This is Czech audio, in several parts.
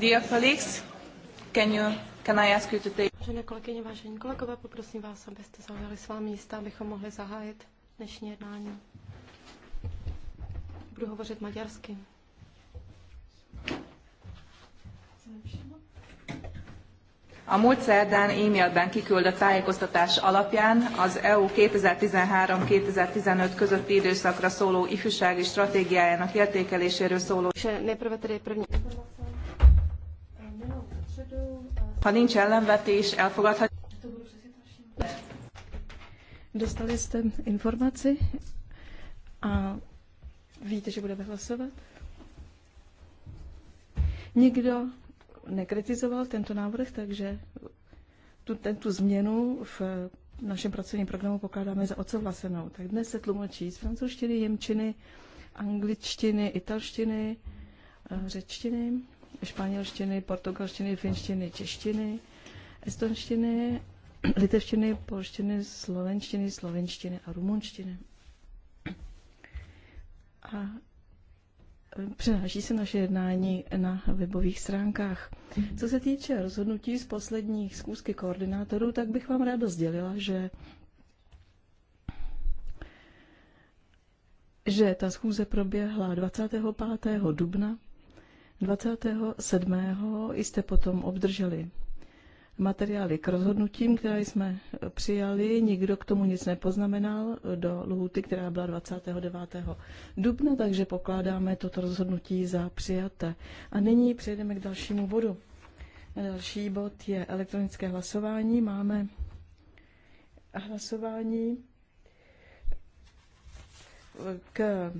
Dear colleagues, can you, can I ask you to take... Vážené kolegyně, vážení kolegové, poprosím vás, abyste zaujali svá místa, abychom mohli zahájit dnešní jednání. Budu hovořit maďarsky. Zlepšeno? A múlt szerdán e-mailben kiküldött tájékoztatás alapján az EU 2013-2015 közötti időszakra szóló ifjúsági stratégiájának értékeléséről szóló... Eh, ha nincs ellenvetés, elfogadhat... Dostali jste informaci a víte, že budeme hlasovat? Nikdo nekritizoval tento návrh, takže tu, tu změnu v našem pracovním programu pokládáme za odsouhlasenou. Tak dnes se tlumočí z francouzštiny, jemčiny, angličtiny, italštiny, eh, řečtiny, španělštiny, portugalštiny, finštiny, češtiny, estonštiny, litevštiny, polštiny, slovenštiny, slovenštiny a rumunštiny. A Přenáší se naše jednání na webových stránkách. Co se týče rozhodnutí z posledních zkoušky koordinátorů, tak bych vám ráda sdělila, že že ta schůze proběhla 25. dubna, 27. jste potom obdrželi materiály k rozhodnutím, které jsme eh, přijali. Nikdo k tomu nic nepoznamenal eh, do lhuty, která byla 29. dubna, takže pokládáme toto rozhodnutí za přijaté. A nyní přejdeme k dalšímu bodu. Další bod je elektronické hlasování. Máme hlasování eh, k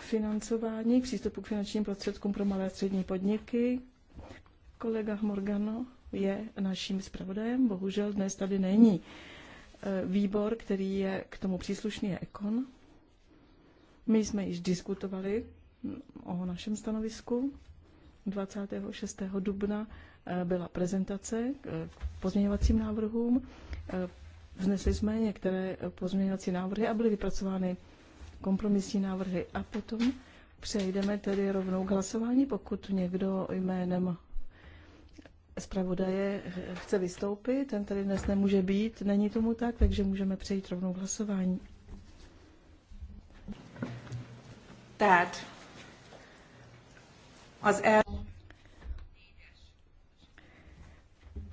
financování, k přístupu k finančním prostředkům pro malé a střední podniky. Kolega Morgano je naším zpravodajem, bohužel dnes tady není. E, výbor, který je k tomu příslušný, je Ekon. My jsme již diskutovali mm, o našem stanovisku. 26. dubna e, byla prezentace k e, pozměňovacím návrhům. Vznesli jsme některé pozměňovací návrhy a byly vypracovány kompromisní návrhy. A potom přejdeme tedy rovnou k hlasování, pokud někdo jménem zpravodaje chce vystoupit, ten tady dnes nemůže být, není tomu tak, takže můžeme přejít rovnou k hlasování. Tát. az el...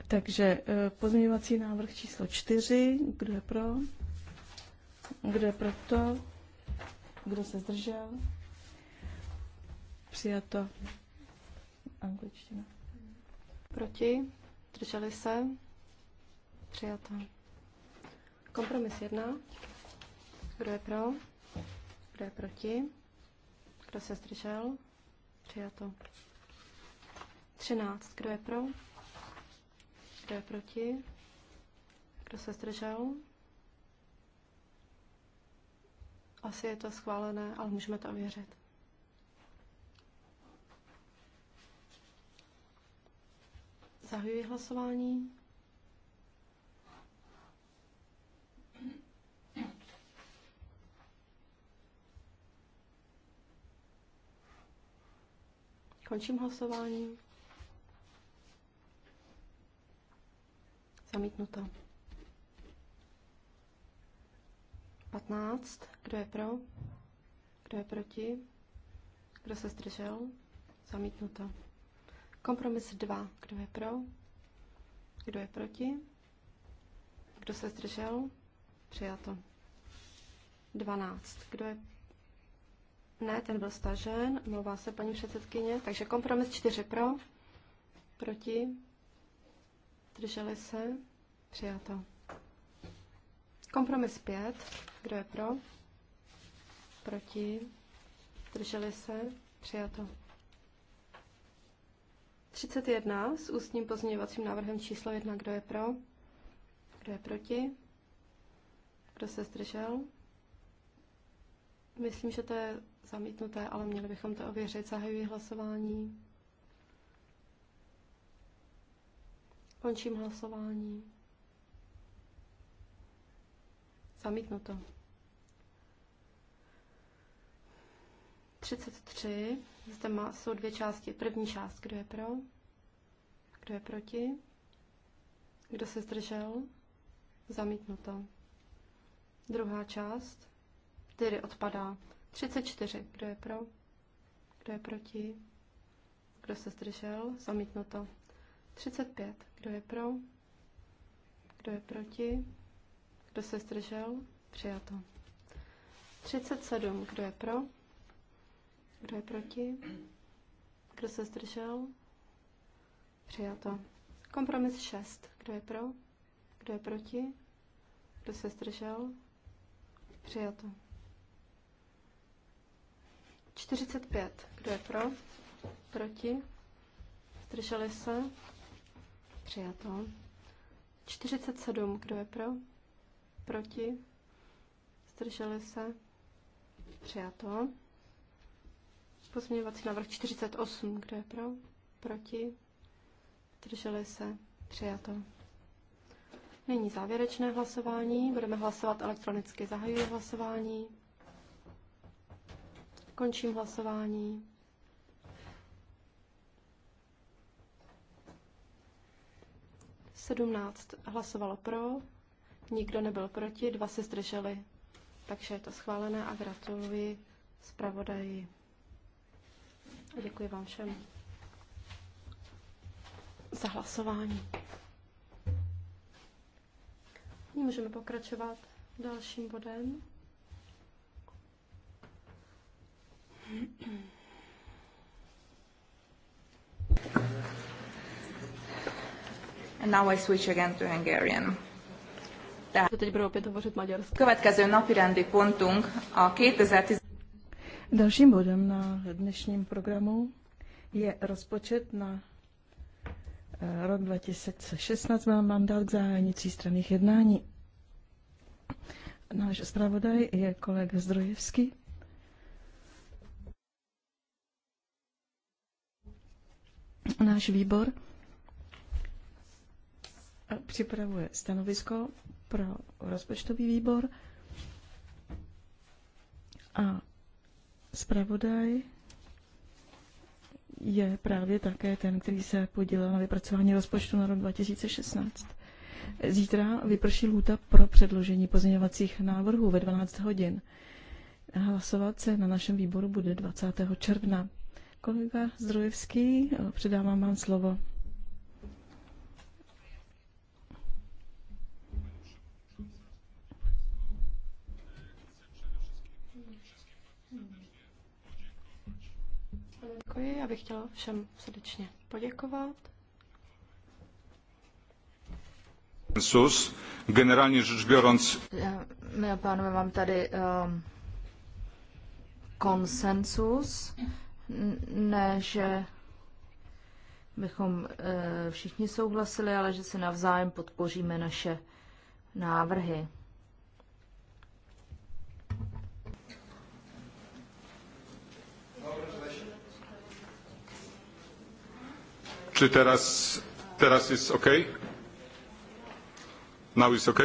Takže eh, pozměňovací návrh číslo čtyři, kdo je pro, kdo je proto, kdo se zdržel, přijato angličtina. Proti? Drželi se? Přijato. Kompromis jedna, Kdo je pro? Kdo je proti? Kdo se zdržel? Přijato. Třináct, Kdo je pro? Kdo je proti? Kdo se zdržel? Asi je to schválené, ale můžeme to ověřit. Zahajuji hlasování. Končím hlasování. Zamítnuto. 15. Kdo je pro? Kdo je proti? Kdo se zdržel? Zamítnuto. Kompromis 2. Kdo je pro? Kdo je proti? Kdo se zdržel? Přijato. 12. Kdo je... Ne, ten byl stažen, mluvá se paní předsedkyně. Takže kompromis 4 pro, proti, drželi se, přijato. Kompromis 5. Kdo je pro? Proti, drželi se, přijato. 31 s ústním pozměňovacím návrhem číslo 1. Kdo je pro? Kdo je proti? Kdo se zdržel? Myslím, že to je zamítnuté, ale měli bychom to ověřit. Zahajuji hlasování. Končím hlasování. Zamítnuto. 33. Zde má, jsou dvě části. První část, kdo je pro? Kdo je proti? Kdo se zdržel? Zamítnuto. Druhá část, tedy odpadá. 34. Kdo je pro? Kdo je proti? Kdo se zdržel? Zamítnuto. 35. Kdo je pro? Kdo je proti? Kdo se zdržel? Přijato. 37. Kdo je pro? Kdo je proti? Kdo se zdržel? Přijato. Kompromis 6. Kdo je pro? Kdo je proti? Kdo se zdržel? Přijato. 45. Kdo je pro? Proti? Zdrželi se? Přijato. 47. Kdo je pro? Proti? Zdrželi se? Přijato. Pozměňovací návrh 48. Kdo je pro? Proti? Drželi se? Přijato. Nyní závěrečné hlasování. Budeme hlasovat elektronicky. Zahajuji hlasování. Končím hlasování. Sedmnáct hlasovalo pro, nikdo nebyl proti, dva se zdrželi. Takže je to schválené a gratuluji zpravodaji. A děkuji vám všem za hlasování. Nyní můžeme pokračovat dalším bodem. And now I switch again to Hungarian. Tehát. Teď budou opět hovořit maďarsky. Következő napirendi pontunk a 2010 Dalším bodem na dnešním programu je rozpočet na eh, rok 2016. Mám mandát k zahájení třístranných jednání. Náš zpravodaj je kolega Zdrojevský. Náš výbor připravuje stanovisko pro rozpočtový výbor a Spravodaj je právě také ten, který se podílel na vypracování rozpočtu na rok 2016. Zítra vyprší lhůta pro předložení pozměňovacích návrhů ve 12 hodin. Hlasovat se na našem výboru bude 20. června. Kolega Zdrojevský, předávám vám slovo. Děkuji, já bych chtěla všem srdečně poděkovat. Sus, generálně řeč biorąc... Dámy eh, a pánové, mám tady um, konsensus, ne, že bychom uh, všichni souhlasili, ale že si navzájem podpoříme naše návrhy. Czy teraz, teraz jest ok? Now is ok?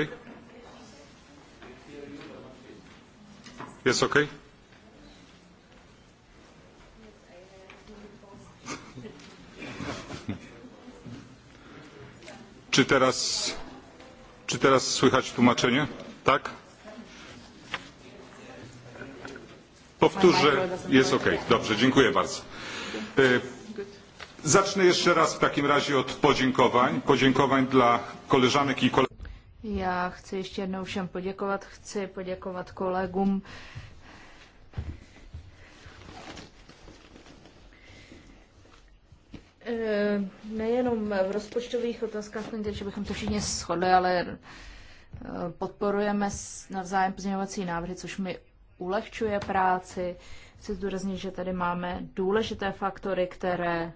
Jest ok? Czy teraz, czy teraz słychać tłumaczenie? Tak? Powtórzę. Jest ok. Dobrze, dziękuję bardzo. Zacznę jeszcze raz w takim razie od podziękowań. Podziękowań dla koleżanek i kolegów. Já chci ještě jednou všem poděkovat. Chci poděkovat kolegům. E, nejenom v rozpočtových otázkách, že bychom to všichni shodli, ale e, podporujeme navzájem pozměňovací návrhy, což mi ulehčuje práci. Chci zdůraznit, že tady máme důležité faktory, které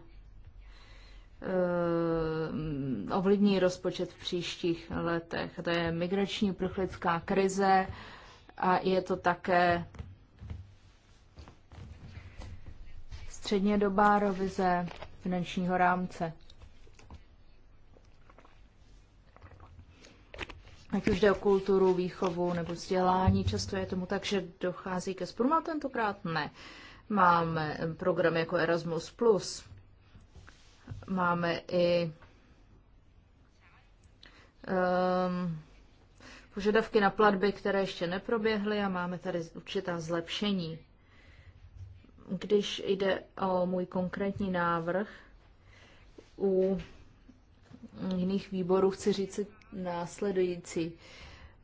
Eh, ovlivní rozpočet v příštích letech. To je migrační prchlická krize a je to také střednědobá revize finančního rámce. Ať už jde o kulturu, výchovu nebo vzdělání, často je tomu tak, že dochází ke sporům, a tentokrát ne. Máme program jako Erasmus+, Máme i um, požadavky na platby, které ještě neproběhly a máme tady určitá zlepšení. Když jde o můj konkrétní návrh, u jiných výborů chci říct následující.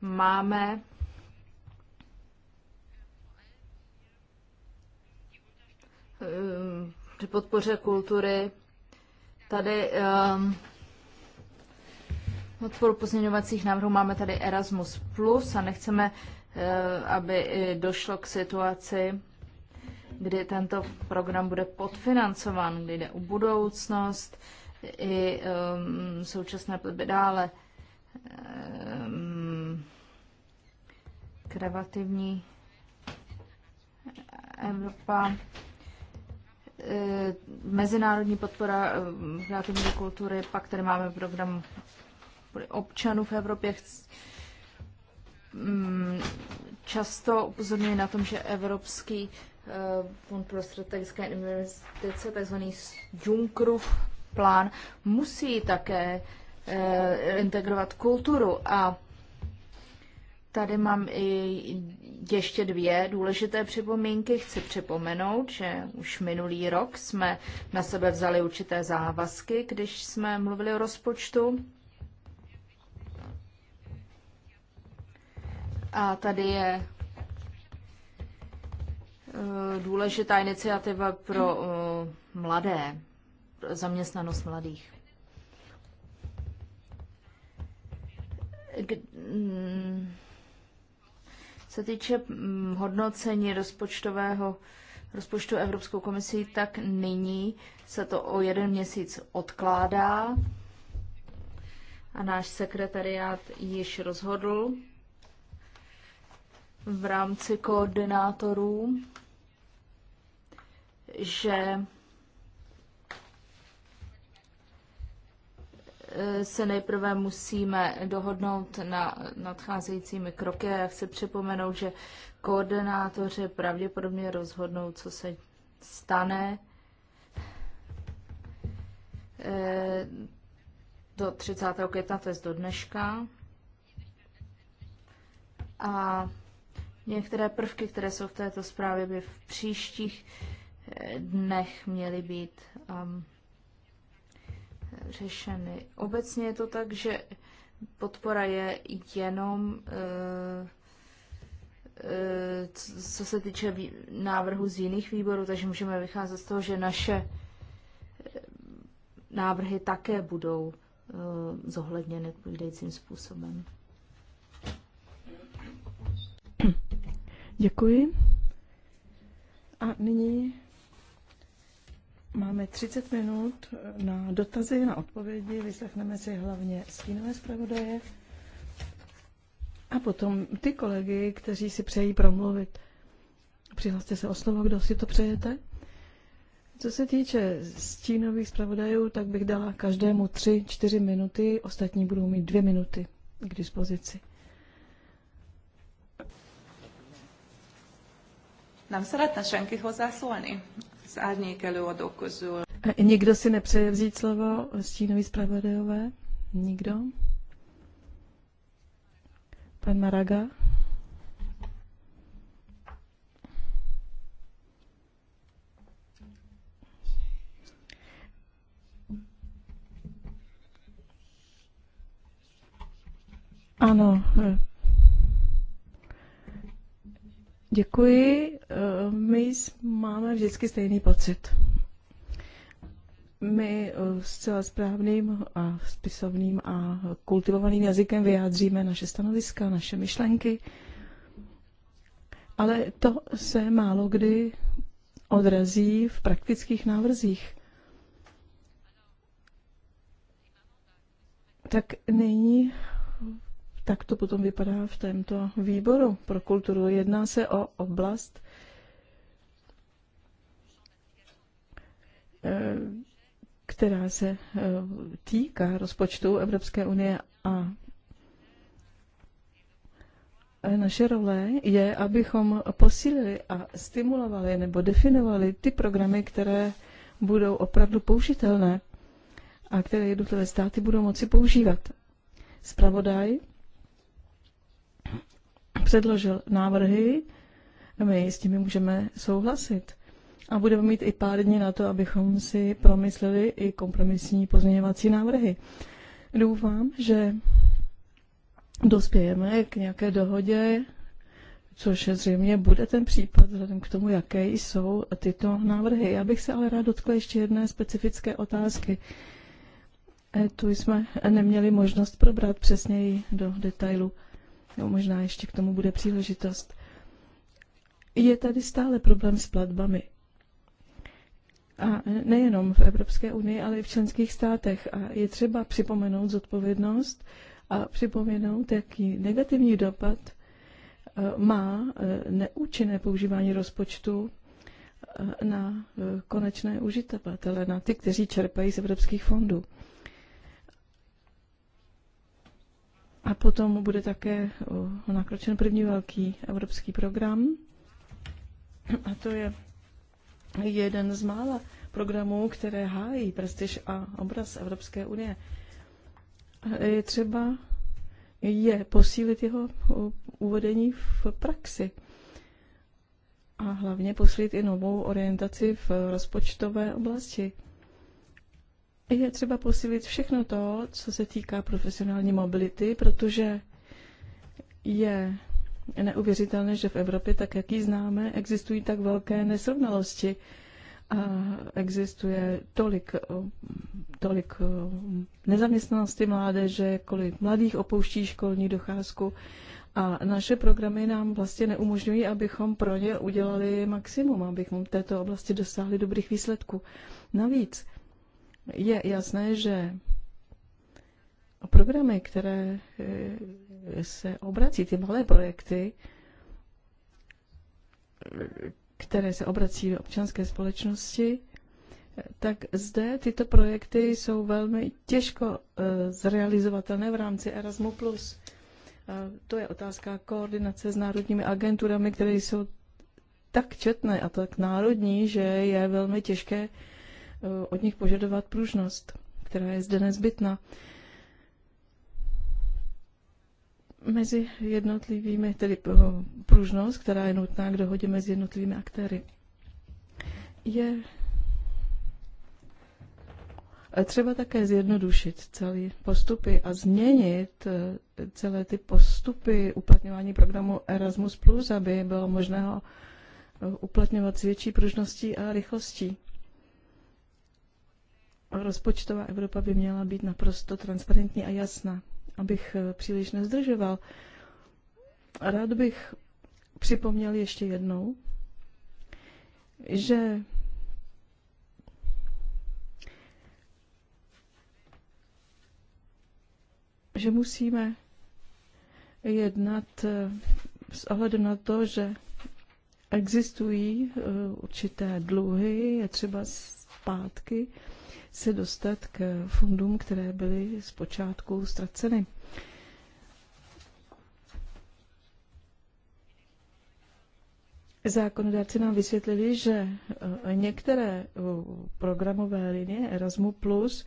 Máme um, podpoře kultury Tady um, ehm, odporu pozměňovacích návrhů máme tady Erasmus Plus a nechceme, uh, aby došlo k situaci, kdy tento program bude podfinancován, kdy jde o budoucnost i um, současné plby dále. Um, kreativní Evropa Eh, mezinárodní podpora eh, kreativní kultury, pak tady máme program občanů v Evropě. Mm, často upozorňuji na tom, že Evropský eh, fond pro strategické investice, takzvaný Junckerův plán, musí také integrovat kulturu a Tady mám i ještě dvě důležité připomínky. Chci připomenout, že už minulý rok jsme na sebe vzali určité závazky, když jsme mluvili o rozpočtu. A tady je eh, důležitá iniciativa pro eh, mladé, zaměstnanost mladých. K mm, se týče mm, hodnocení rozpočtového rozpočtu Evropskou komisí, tak nyní se to o jeden měsíc odkládá a náš sekretariát již rozhodl v rámci koordinátorů, že Eh, se nejprve musíme dohodnout na nadcházejícími kroky. Já chci připomenout, že koordinátoři pravděpodobně rozhodnou, co se stane eh, do 30. května, to je do dneška. A některé prvky, které jsou v této zprávě, by v příštích eh, dnech měly být um, řešeny. Obecně je to tak, že podpora je jenom eh, eh, co se týče návrhu z jiných výborů, takže můžeme vycházet z toho, že naše eh, návrhy také budou zohledněny odpovídajícím způsobem. Děkuji. A nyní Máme 30 minut eh, na dotazy, na odpovědi, vyslechneme si hlavně stínové zpravodaje a potom ty kolegy, kteří si přejí promluvit. Přihlaste se o slovo, kdo si to přejete. Co se týče stínových zpravodajů, tak bych dala každému tři, čtyři minuty, ostatní budou mít dvě minuty k dispozici. Nem szeretne senki hozzászólni? z árnyék előadók közül. Nikdo si nepřeje vzít slovo stínový zpravodajové? Nikdo? Pan Maraga? Ano, Děkuji. Eh, my máme vždycky stejný pocit. My eh, zcela správným a spisovným a kultivovaným jazykem vyjádříme naše stanoviska, naše myšlenky, ale to se málo kdy odrazí v praktických návrzích. Tak nyní tak to potom vypadá v tomto výboru pro kulturu. Jedná se o oblast, eh, která se eh, týká rozpočtu Evropské unie a naše role je, abychom posílili a stimulovali nebo definovali ty programy, které budou opravdu použitelné a které jednotlivé státy budou moci používat. Spravodaj předložil návrhy, my s nimi můžeme souhlasit. A budeme mít i pár dní na to, abychom si promysleli i kompromisní pozměňovací návrhy. Doufám, že dospějeme k nějaké dohodě, což zřejmě bude ten případ vzhledem k tomu, jaké jsou tyto návrhy. Já bych se ale rád dotkla ještě jedné specifické otázky. E, tu jsme neměli možnost probrat přesněji do detailu nebo možná ještě k tomu bude příležitost. Je tady stále problém s platbami. A nejenom v Evropské unii, ale i v členských státech. A je třeba připomenout zodpovědnost a připomenout, jaký negativní dopad eh, má eh, neúčinné používání rozpočtu eh, na konečné uživatele, na ty, kteří čerpají z evropských fondů. A potom bude také nakročen první velký evropský program. A to je jeden z mála programů, které hájí prestiž a obraz Evropské unie. Je třeba je posílit jeho uvedení v praxi a hlavně posílit i novou orientaci v rozpočtové oblasti je třeba posílit všechno to, co se týká profesionální mobility, protože je neuvěřitelné, že v Evropě, tak jak ji známe, existují tak velké nesrovnalosti a existuje tolik, tolik nezaměstnanosti mládeže, kolik mladých opouští školní docházku a naše programy nám vlastně neumožňují, abychom pro ně udělali maximum, abychom v této oblasti dosáhli dobrých výsledků. Navíc je jasné, že programy, které eh, se obrací, ty malé projekty, které se obrací do občanské společnosti, tak zde tyto projekty jsou velmi těžko eh, zrealizovatelné v rámci Erasmu+. To je otázka koordinace s národními agenturami, které jsou tak četné a tak národní, že je velmi těžké Eh, od nich požadovat pružnost, která je zde nezbytná. Mezi jednotlivými, tedy pružnost, která je nutná k dohodě mezi jednotlivými aktéry, je eh, třeba také zjednodušit celé postupy a změnit eh, celé ty postupy uplatňování programu Erasmus+, aby bylo možné ho uplatňovat s větší pružností a rychlostí rozpočtová Evropa by měla být naprosto transparentní a jasná. Abych eh, příliš nezdržoval, rád bych připomněl ještě jednou, že že musíme jednat eh, s ohledem na to, že existují eh, určité dluhy, je třeba zpátky se dostat k fondům, které byly zpočátku ztraceny. Zákonodárci nám vysvětlili, že eh, některé eh, programové linie Erasmus Plus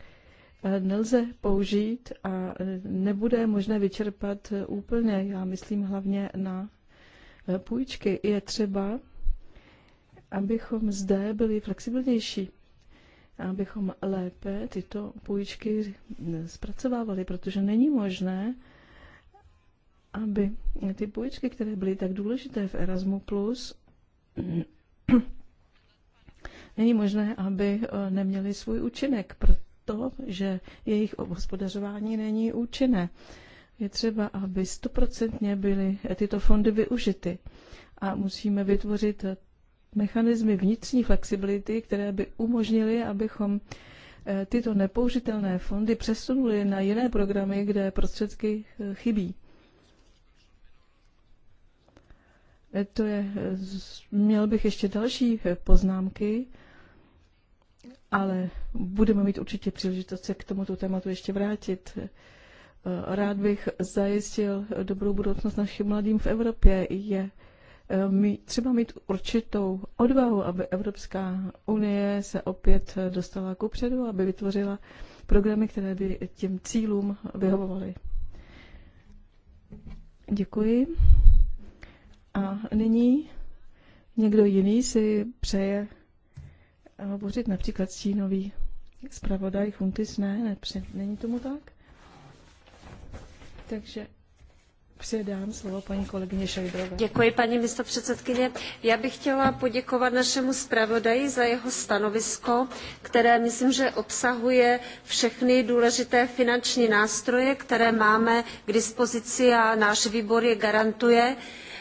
eh, nelze použít a nebude možné vyčerpat úplně. Já myslím hlavně na půjčky. Je třeba, abychom zde byli flexibilnější abychom lépe tyto půjčky zpracovávali, protože není možné, aby ty půjčky, které byly tak důležité v Erasmu+, není možné, aby eh, neměly svůj účinek, protože jejich hospodařování není účinné. Je třeba, aby stoprocentně byly tyto fondy využity a musíme vytvořit mechanismy vnitřní flexibility, které by umožnily, abychom eh, tyto nepoužitelné fondy přesunuli na jiné programy, kde prostředky eh, chybí. Eh, to je, měl bych ještě další poznámky, ale budeme mít určitě příležitost se k tomuto tématu ještě vrátit. Rád bych zajistil dobrou budoucnost našim mladým v Evropě. Je mít, třeba mít určitou odvahu, aby Evropská unie se opět dostala ku předu, aby vytvořila programy, které by těm cílům vyhovovaly. Děkuji. A nyní někdo jiný si přeje hovořit například stínový zpravodaj Huntis? Ne, ne, není tomu tak. Takže Předám slovo paní kolegyně Šajdrové. Děkuji, paní předsedkyně. Já bych chtěla poděkovat našemu zpravodaji za jeho stanovisko, které myslím, že obsahuje všechny důležité finanční nástroje, které máme k dispozici a náš výbor je garantuje.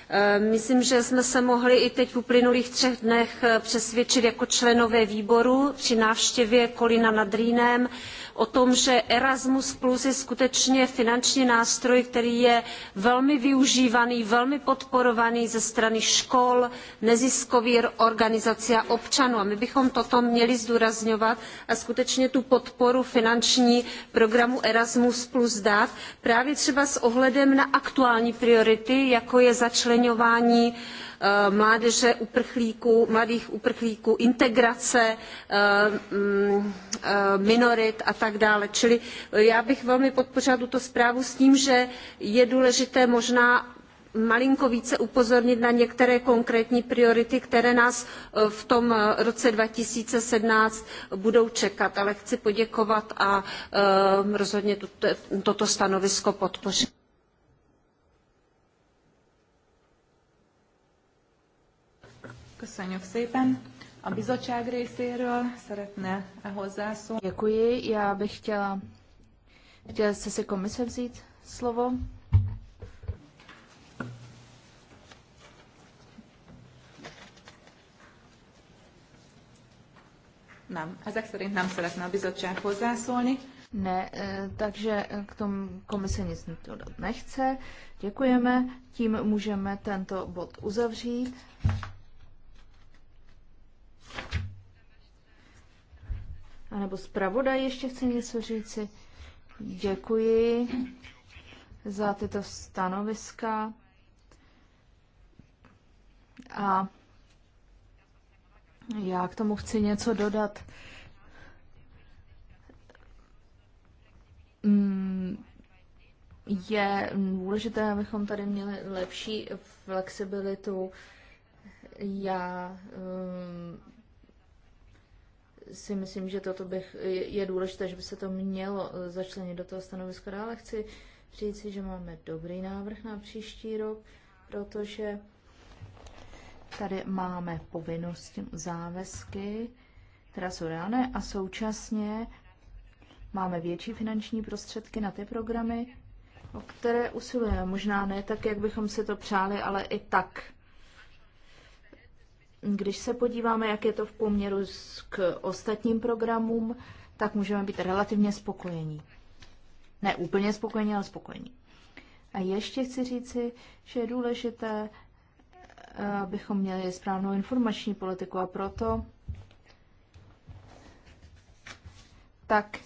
Eh, myslím, že jsme se mohli i teď v uplynulých třech dnech eh, přesvědčit jako členové výboru při návštěvě Kolína nad Rýnem, o tom, že Erasmus Plus je skutečně finanční nástroj, který je velmi využívaný, velmi podporovaný ze strany škol, neziskových organizací a občanů. A my bychom toto měli zdůrazňovat a skutečně tu podporu finanční programu Erasmus Plus dát právě třeba s ohledem na aktuální priority, jako je začlenování Eh, mládeže uprchlíků, mladých uprchlíků, integrace eh, mm, eh, minorit a tak dále. Čili já bych velmi podpořila tuto zprávu s tím, že je důležité možná malinko více upozornit na některé konkrétní priority, které nás v tom roce 2017 budou čekat. Ale chci poděkovat a rozhodně toto stanovisko podpořit. Köszönjük szépen. A bizottság részéről szeretne hozzászólni. Děkuji, já bych chtěla, chtěla jste si komise vzít slovo. Nem, ezek szerint nem szeretne a bizottság hozzászólni. Ne, eh, takže k tomu komise nic dodat nechce. Děkujeme, tím můžeme tento bod uzavřít. A nebo zpravodaj ještě chce něco říci. Děkuji za tyto stanoviska. A já k tomu chci něco dodat. Mm, je důležité, abychom tady měli lepší flexibilitu. Já um, si myslím, že toto bych, je důležité, že by se to mělo eh, začlenit do toho stanoviska. Dále chci si, že máme dobrý návrh na příští rok, protože tady máme povinnosti, závazky, které jsou reálné a současně máme větší finanční prostředky na ty programy, o které usilujeme. Možná ne tak, jak bychom si to přáli, ale i tak když se podíváme, jak je to v poměru k ostatním programům, tak můžeme být relativně spokojení. Ne úplně spokojení, ale spokojení. A ještě chci říci, že je důležité, eh, abychom měli správnou informační politiku a proto tak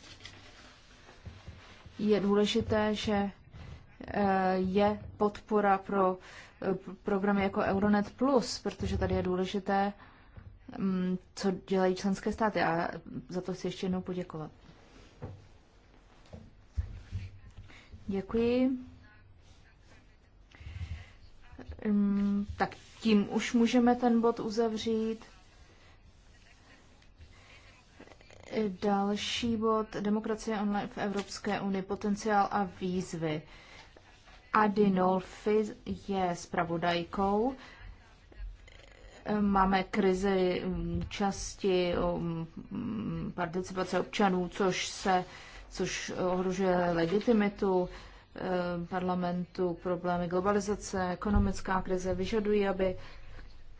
je důležité, že Eh, je podpora pro eh, programy jako Euronet Plus, protože tady je důležité, mm, co dělají členské státy a za to chci ještě jednou poděkovat. Děkuji. Mm, tak tím už můžeme ten bod uzavřít. Další bod Demokracie online v Evropské unii, potenciál a výzvy. Adinolfi je zpravodajkou. Máme krizi mm, části mm, mm, participace občanů, což se což ohrožuje legitimitu eh, parlamentu, problémy globalizace, ekonomická krize vyžadují, aby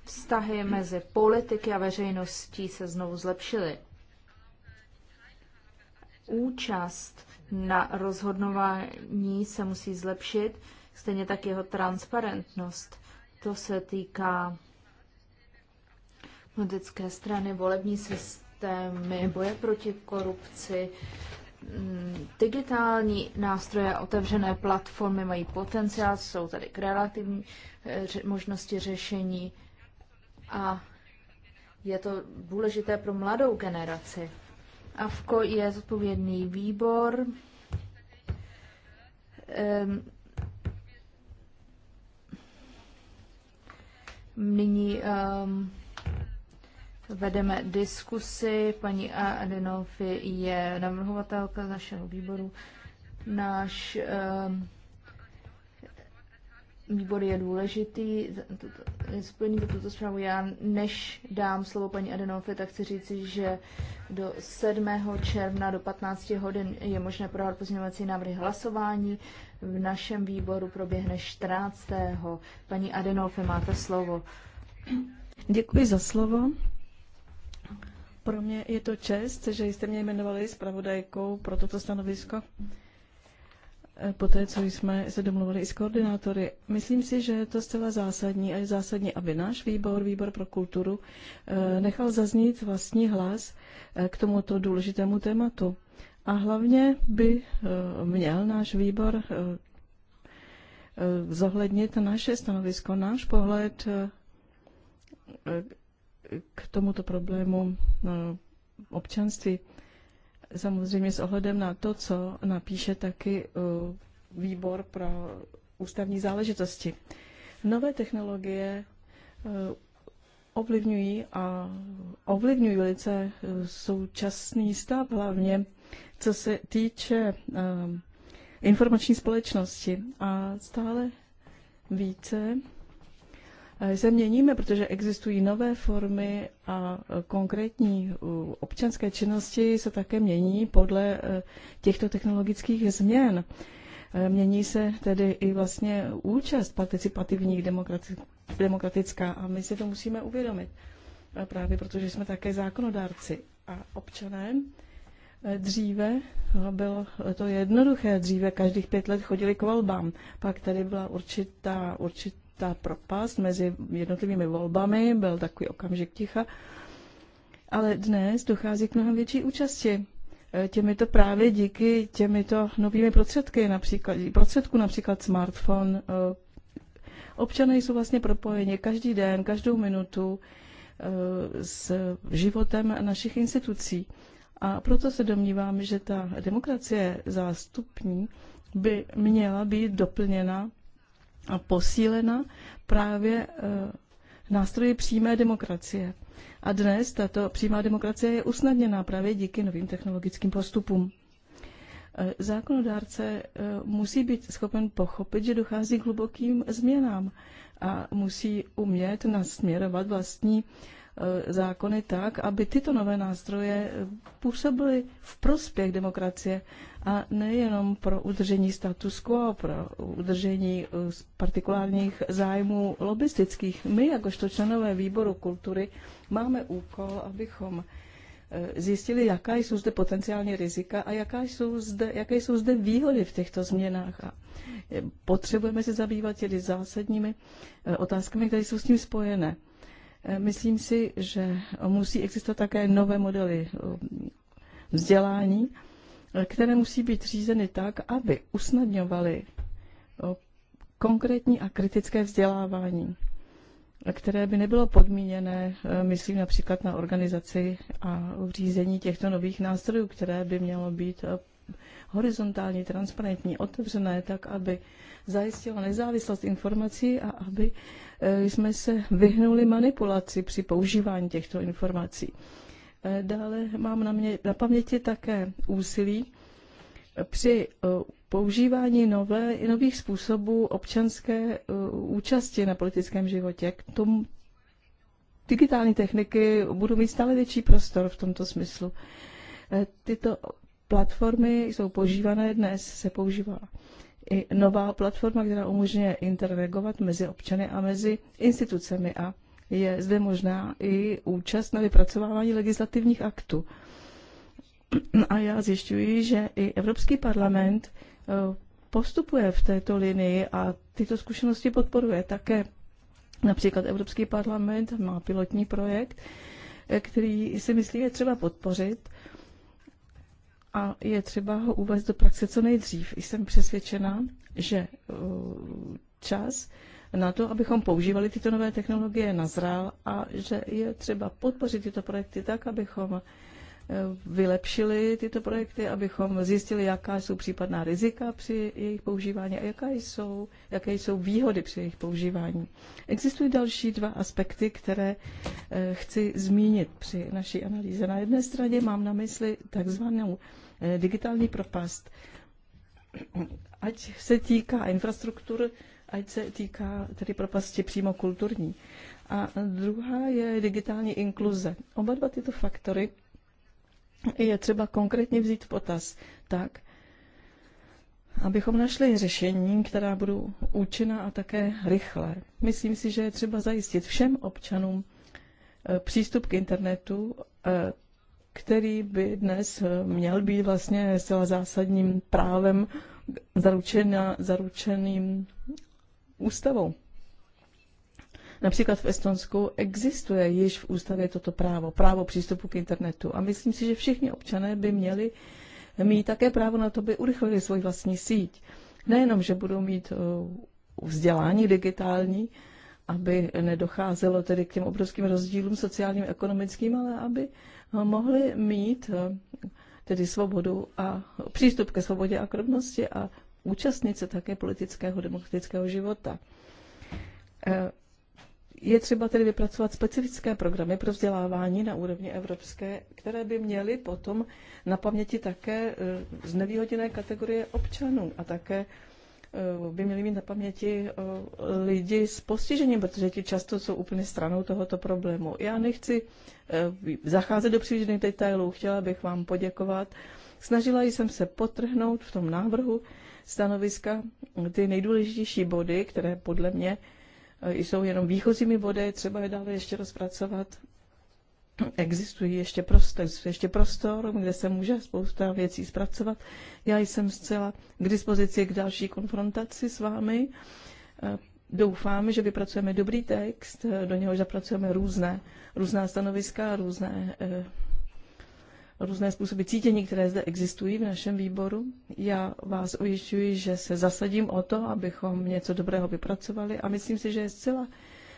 vztahy mezi politiky a veřejností se znovu zlepšily. Účast na rozhodování se musí zlepšit, stejně tak jeho transparentnost. To se týká politické strany, volební systémy, boje proti korupci, mm, digitální nástroje a otevřené platformy mají potenciál, jsou tady kreativní eh, možnosti řešení a je to důležité pro mladou generaci. AFKO je zodpovědný výbor. Nyní um, vedeme diskusi. Paní Adenofi je navrhovatelka z našeho výboru. Náš um, výbor je důležitý, je spojený za tuto zprávu. Já než dám slovo paní Adenovi, tak chci říci, že do 7. června do 15 hodin je možné prodat pozměňovací návrhy hlasování. V našem výboru proběhne 14. Paní Adenovi, máte slovo. Děkuji za slovo. Pro mě je to čest, že jste mě jmenovali zpravodajkou pro toto stanovisko. Eh, poté, co jsme se domluvili i s koordinátory. Myslím si, že je to zcela zásadní a je zásadní, aby náš výbor, výbor pro kulturu, eh, nechal zaznít vlastní hlas eh, k tomuto důležitému tématu. A hlavně by měl náš výbor zohlednit naše stanovisko, náš pohled k tomuto problému občanství samozřejmě s ohledem na to, co napíše taky eh, výbor pro ústavní záležitosti. Nové technologie eh, ovlivňují a ovlivňují velice eh, současný stav, hlavně co se týče informační společnosti. A stále více Eh, se měníme, protože existují nové formy a eh, konkrétní občanské činnosti se také mění podle eh, těchto technologických změn. Mění se tedy i vlastně účast participativní demokratická a my si to musíme uvědomit, právě protože jsme také zákonodárci a občané. Dříve bylo to jednoduché, dříve každých pět let chodili k volbám, pak tady byla určitá, určitá ta propast mezi jednotlivými volbami, byl takový okamžik ticha. Ale dnes dochází k mnohem větší účasti e, těmito právě díky těmito novými prostředky, například, prostředku například smartphone. E, občané jsou vlastně propojeni každý den, každou minutu e, s životem našich institucí. A proto se domnívám, že ta demokracie zástupní by měla být doplněna a posílena právě eh, nástroji přímé demokracie. A dnes tato přímá demokracie je usnadněná právě díky novým technologickým postupům. Eh, zákonodárce eh, musí být schopen pochopit, že dochází k hlubokým změnám a musí umět nasměrovat vlastní zákony tak, aby tyto nové nástroje působily v prospěch demokracie a nejenom pro udržení status quo, pro udržení eh, partikulárních zájmů lobistických. My, jakožto členové výboru kultury, máme úkol, abychom eh, zjistili, jaká jsou zde potenciální rizika a jaká jsou zde, jaké jsou zde výhody v těchto změnách. A eh, potřebujeme se zabývat těmi zásadními otázkami, které jsou s tím spojené. Myslím si, že musí existovat také nové modely vzdělání které musí být řízeny tak, aby usnadňovaly konkrétní a kritické vzdělávání, které by nebylo podmíněné, e, myslím například na organizaci a řízení těchto nových nástrojů, které by mělo být e, horizontální, transparentní, otevřené, tak aby zajistila nezávislost informací a aby e, jsme se vyhnuli manipulaci při používání těchto informací. Eh, dále mám na, mě, na paměti také úsilí při eh, používání nové, nových způsobů občanské eh, účasti na politickém životě. K tomu digitální techniky budou mít stále větší prostor v tomto smyslu. Tyto platformy jsou používané dnes, se používá i nová platforma, která umožňuje interagovat mezi občany a mezi institucemi a je zde možná i účast na vypracovávání legislativních aktů. A já zjišťuji, že i Evropský parlament eh, postupuje v této linii a tyto zkušenosti podporuje také. Například Evropský parlament má pilotní projekt, eh, který si myslí je třeba podpořit a je třeba ho uvést do praxe co nejdřív. Jsem přesvědčena, že eh, čas na to, abychom používali tyto nové technologie, nazrál a že je třeba podpořit tyto projekty tak, abychom eh, vylepšili tyto projekty, abychom zjistili, jaká jsou případná rizika při jejich používání a jaká jsou, jaké jsou výhody při jejich používání. Existují další dva aspekty, které eh, chci zmínit při naší analýze. Na jedné straně mám na mysli takzvanou eh, digitální propast, ať se týká infrastruktur ať se týká tedy propasti přímo kulturní. A druhá je digitální inkluze. Oba dva tyto faktory je třeba konkrétně vzít v potaz tak, abychom našli řešení, která budou účinná a také rychlé. Myslím si, že je třeba zajistit všem občanům eh, přístup k internetu, eh, který by dnes eh, měl být vlastně zcela zásadním právem zaručena, zaručeným ústavou. Například v Estonsku existuje již v ústavě toto právo, právo přístupu k internetu. A myslím si, že všichni občané by měli mít také právo na to, by urychlili svoji vlastní síť. Nejenom, že budou mít eh, vzdělání digitální, aby nedocházelo tedy k těm obrovským rozdílům sociálním, ekonomickým, ale aby eh, mohli mít eh, tedy svobodu a přístup ke svobodě a k rovnosti a účastnit se také politického demokratického života. Eh, je třeba tedy vypracovat specifické programy pro vzdělávání na úrovni evropské, které by měly potom na paměti také eh, znevýhodněné kategorie občanů a také eh, by měli mít na paměti lidi s postižením, protože ti často jsou úplně stranou tohoto problému. Já nechci zacházet do příliš detailů, chtěla bych vám poděkovat. Snažila jsem se potrhnout v tom návrhu stanoviska. Ty nejdůležitější body, které podle mě eh, jsou jenom výchozími body, třeba je dále ještě rozpracovat. Existují ještě prostor, ještě prostor, kde se může spousta věcí zpracovat. Já jsem zcela k dispozici k další konfrontaci s vámi. Eh, doufám, že vypracujeme dobrý text, eh, do něhož zapracujeme různé, různá stanoviska, různé různé způsoby cítění, které zde existují v našem výboru. Já vás ujišťuji, že se zasadím o to, abychom něco dobrého vypracovali a myslím si, že je zcela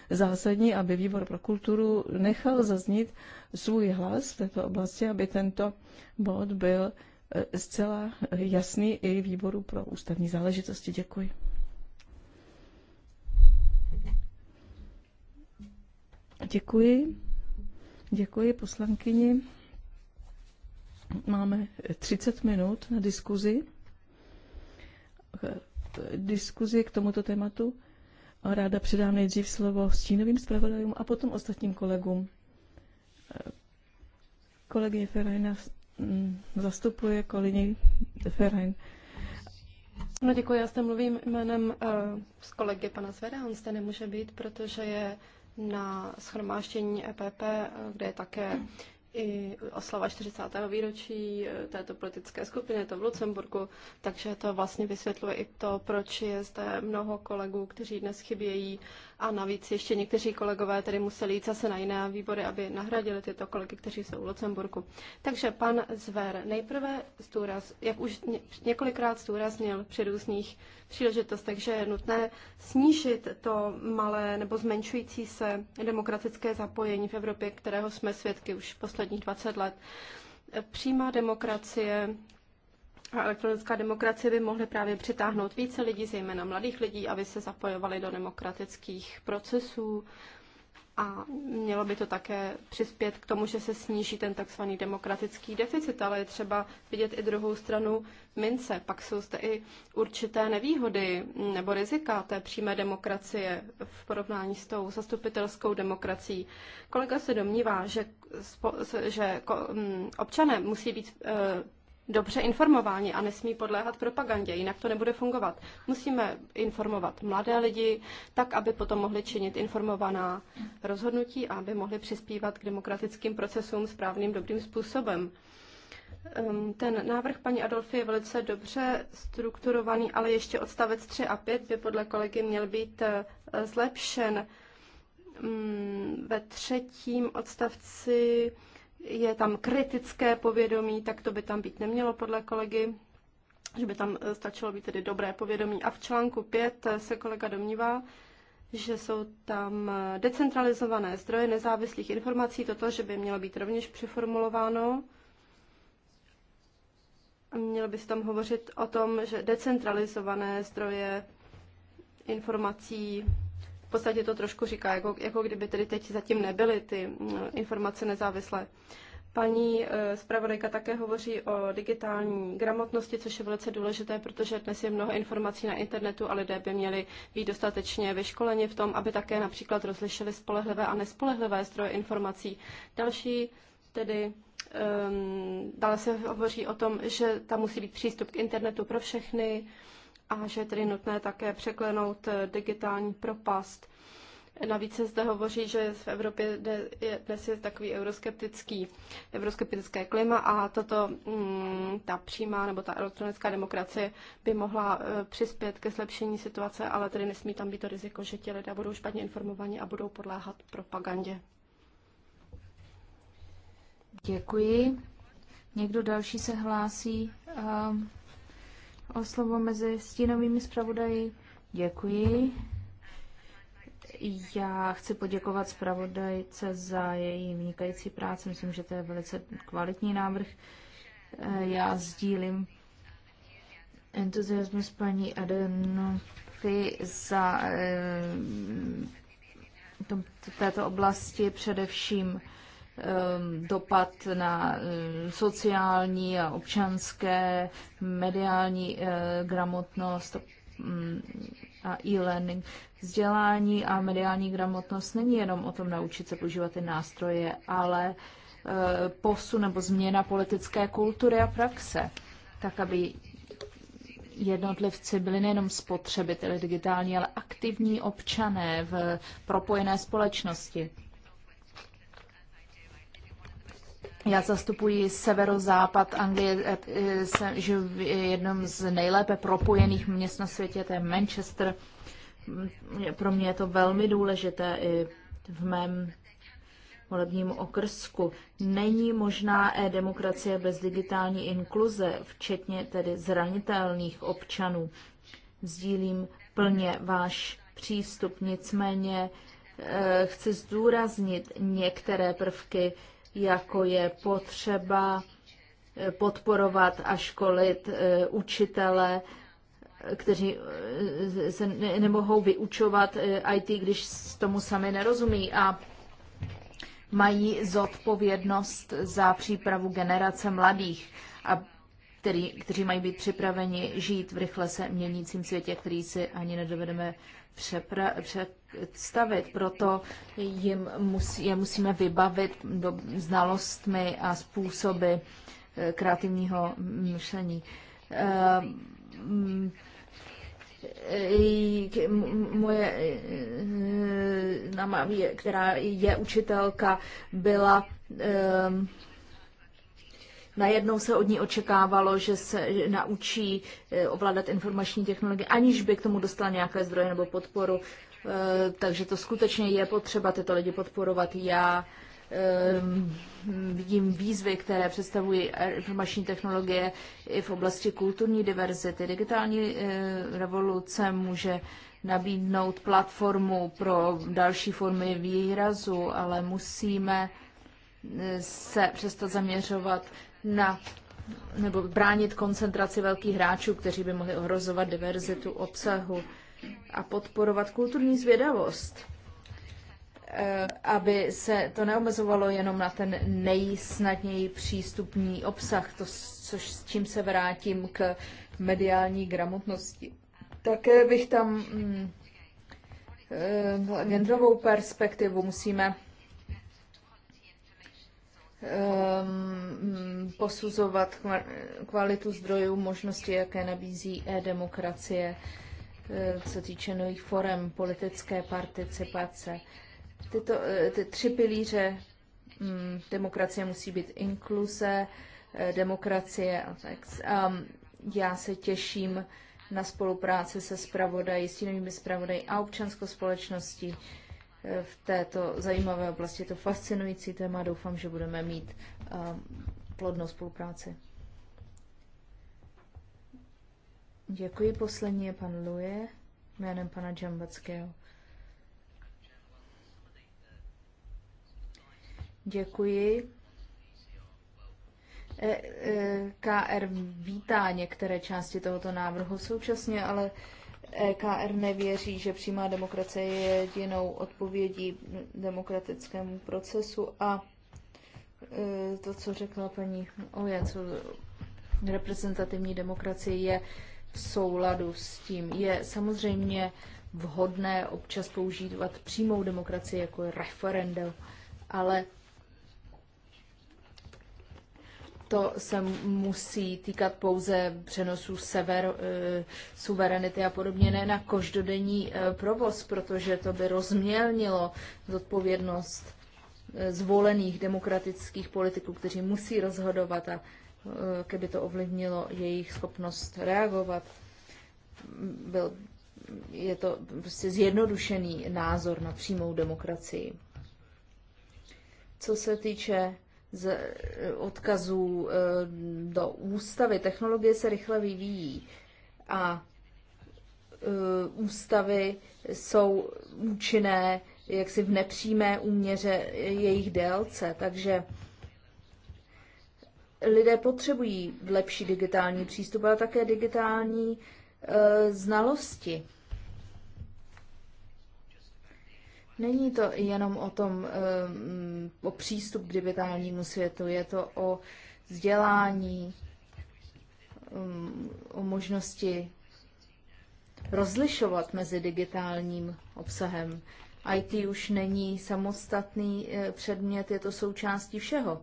zásadní, aby výbor pro kulturu nechal zaznít svůj hlas v této oblasti, aby tento bod byl e, zcela jasný i výboru pro ústavní záležitosti. Děkuji. Děkuji. Děkuji poslankyni. Máme 30 minut na diskuzi. Diskuzi k tomuto tématu. Ráda předám nejdřív slovo stínovým zpravodajům a potom ostatním kolegům. Kolegyně Ferajna mm, zastupuje kolegyně Ferajn. No děkuji, já se mluvím jménem uh, z kolegy pana Zvera, on zde nemůže být, protože je na schromáštění EPP, eh, kde je také i oslava 40. výročí eh, této politické skupiny, je to v Lucemburku, takže to vlastně vysvětluje i to, proč je zde mnoho kolegů, kteří dnes chybějí a navíc ještě někteří kolegové tedy museli jít zase na jiné výbory, aby nahradili tyto kolegy, kteří jsou v Lucemburku. Takže pan Zver nejprve stůraz, jak už několikrát zdůraznil při různých příležitostech, že je nutné snížit to malé nebo zmenšující se demokratické zapojení v Evropě, kterého jsme svědky už posledních 20 let. Přímá demokracie a elektronická demokracie by mohly právě přitáhnout více lidí, zejména mladých lidí, aby se zapojovali do demokratických procesů. A mělo by to také přispět k tomu, že se sníží ten takzvaný demokratický deficit, ale je třeba vidět i druhou stranu mince. Pak jsou zde i určité nevýhody nebo rizika té přímé demokracie v porovnání s tou zastupitelskou demokracií. Kolega se domnívá, že, že mm, občané musí být eh, dobře informováni a nesmí podléhat propagandě, jinak to nebude fungovat. Musíme informovat mladé lidi, tak aby potom mohli činit informovaná rozhodnutí a aby mohli přispívat k demokratickým procesům správným dobrým způsobem. Ehm, ten návrh paní Adolfy je velice dobře strukturovaný, ale ještě odstavec 3 a 5 by podle kolegy měl být eh, zlepšen. Ehm, ve třetím odstavci je tam kritické povědomí, tak to by tam být nemělo podle kolegy, že by tam e, stačilo být tedy dobré povědomí. A v článku 5 e, se kolega domnívá, že jsou tam e, decentralizované zdroje nezávislých informací, toto, že by mělo být rovněž přeformulováno. Mělo by se tam hovořit o tom, že decentralizované zdroje informací v podstatě to trošku říká, jako, jako kdyby tedy teď zatím nebyly ty informace nezávislé. Paní e, zpravodajka také hovoří o digitální gramotnosti, což je velice důležité, protože dnes je mnoho informací na internetu a lidé by měli být dostatečně vyškoleni v tom, aby také například rozlišili spolehlivé a nespolehlivé zdroje informací. Další tedy um, dále se hovoří o tom, že tam musí být přístup k internetu pro všechny, a že je tedy nutné také překlenout eh, digitální propast. Navíc se zde hovoří, že v Evropě dnes je takový euroskeptický, euroskeptické klima a toto, mm, ta přímá nebo ta elektronická demokracie by mohla eh, přispět ke zlepšení situace, ale tedy nesmí tam být to riziko, že ti lidé budou špatně informovaní a budou podléhat propagandě. Děkuji. Někdo další se hlásí? Um o slovo mezi stínovými zpravodaji. Děkuji. Já chci poděkovat zpravodajce za její vynikající práci. Myslím, že to je velice kvalitní návrh. Eh, já sdílím entuziasmus paní Adenofy za eh, v této oblasti především Um, dopad na eh, sociální a občanské, mediální eh, gramotnost mm, a e-learning. Vzdělání a mediální gramotnost není jenom o tom naučit se používat ty nástroje, ale eh, posun nebo změna politické kultury a praxe, tak aby jednotlivci byli nejenom spotřebiteli digitální, ale aktivní občané v propojené společnosti. Já zastupuji severozápad Anglie, eh, eh, žiju v jednom z nejlépe propojených měst na světě, to je Manchester. Pro mě je to velmi důležité i v mém volebním okrsku. Není možná e-demokracie bez digitální inkluze, včetně tedy zranitelných občanů. Sdílím plně váš přístup, nicméně eh, chci zdůraznit některé prvky jako je potřeba eh, podporovat a školit eh, učitele, eh, kteří se nemohou vyučovat IT, když tomu sami nerozumí a mají zodpovědnost za přípravu generace mladých. A který, kteří mají být připraveni žít v rychle se měnícím světě, který si ani nedovedeme představit. Proto jim musí, je musíme vybavit do, znalostmi a způsoby eh, kreativního myšlení. Ehm, moje eh, která je učitelka, byla ehm, Najednou se od ní očekávalo, že se naučí eh, ovládat informační technologie, aniž by k tomu dostala nějaké zdroje nebo podporu. Eh, takže to skutečně je potřeba tyto lidi podporovat. Já ehm, vidím výzvy, které představují eh, informační technologie i v oblasti kulturní diverzity. Digitální revoluce může nabídnout platformu pro další formy výrazu, ale musíme se přestat zaměřovat na nebo bránit koncentraci velkých hráčů, kteří by mohli ohrozovat diverzitu obsahu a podporovat kulturní zvědavost, eh, aby se to neomezovalo jenom na ten nejsnadněji přístupný obsah, to, což s čím se vrátím k mediální gramotnosti. Také bych tam mm, eh, genderovou perspektivu musíme um, posuzovat kvalitu zdrojů, možnosti, jaké nabízí e-demokracie, eh, co týče nových forem politické participace. Tyto eh, ty tři pilíře um, demokracie musí být inkluze, eh, demokracie a tak. Um, já se těším na spolupráci se spravodají, s jinými spravodají a občanskou společností v této zajímavé oblasti. Je to fascinující téma, doufám, že budeme mít um, plodnou spolupráci. Děkuji. Poslední je pan Luje jménem pana Džambackého. Děkuji. E, e, KR vítá některé části tohoto návrhu současně, ale EKR nevěří, že přímá demokracie je jedinou odpovědí demokratickému procesu a e, to, co řekla paní Ojen, co reprezentativní demokracie je v souladu s tím. Je samozřejmě vhodné občas používat přímou demokracii jako referendum, ale to se musí týkat pouze přenosu sever, eh, suverenity a podobně, ne na každodenní eh, provoz, protože to by rozmělnilo zodpovědnost eh, zvolených demokratických politiků, kteří musí rozhodovat a kdyby to ovlivnilo jejich schopnost reagovat. Byl, je to prostě zjednodušený názor na přímou demokracii. Co se týče z eh, odkazů eh, do ústavy. Technologie se rychle vyvíjí a eh, ústavy jsou účinné jaksi v nepřímé úměře jejich délce, takže lidé potřebují lepší digitální přístup, ale také digitální znalosti. Není to jenom o tom, eh, o přístup k digitálnímu světu, je to o vzdělání, eh, o možnosti rozlišovat mezi digitálním obsahem. IT už není samostatný eh, předmět, je to součástí všeho.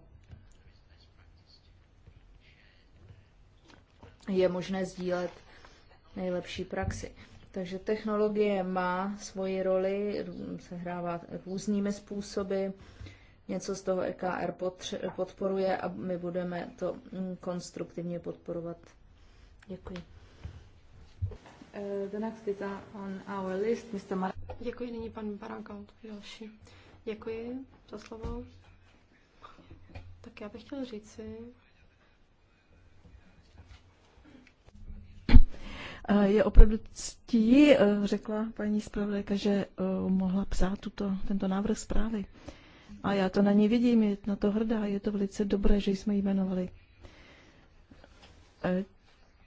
Je možné sdílet nejlepší praxi. Takže technologie má svoji roli, sehrává různými způsoby. Něco z toho EKR podporuje a my budeme to mm, konstruktivně podporovat. Děkuji. Eh, the next is on our list, Mr. Mar- Děkuji, nyní pan Barankal, další. Děkuji za slovo. Tak já bych chtěl říci, Je opravdu ctí, eh, řekla paní zpravodajka, že eh, mohla psát tuto, tento návrh zprávy. A já to na ní vidím, je na to hrdá, je to velice dobré, že jsme ji jmenovali. Eh,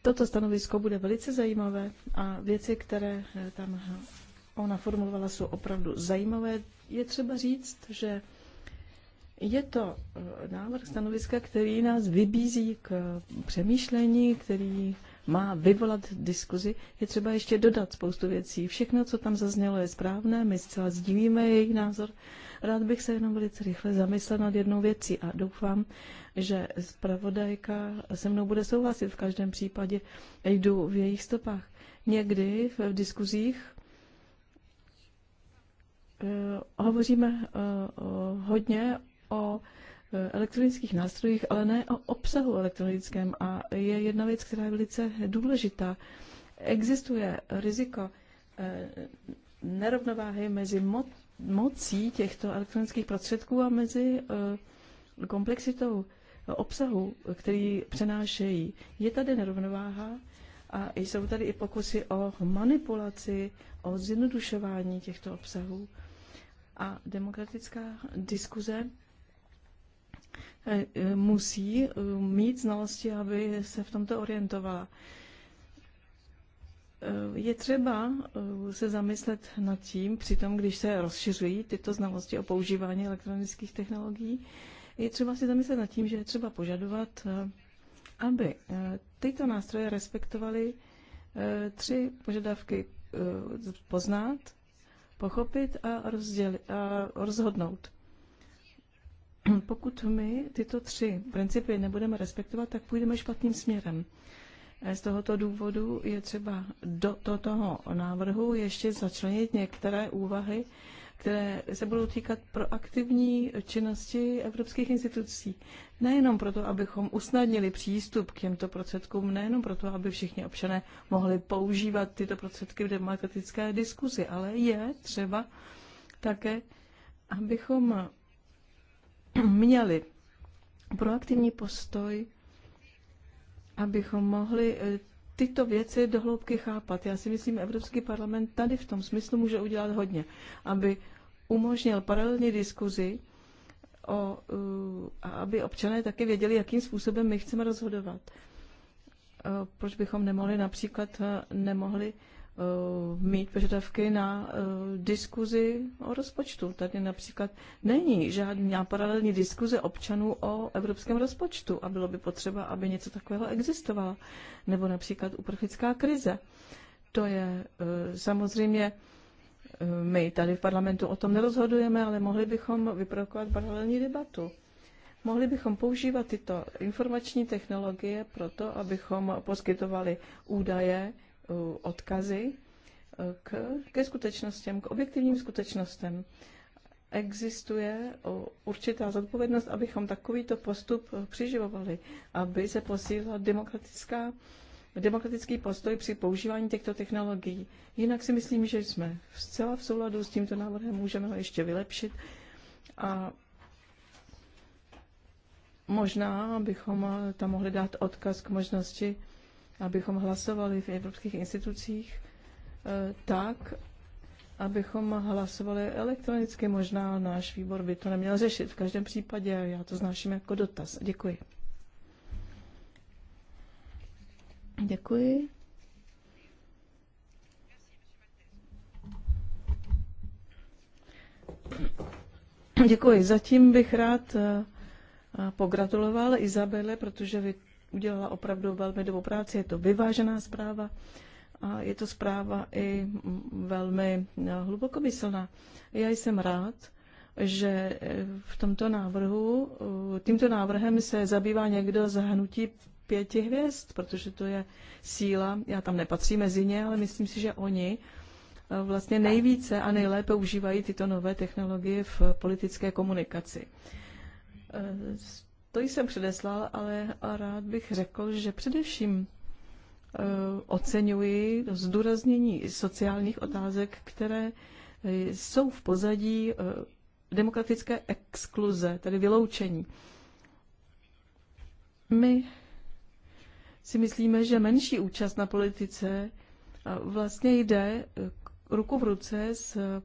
toto stanovisko bude velice zajímavé a věci, které tam ona formulovala, jsou opravdu zajímavé. Je třeba říct, že je to návrh stanoviska, který nás vybízí k přemýšlení, který má vyvolat diskuzi, je třeba ještě dodat spoustu věcí. Všechno, co tam zaznělo, je správné, my zcela sdílíme její názor. Rád bych se jenom velice rychle zamyslel nad jednou věcí a doufám, že zpravodajka se mnou bude souhlasit. V každém případě jdu v jejich stopách. Někdy v diskuzích eh, hovoříme eh, hodně o elektronických nástrojích, ale ne o obsahu elektronickém. A je jedna věc, která je velice důležitá. Existuje riziko eh, nerovnováhy mezi mocí těchto elektronických prostředků a mezi eh, komplexitou obsahu, který přenášejí. Je tady nerovnováha a jsou tady i pokusy o manipulaci, o zjednodušování těchto obsahů. A demokratická diskuze E, e, musí e, mít znalosti, aby se v tomto orientovala. Je třeba se zamyslet nad tím, přitom když se rozšiřují tyto znalosti o používání elektronických technologií, je třeba si zamyslet nad tím, že je třeba požadovat, aby tyto nástroje respektovaly tři požadavky poznat, pochopit a, rozdělit, a rozhodnout. Pokud my tyto tři principy nebudeme respektovat, tak půjdeme špatným směrem. Eh, z tohoto důvodu je třeba do toho návrhu ještě začlenit některé úvahy, které se budou týkat proaktivní činnosti evropských institucí. Nejenom proto, abychom usnadnili přístup k těmto prostředkům, nejenom proto, aby všichni občané mohli používat tyto prostředky v demokratické diskuzi, ale je třeba také, abychom měli proaktivní postoj, abychom mohli eh, tyto věci dohloubky chápat. Já si myslím, Evropský parlament tady v tom smyslu může udělat hodně, aby umožnil paralelní diskuzi o, eh, a aby občané také věděli, jakým způsobem my chceme rozhodovat. Eh, proč bychom nemohli například nemohli Eh, mít požadavky na eh, diskuzi o rozpočtu. Tady například není žádná paralelní diskuze občanů o evropském rozpočtu a bylo by potřeba, aby něco takového existovalo. Nebo například uprchlická krize. To je eh, samozřejmě, my tady v parlamentu o tom nerozhodujeme, ale mohli bychom vyprovokovat paralelní debatu. Mohli bychom používat tyto informační technologie proto, abychom poskytovali údaje, Eh, odkazy eh, k, ke skutečnostem, k objektivním skutečnostem. Existuje eh, určitá zodpovědnost, abychom takovýto postup přiživovali, aby se posílila demokratická demokratický postoj při používání těchto technologií. Jinak si myslím, že jsme zcela v souladu s tímto návrhem, můžeme ho ještě vylepšit a možná bychom tam mohli dát odkaz k možnosti abychom hlasovali v evropských institucích eh, tak, abychom hlasovali elektronicky. Možná náš výbor by to neměl řešit. V každém případě já to znáším jako dotaz. Děkuji. Děkuji. Děkuji. Zatím bych rád eh, pogratuloval Izabele, protože vy udělala opravdu velmi dobrou práci. Je to vyvážená zpráva a je to zpráva i velmi eh, hlubokomyslná. Já jsem rád, že eh, v tomto návrhu, eh, tímto návrhem se zabývá někdo z hnutí pěti hvězd, protože to je síla, já tam nepatřím mezi ně, ale myslím si, že oni vlastně nejvíce a nejlépe užívají tyto nové technologie v politické komunikaci. To jsem předeslal, ale rád bych řekl, že především eh, oceňuji zdůraznění sociálních otázek, které eh, jsou v pozadí eh, demokratické exkluze, tedy vyloučení. My si myslíme, že menší účast na politice vlastně jde ruku v ruce s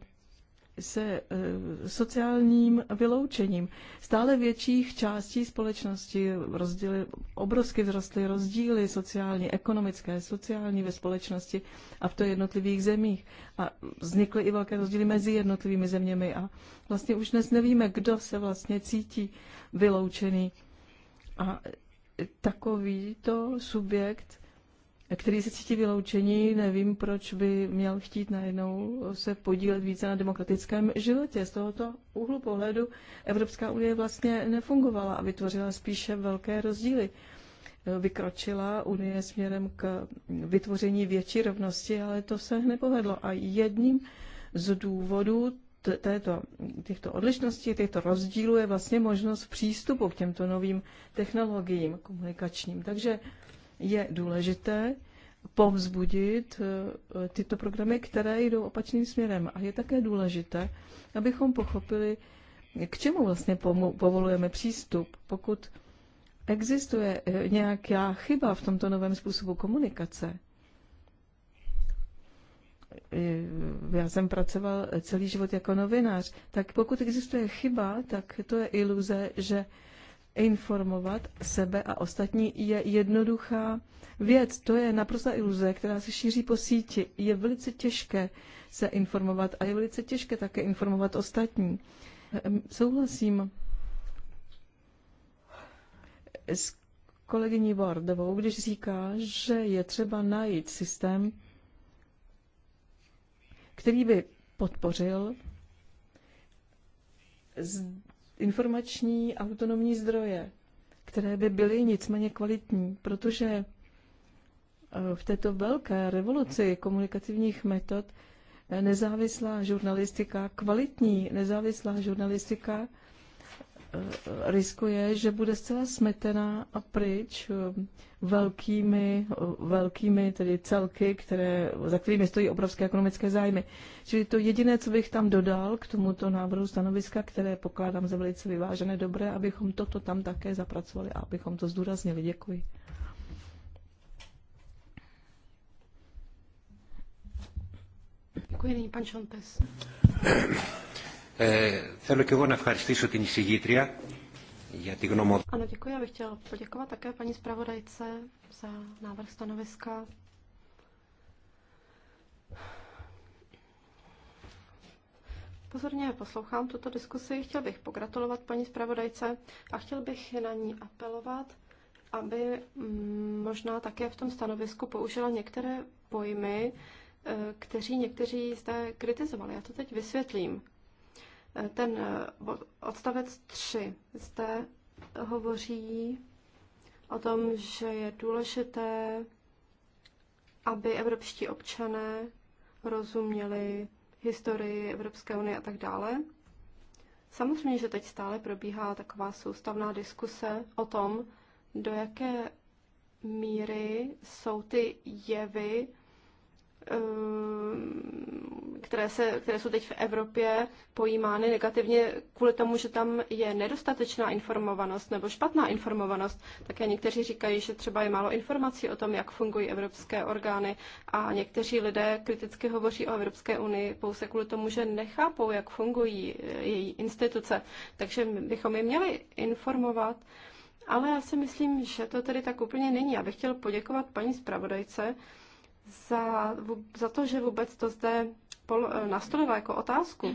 se eh, sociálním vyloučením. Stále větších částí společnosti rozdíly, obrovsky vzrostly rozdíly sociální, ekonomické, sociální ve společnosti a v to jednotlivých zemích. A vznikly i velké rozdíly mezi jednotlivými zeměmi a vlastně už dnes nevíme, kdo se vlastně cítí vyloučený. A takovýto subjekt který se cítí vyloučení, nevím, proč by měl chtít najednou se podílet více na demokratickém životě. Z tohoto úhlu pohledu Evropská unie vlastně nefungovala a vytvořila spíše velké rozdíly. Vykročila unie směrem k vytvoření větší rovnosti, ale to se nepovedlo. A jedním z důvodů této, těchto odlišností, těchto rozdílů je vlastně možnost přístupu k těmto novým technologiím komunikačním. Takže je důležité povzbudit eh, tyto programy, které jdou opačným směrem. A je také důležité, abychom pochopili, k čemu vlastně povolujeme přístup. Pokud existuje eh, nějaká chyba v tomto novém způsobu komunikace, eh, já jsem pracoval celý život jako novinář, tak pokud existuje chyba, tak to je iluze, že informovat sebe a ostatní je jednoduchá věc. To je naprosto iluze, která se šíří po síti. Je velice těžké se informovat a je velice těžké také informovat ostatní. Ehm, souhlasím s kolegyní Bardovou, když říká, že je třeba najít systém, který by podpořil z informační autonomní zdroje, které by byly nicméně kvalitní, protože eh, v této velké revoluci komunikativních metod nezávislá žurnalistika, kvalitní nezávislá žurnalistika Eh, riskuje, že bude zcela smetena a pryč eh, velkými, eh, velkými tedy celky, které, za kterými stojí obrovské ekonomické zájmy. Čili to jediné, co bych tam dodal k tomuto návrhu stanoviska, které pokládám za velice vyvážené, dobré, abychom toto tam také zapracovali a abychom to zdůraznili. Děkuji. Děkuji, nyní pan Šontes. Ε, θέλω και εγώ να ευχαριστήσω την εισηγήτρια για τη Ano, děkuji, já bych chtěl poděkovat také paní zpravodajce za návrh stanoviska. Pozorně poslouchám tuto diskusi, chtěl bych pogratulovat paní zpravodajce a chtěl bych na ní apelovat, aby mm, možná také v tom stanovisku použila některé pojmy, eh, kteří někteří zde kritizovali. Já to teď vysvětlím. Ten eh, odstavec 3 zde hovoří o tom, že je důležité, aby evropští občané rozuměli historii Evropské unie a tak dále. Samozřejmě, že teď stále probíhá taková soustavná diskuse o tom, do jaké míry jsou ty jevy Ehm, které, se, které jsou teď v Evropě pojímány negativně kvůli tomu, že tam je nedostatečná informovanost nebo špatná informovanost. Také někteří říkají, že třeba je málo informací o tom, jak fungují evropské orgány a někteří lidé kriticky hovoří o Evropské unii pouze kvůli tomu, že nechápou, jak fungují eh, její instituce. Takže bychom je měli informovat. Ale já si myslím, že to tedy tak úplně není. Já bych chtěl poděkovat paní zpravodajce, za, za to, že vůbec to zde eh, nastolila jako otázku.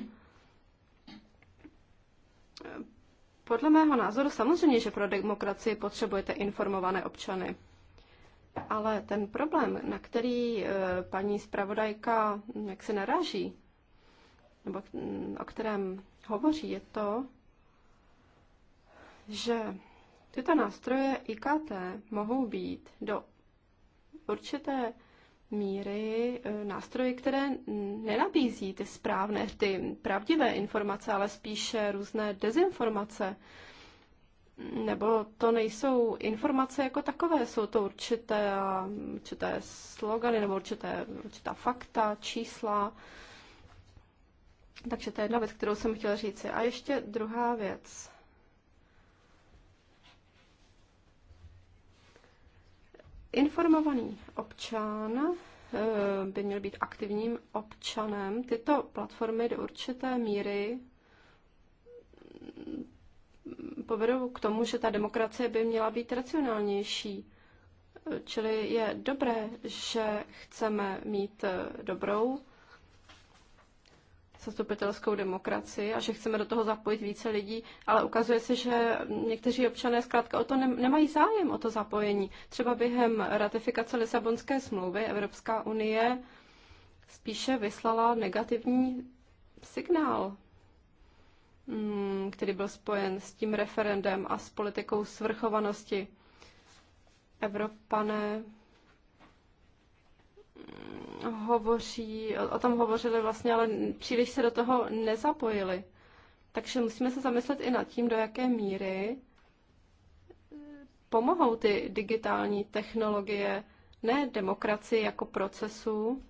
Podle mého názoru samozřejmě, že pro demokracii potřebujete informované občany. Ale ten problém, na který eh, paní zpravodajka jak se naráží, nebo mm, o kterém hovoří, je to, že tyto nástroje IKT mohou být do určité míry e, nástroje, které nenabízí ty správné, ty pravdivé informace, ale spíše různé dezinformace. Nebo to nejsou informace jako takové, jsou to určité, určité slogany nebo určité, určitá fakta, čísla. Takže to je jedna věc, kterou jsem chtěla říct. A ještě druhá věc. Informovaný občan eh, by měl být aktivním občanem. Tyto platformy do určité míry mm, povedou k tomu, že ta demokracie by měla být racionálnější. Eh, čili je dobré, že chceme mít eh, dobrou zastupitelskou demokracii a že chceme do toho zapojit více lidí, ale ukazuje se, že někteří občané zkrátka o to nemají zájem, o to zapojení. Třeba během ratifikace Lisabonské smlouvy Evropská unie spíše vyslala negativní signál, mm, který byl spojen s tím referendem a s politikou svrchovanosti. Evropané mm, hovoří, o tom hovořili vlastně, ale příliš se do toho nezapojili. Takže musíme se zamyslet i nad tím, do jaké míry eh, pomohou ty digitální technologie ne demokracii jako procesu,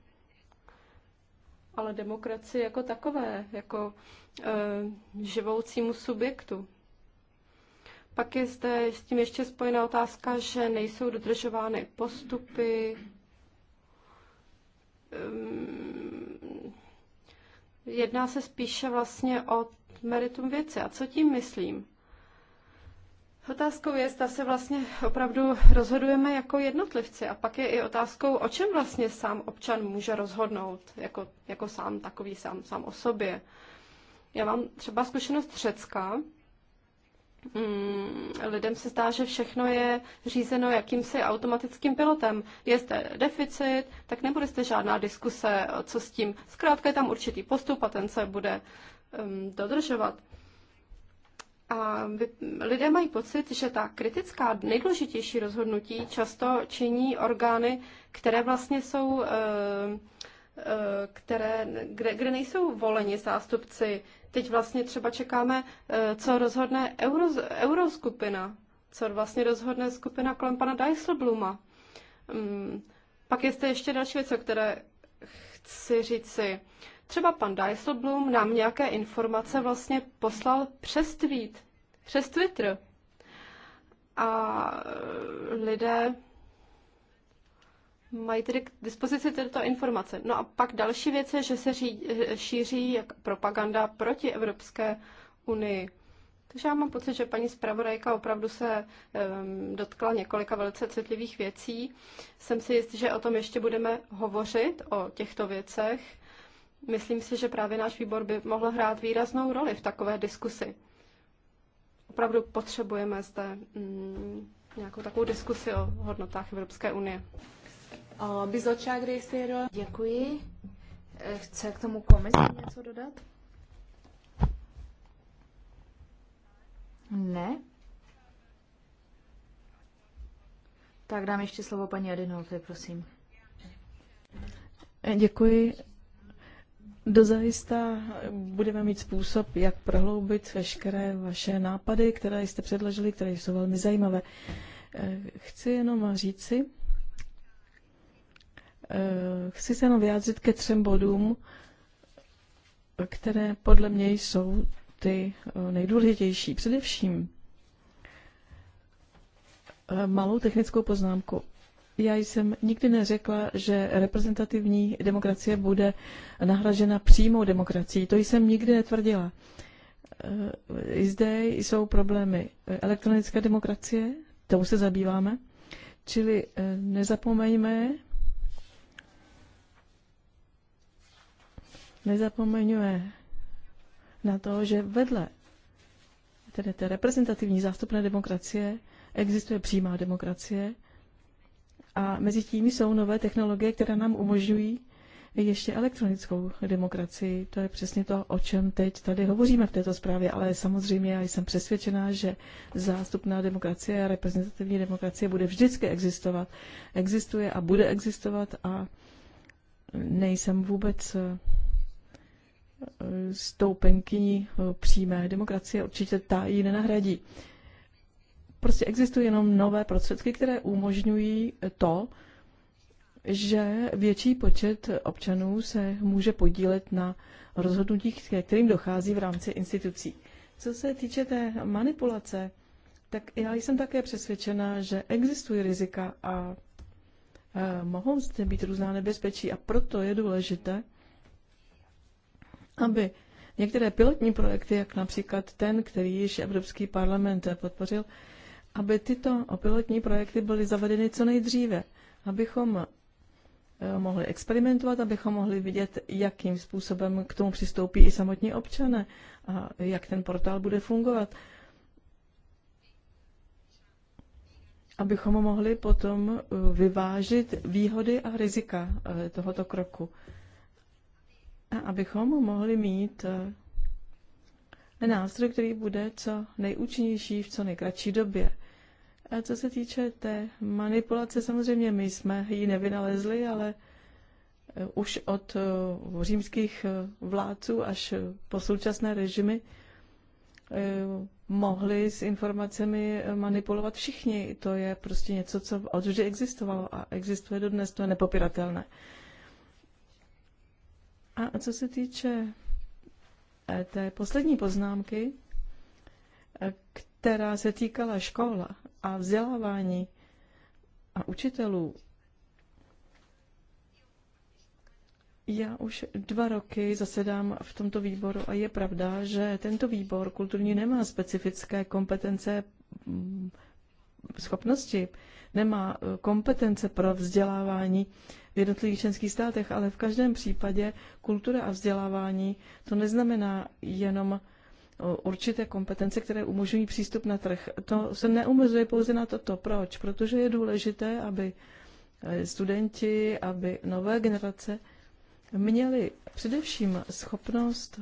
ale demokracii jako takové, jako e, živoucímu subjektu. Pak je zde s tím ještě spojená otázka, že nejsou dodržovány postupy, Ehm, jedná se spíše vlastně o meritum věci. A co tím myslím? Otázkou je, zda se vlastně opravdu rozhodujeme jako jednotlivci. A pak je i otázkou, o čem vlastně sám občan může rozhodnout, jako, jako sám takový, sám, sám o sobě. Já mám třeba zkušenost Řecka, Mm, lidem se zdá, že všechno je řízeno jakýmsi automatickým pilotem. Je zde deficit, tak nebude zde žádná diskuse, co s tím. Zkrátka je tam určitý postup a ten se bude um, dodržovat. A lidé mají pocit, že ta kritická, nejdůležitější rozhodnutí často činí orgány, které vlastně jsou, uh, uh, které, kde, kde nejsou voleni zástupci Teď vlastně třeba čekáme, eh, co rozhodne euro, euroskupina, co vlastně rozhodne skupina kolem pana Dijsselbluma. Mm, pak je zde ještě další věc, o které chci říci. Třeba pan Dijsselblum nám nějaké informace vlastně poslal přes tweet, přes Twitter. A eh, lidé mají tedy k dispozici tyto informace. No a pak další věc je, že se ří, šíří jak propaganda proti Evropské unii. Takže já mám pocit, že paní zpravodajka opravdu se um, dotkla několika velice citlivých věcí. Jsem si jist, že o tom ještě budeme hovořit, o těchto věcech. Myslím si, že právě náš výbor by mohl hrát výraznou roli v takové diskusi. Opravdu potřebujeme zde um, nějakou takovou diskusi o hodnotách Evropské unie a bizottság részéről. Děkuji. Eh, chce k tomu komisi něco dodat? Ne. Tak dám ještě slovo paní Adinolfi, prosím. Eh, děkuji. Dozajista budeme mít způsob, jak prohloubit veškeré vaše nápady, které jste předložili, které jsou velmi zajímavé. Eh, chci jenom říci, Eh, chci se jenom vyjádřit ke třem bodům, které podle mě jsou ty eh, nejdůležitější. Především eh, malou technickou poznámku. Já jsem nikdy neřekla, že reprezentativní demokracie bude nahražena přímou demokracií. To jsem nikdy netvrdila. Zde jsou problémy elektronické demokracie, tou se zabýváme, čili nezapomeňme nezapomeňuje na to, že vedle tedy té reprezentativní zástupné demokracie existuje přímá demokracie a mezi tím jsou nové technologie, které nám umožňují ještě elektronickou demokracii. To je přesně to, o čem teď tady hovoříme v této zprávě, ale samozřejmě já jsem přesvědčená, že zástupná demokracie a reprezentativní demokracie bude vždycky existovat. Existuje a bude existovat a nejsem vůbec stoupenkyní eh, přímé demokracie, určitě ta ji nenahradí. Prostě existují jenom nové prostředky, které umožňují to, že větší počet občanů se může podílet na rozhodnutích, ke kterým dochází v rámci institucí. Co se týče té manipulace, tak já jsem také přesvědčena, že existují rizika a eh, mohou zde být různá nebezpečí a proto je důležité, aby některé pilotní projekty, jak například ten, který již Evropský parlament podpořil, aby tyto pilotní projekty byly zavedeny co nejdříve, abychom eh, mohli experimentovat, abychom mohli vidět, jakým způsobem k tomu přistoupí i samotní občané a jak ten portál bude fungovat. Abychom mohli potom eh, vyvážit výhody a rizika eh, tohoto kroku abychom mohli mít eh, nástroj, který bude co nejúčinnější v co nejkratší době. A co se týče té manipulace, samozřejmě my jsme ji nevynalezli, ale eh, už od eh, římských vládců až po současné režimy mohli s informacemi manipulovat všichni. To je prostě něco, co odvždy existovalo a existuje dodnes, to je nepopiratelné. A co se týče eh, té poslední poznámky, eh, která se týkala škola a vzdělávání a učitelů, Já už dva roky zasedám v tomto výboru a je pravda, že tento výbor kulturní nemá specifické kompetence, mm, schopnosti, nemá eh, kompetence pro vzdělávání v jednotlivých členských státech, ale v každém případě kultura a vzdělávání to neznamená jenom určité kompetence, které umožňují přístup na trh. To se neomezuje pouze na toto. Proč? Protože je důležité, aby e, studenti, aby nové generace měli především schopnost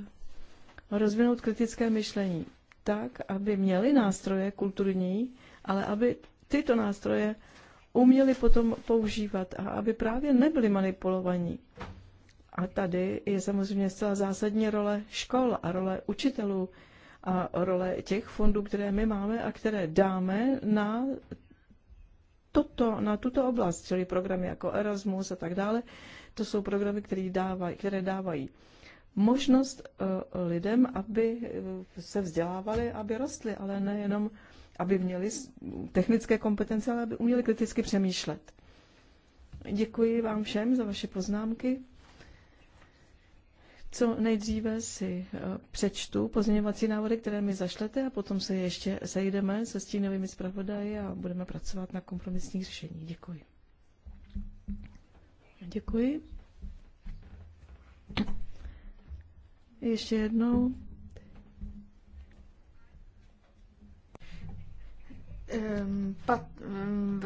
rozvinout kritické myšlení tak, aby měli nástroje kulturní, ale aby tyto nástroje uměli potom používat a aby právě nebyli manipulovaní. A tady je samozřejmě zcela zásadní role škol a role učitelů a role těch fondů, které my máme a které dáme na toto, na tuto oblast, čili programy jako Erasmus a tak dále. To jsou programy, které dávají, které dávají možnost eh, lidem, aby eh, se vzdělávali, aby rostli, ale nejenom aby měli technické kompetence, ale aby uměli kriticky přemýšlet. Děkuji vám všem za vaše poznámky. Co nejdříve si e, přečtu pozměňovací návody, které mi zašlete a potom se ještě sejdeme se stínovými zpravodaji a budeme pracovat na kompromisních řešení. Děkuji. Děkuji. Ještě jednou. 7.6. Ehm, ehm,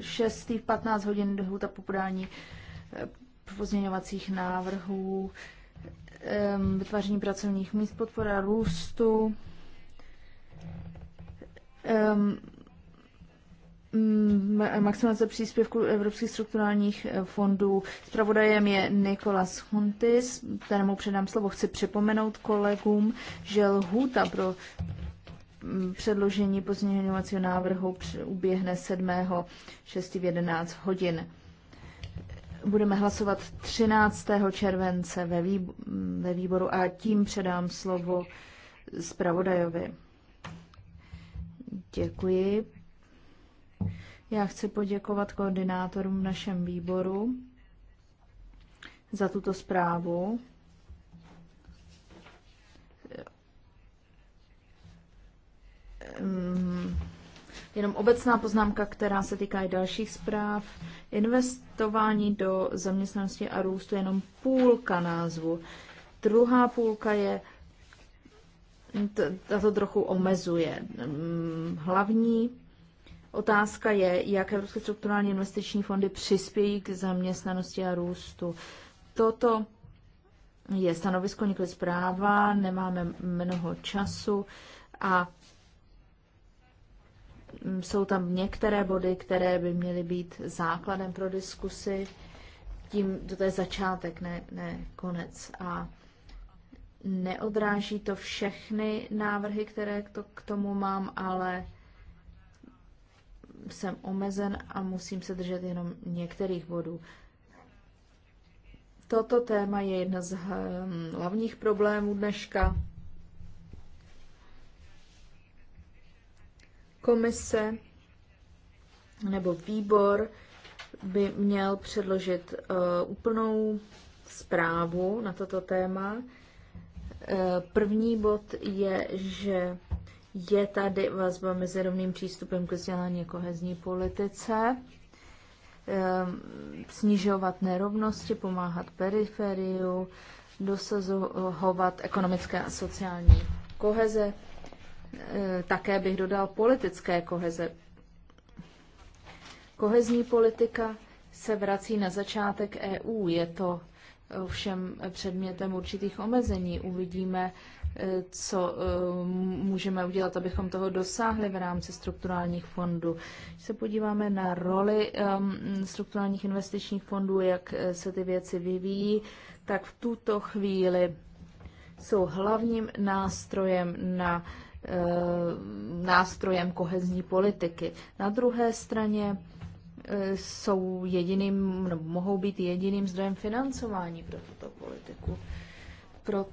v 15 eh, hodin dohuta po podání eh, pozměňovacích návrhů, ehm, vytváření pracovních míst, podpora růstu, maximalizace příspěvku evropských strukturálních eh, fondů. Spravodajem je Nikolas Huntis, kterému předám slovo. Chci připomenout kolegům, že lhůta pro Předložení pozměňovacího návrhu uběhne 7. 6. v 11 hodin. Budeme hlasovat 13. července ve výboru a tím předám slovo zpravodajovi. Děkuji. Já chci poděkovat koordinátorům v našem výboru za tuto zprávu. um, jenom obecná poznámka, která se týká i dalších zpráv. Investování do zaměstnanosti a růstu je jenom půlka názvu. Druhá půlka je tato trochu omezuje. Ehm, hlavní otázka je, jak Evropské strukturální investiční fondy přispějí k zaměstnanosti a růstu. Toto je stanovisko, nikoli zpráva, nemáme mnoho času a Mm, jsou tam některé body, které by měly být základem pro diskusy. Tím, to je začátek, ne, ne konec. A neodráží to všechny návrhy, které to, k tomu mám, ale jsem omezen a musím se držet jenom některých bodů. Toto téma je jedna z hm, hlavních problémů dneška. Komise nebo výbor by měl předložit uh, úplnou zprávu na toto téma. Eh, první bod je, že je tady vazba mezi rovným přístupem k vzdělání a kohezní politice, eh, snižovat nerovnosti, pomáhat periferiu, dosazovat ekonomické a sociální koheze Eh, také bych dodal politické koheze. Kohezní politika se vrací na začátek EU. Je to ovšem předmětem určitých omezení. Uvidíme, eh, co eh, můžeme udělat, abychom toho dosáhli v rámci strukturálních fondů. Když se podíváme na roli ehm, strukturálních investičních fondů, jak se ty věci vyvíjí, tak v tuto chvíli jsou hlavním nástrojem na Eh, nástrojem kohezní politiky. Na druhé straně eh, jsou jediným, nebo mohou být jediným zdrojem financování pro tuto politiku. Pro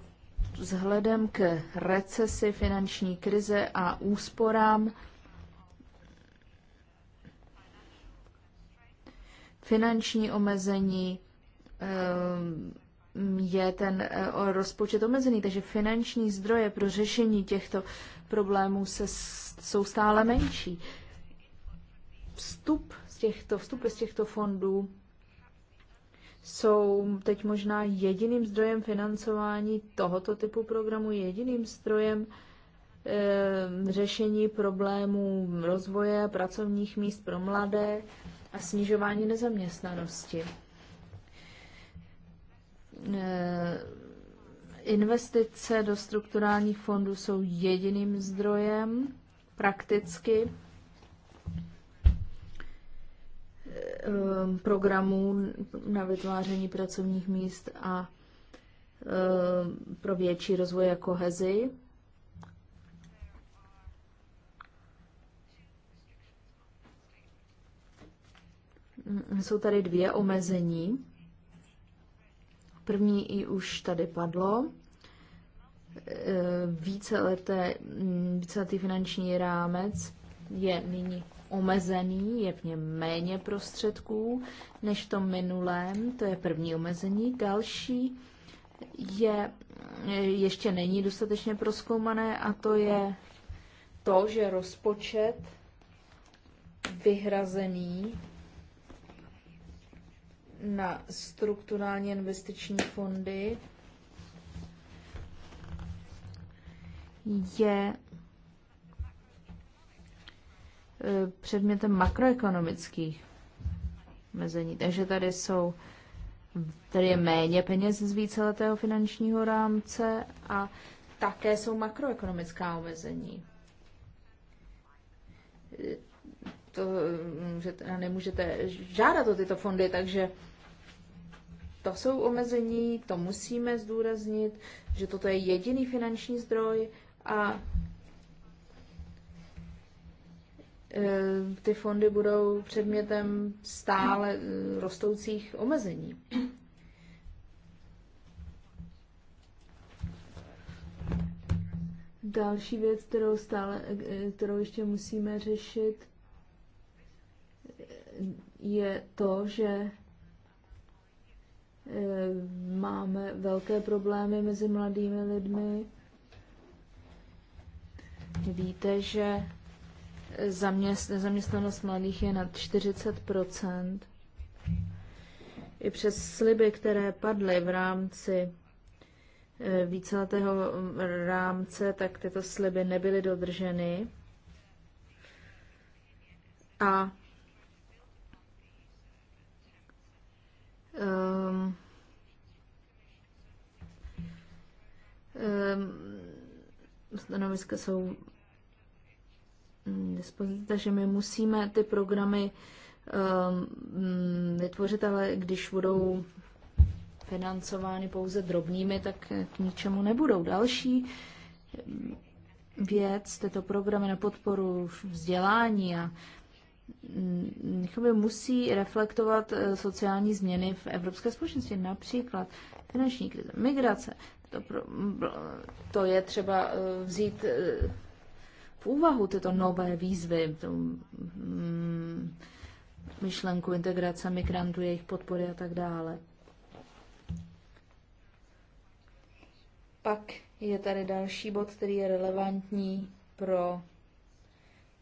vzhledem k recesi, finanční krize a úsporám finanční omezení eh, je ten rozpočet omezený, takže finanční zdroje pro řešení těchto problémů se, jsou stále menší. Vstup z těchto, vstupy z těchto fondů jsou teď možná jediným zdrojem financování tohoto typu programu, jediným zdrojem e, řešení problémů rozvoje pracovních míst pro mladé a snižování nezaměstnanosti. E, Investice do strukturálních fondů jsou jediným zdrojem prakticky eh, programů na vytváření pracovních míst a eh, pro větší rozvoj a kohezi. Jsou tady dvě omezení První i už tady padlo. E, víceleté, mm, víceletý finanční rámec je nyní omezený, je v něm méně prostředků než v tom minulém, to je první omezení. Další je, e, ještě není dostatečně proskoumané a to je to, že rozpočet vyhrazený na strukturální investiční fondy je eh, předmětem makroekonomických mezení. Takže tady jsou tady je méně peněz z víceletého finančního rámce a také jsou makroekonomická omezení. Eh, to, eh, že nemůžete žádat o tyto fondy, takže to jsou omezení, to musíme zdůraznit, že toto je jediný finanční zdroj a e, ty fondy budou předmětem stále e, rostoucích omezení. Další věc, kterou, stále, e, kterou ještě musíme řešit, je to, že Eh, máme velké problémy mezi mladými lidmi. Víte, že zaměstnanost mladých je nad 40 I přes sliby, které padly v rámci eh, víceletého mm, rámce, tak tyto sliby nebyly dodrženy. A um, um, stanoviska jsou dispozici, takže my musíme ty programy um, vytvořit, ale když budou financovány pouze drobnými, tak k ničemu nebudou. Další věc, tyto programy na podporu vzdělání a Chyby musí reflektovat eh, sociální změny v evropské společnosti, například finanční krize, migrace. To, pro, to je třeba eh, vzít eh, v úvahu tyto nové výzvy, tu mm, myšlenku integrace migrantů, jejich podpory a tak dále. Pak je tady další bod, který je relevantní pro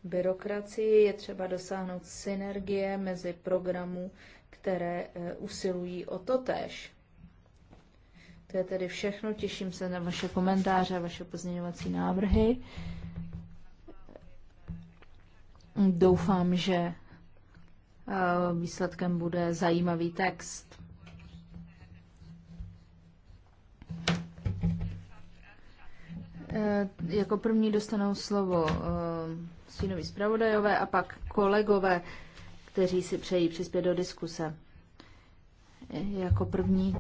byrokracii, je třeba dosáhnout synergie mezi programů, které eh, usilují o to tež. To je tedy všechno. Těším se na vaše komentáře, vaše pozměňovací návrhy. Doufám, že eh, výsledkem bude zajímavý text. Eh, jako první dostanou slovo stínoví zpravodajové a pak kolegové, kteří si přejí přispět do diskuse. Jako první.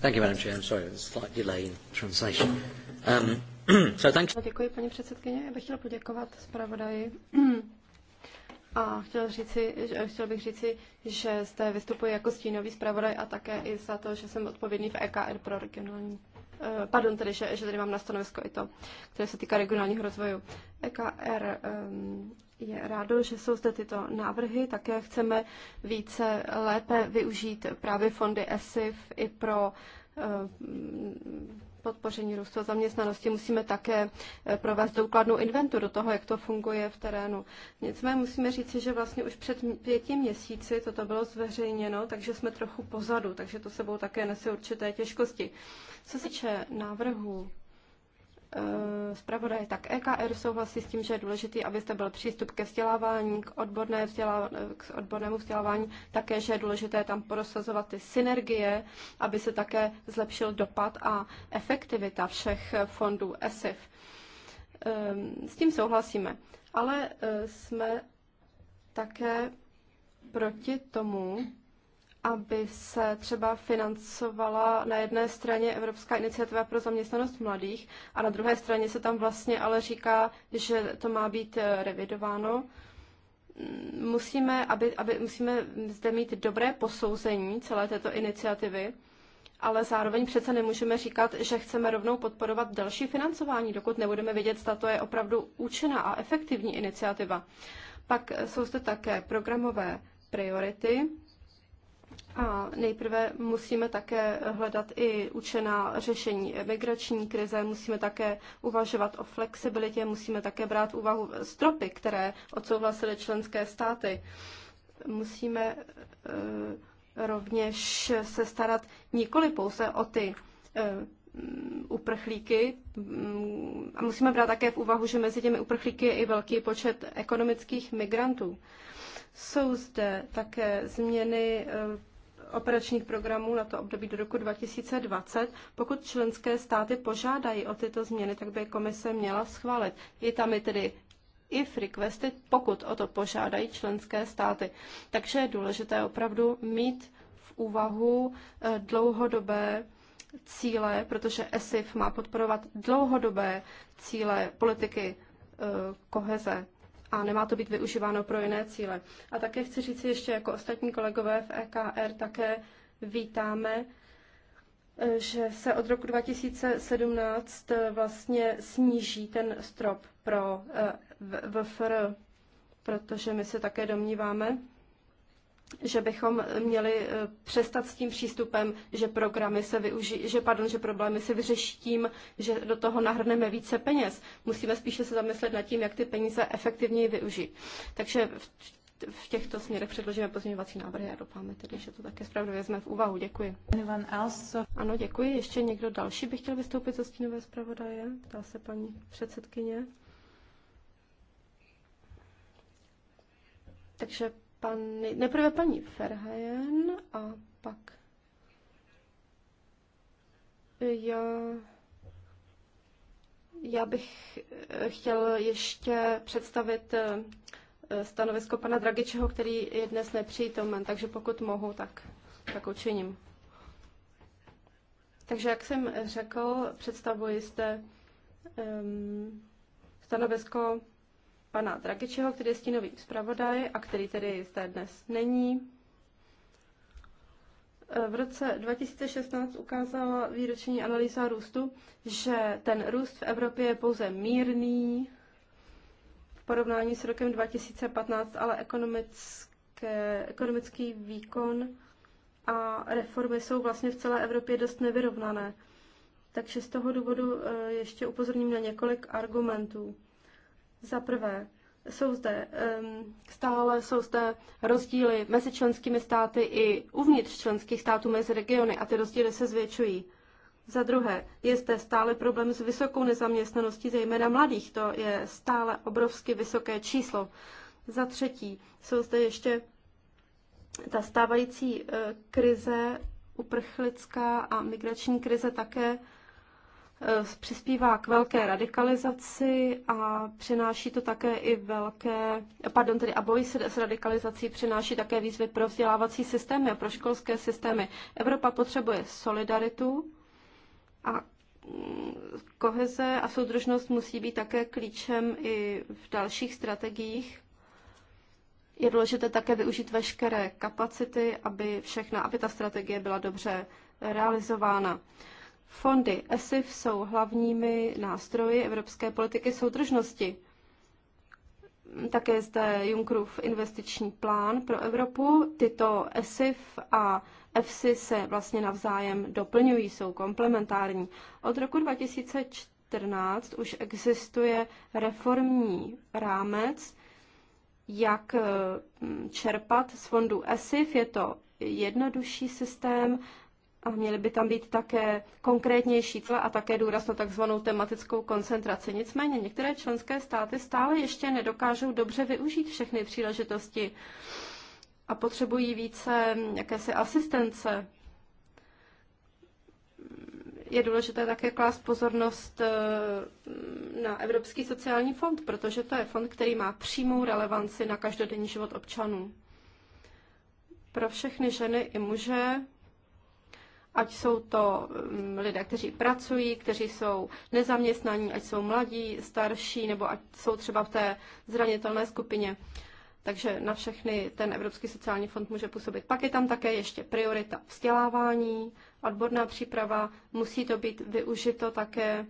Thank you, Madam Chair. I'm sorry, there's a slight delay in translation. Um, so thank you. Děkuji, paní předsedkyně. Já bych chtěla poděkovat zpravodaji a chtěl, říci, chtěl bych říci, že zde vystupuji jako stínový zpravodaj a také i za to, že jsem odpovědný v EKR pro regionální Eh, pardon, tedy, že, že tady mám na stanovisko i to, které se týká regionálního rozvoju. EKR ehm, je rádo, že jsou zde tyto návrhy. Také chceme více lépe využít právě fondy ESIF i pro ehm, podpoření růstu a zaměstnanosti musíme také eh, provést důkladnou inventuru toho, jak to funguje v terénu. Nicméně musíme říci, že vlastně už před pěti měsíci toto bylo zveřejněno, takže jsme trochu pozadu, takže to sebou také nese určité těžkosti. Co se týče návrhu Eh, zpravodaj, tak EKR souhlasí s tím, že je důležitý, abyste byl přístup ke vzdělávání, k, odborné vzdělá, k odbornému vzdělávání, také, že je důležité tam prosazovat ty synergie, aby se také zlepšil dopad a efektivita všech fondů ESIF. Ehm, s tím souhlasíme, ale eh, jsme také proti tomu, aby se třeba financovala na jedné straně Evropská iniciativa pro zaměstnanost mladých a na druhé straně se tam vlastně ale říká, že to má být eh, revidováno. Mm, musíme, aby, aby, musíme zde mít dobré posouzení celé této iniciativy, ale zároveň přece nemůžeme říkat, že chceme rovnou podporovat další financování, dokud nebudeme vědět, zda to je opravdu účinná a efektivní iniciativa. Pak eh, jsou zde také programové priority, a nejprve musíme také hledat i učená řešení migrační krize, musíme také uvažovat o flexibilitě, musíme také brát v úvahu stropy, které odsouhlasily členské státy. Musíme e, rovněž se starat nikoli pouze o ty e, uprchlíky a musíme brát také v úvahu, že mezi těmi uprchlíky je i velký počet ekonomických migrantů. Jsou zde také změny eh, operačních programů na to období do roku 2020. Pokud členské státy požádají o tyto změny, tak by komise měla schválit. Je tam i tedy if requested, pokud o to požádají členské státy. Takže je důležité opravdu mít v úvahu eh, dlouhodobé cíle, protože ESIF má podporovat dlouhodobé cíle politiky eh, koheze a nemá to být využíváno pro jiné cíle. A také chci říct ještě jako ostatní kolegové v EKR také vítáme, že se od roku 2017 vlastně sníží ten strop pro eh, VFR, protože my se také domníváme, že bychom měli eh, přestat s tím přístupem, že programy se využijí, že, pardon, že problémy se vyřeší tím, že do toho nahrneme více peněz. Musíme spíše se zamyslet nad tím, jak ty peníze efektivněji využít. Takže v, v těchto směrech předložíme pozměňovací návrhy a doufáme tedy, že to také zpravodaj vezme v úvahu. Děkuji. Ano, děkuji. Ještě někdo další by chtěl vystoupit za stínové zpravodaje? Ptá se paní předsedkyně. Takže pan, nejprve paní Ferhajen a pak já, já bych eh, chtěl ještě představit eh, stanovisko pana Dragičeho, který je dnes nepřítomen, takže pokud mohu, tak, tak učiním. Takže jak jsem řekl, představuji zde um, stanovisko pana Drakečeho, který je stínový zpravodaj a který tedy zde dnes není. E, v roce 2016 ukázala výroční analýza růstu, že ten růst v Evropě je pouze mírný v porovnání s rokem 2015, ale ekonomické, ekonomický výkon a reformy jsou vlastně v celé Evropě dost nevyrovnané. Takže z toho důvodu e, ještě upozorním na několik argumentů. Za prvé, jsou zde, stále jsou zde rozdíly mezi členskými státy i uvnitř členských států mezi regiony a ty rozdíly se zvětšují. Za druhé, je zde stále problém s vysokou nezaměstnaností, zejména mladých. To je stále obrovsky vysoké číslo. Za třetí, jsou zde ještě ta stávající eh, krize, uprchlická a migrační krize také Eh, přispívá k velké radikalizaci a přináší to také i velké, pardon, tedy a boj s radikalizací přináší také výzvy pro vzdělávací systémy a pro školské systémy. Evropa potřebuje solidaritu a mm, koheze a soudržnost musí být také klíčem i v dalších strategiích. Je důležité také využít veškeré kapacity, aby všechna, aby ta strategie byla dobře realizována. Fondy ESIF jsou hlavními nástroji evropské politiky soudržnosti. Také zde Junckerův investiční plán pro Evropu. Tyto ESIF a EFSI se vlastně navzájem doplňují, jsou komplementární. Od roku 2014 už existuje reformní rámec, jak eh, čerpat z fondu ESIF. Je to jednodušší systém, a měly by tam být také konkrétnější cíle a také důraz na takzvanou tematickou koncentraci. Nicméně některé členské státy stále ještě nedokážou dobře využít všechny příležitosti a potřebují více jakési asistence. Je důležité také klást pozornost eh, na Evropský sociální fond, protože to je fond, který má přímou relevanci na každodenní život občanů. Pro všechny ženy i muže ať jsou to mm, lidé, kteří pracují, kteří jsou nezaměstnaní, ať jsou mladí, starší, nebo ať jsou třeba v té zranitelné skupině. Takže na všechny ten Evropský sociální fond může působit. Pak je tam také ještě priorita vzdělávání, odborná příprava. Musí to být využito také e,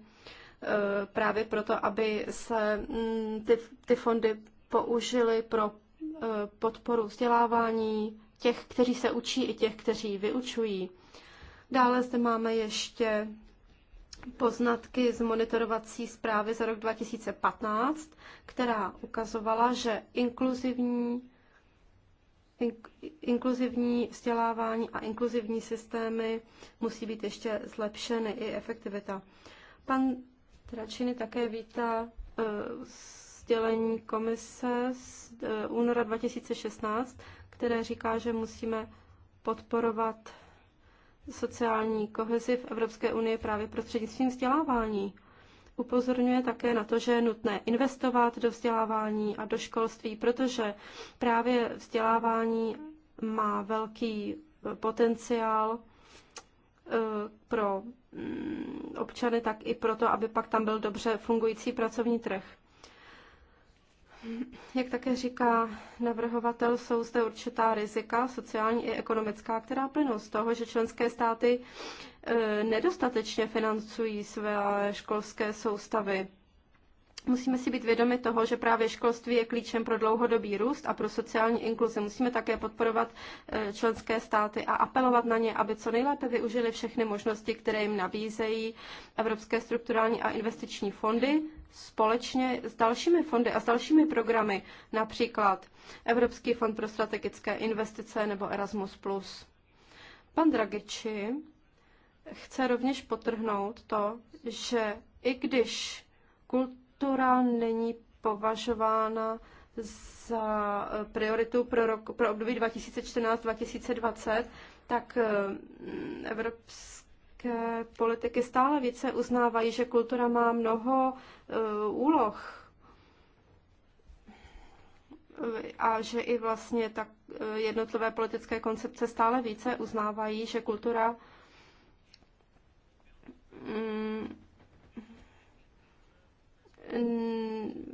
právě proto, aby se mm, ty, ty fondy použily pro e, podporu vzdělávání těch, kteří se učí i těch, kteří vyučují. Dále zde máme ještě poznatky z monitorovací zprávy za rok 2015, která ukazovala, že inkluzivní, ink, inkluzivní vzdělávání a inkluzivní systémy musí být ještě zlepšeny i efektivita. Pan Tračiny také vítá uh, sdělení komise z uh, února 2016, které říká, že musíme podporovat sociální kohezi v Evropské unii právě prostřednictvím vzdělávání. Upozorňuje také na to, že je nutné investovat do vzdělávání a do školství, protože právě vzdělávání má velký eh, potenciál eh, pro mm, občany, tak i proto, aby pak tam byl dobře fungující pracovní trh. Jak také říká navrhovatel, jsou zde určitá rizika, sociální i ekonomická, která plynou z toho, že členské státy e, nedostatečně financují své školské soustavy. Musíme si být vědomi toho, že právě školství je klíčem pro dlouhodobý růst a pro sociální inkluzi. Musíme také podporovat e, členské státy a apelovat na ně, aby co nejlépe využili všechny možnosti, které jim nabízejí evropské strukturální a investiční fondy, společně s dalšími fondy a s dalšími programy, například Evropský fond pro strategické investice nebo Erasmus+. Pan Dragiči chce rovněž potrhnout to, že i když kultura není považována za prioritu pro, rok, pro období 2014-2020, tak eh, Evropský evropské politiky stále více uznávají, že kultura má mnoho eh, úloh a že i vlastně tak eh, jednotlivé politické koncepce stále více uznávají, že kultura mm,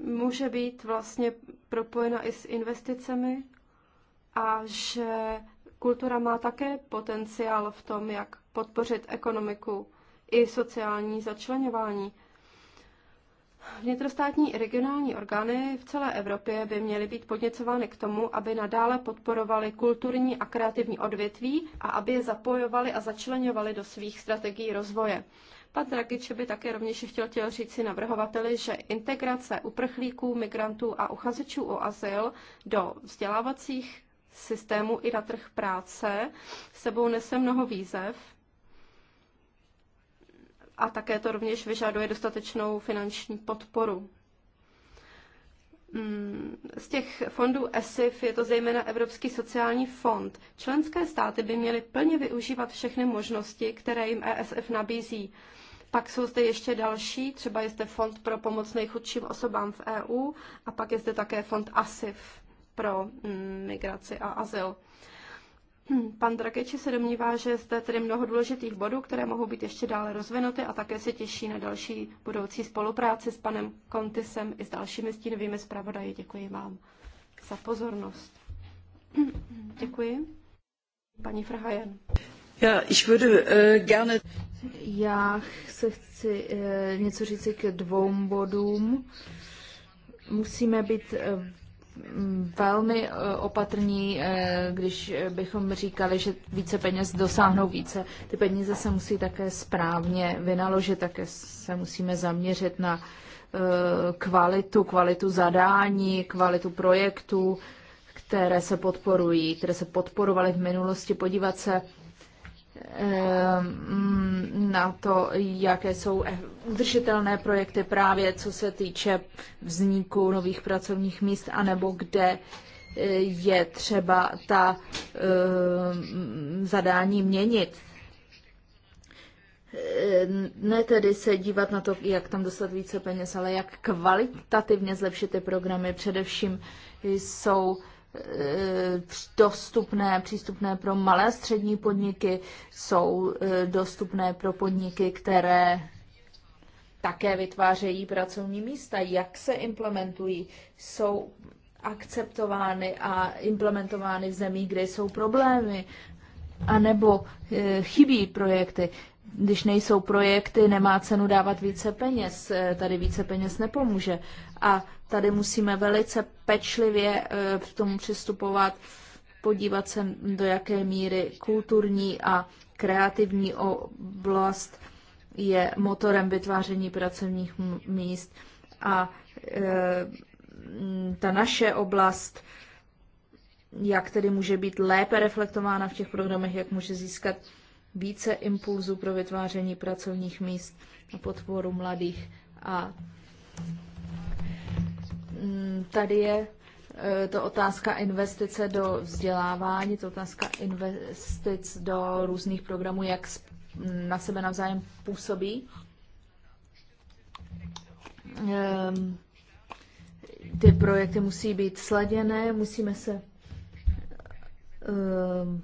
může být vlastně propojena i s investicemi a že kultura má také potenciál v tom, jak podpořit ekonomiku i sociální začlenování. Vnitrostátní i regionální orgány v celé Evropě by měly být podněcovány k tomu, aby nadále podporovaly kulturní a kreativní odvětví a aby je zapojovaly a začlenovaly do svých strategií rozvoje. Pan Dragič by také rovněž chtěl, chtěl říci navrhovateli, že integrace uprchlíků, migrantů a uchazečů o azyl do vzdělávacích systémů i na trh práce sebou nese mnoho výzev, a také to rovněž vyžaduje dostatečnou finanční podporu. Mm, z těch fondů ESIF je to zejména Evropský sociální fond. Členské státy by měly plně využívat všechny možnosti, které jim ESF nabízí. Pak jsou zde ještě další, třeba je zde fond pro pomoc nejchudším osobám v EU a pak je zde také fond ASIF pro mm, migraci a azyl. Hm, pan Drakeči se domnívá, že zde tedy mnoho důležitých bodů, které mohou být ještě dále rozvinuty a také se těší na další budoucí spolupráci s panem Kontisem i s dalšími stínovými zpravodaji. Děkuji vám za pozornost. Děkuji. Paní Frahajen. Já, ich würde, uh, gerne... Já se chci uh, něco říct k dvou bodům. Musíme být uh, velmi eh, opatrní, eh, když bychom říkali, že více peněz dosáhnou více. Ty peníze se musí také správně vynaložit, také se musíme zaměřit na eh, kvalitu, kvalitu zadání, kvalitu projektů, které se podporují, které se podporovaly v minulosti, podívat se na to, jaké jsou eh, udržitelné projekty právě co se týče vzniku nových pracovních míst, anebo kde eh, je třeba ta e, zadání měnit. Ne tedy se dívat na to, jak tam dostat více peněz, ale jak kvalitativně zlepšit ty programy. Především jsou e, Eh, dostupné, přístupné pro malé a střední podniky, jsou eh, dostupné pro podniky, které také vytvářejí pracovní místa. Jak se implementují? Jsou akceptovány a implementovány v zemí, kde jsou problémy, anebo eh, chybí projekty. Když nejsou projekty, nemá cenu dávat více peněz. Tady více peněz nepomůže. A Tady musíme velice pečlivě eh, k tomu přistupovat, podívat se, do jaké míry kulturní a kreativní oblast je motorem vytváření pracovních míst a eh, ta naše oblast, jak tedy může být lépe reflektována v těch programech, jak může získat více impulzů pro vytváření pracovních míst a podporu mladých. A Tady je eh, to otázka investice do vzdělávání, to otázka investic do různých programů, jak na sebe navzájem působí. Ehm, ty projekty musí být sladěné, musíme se ehm,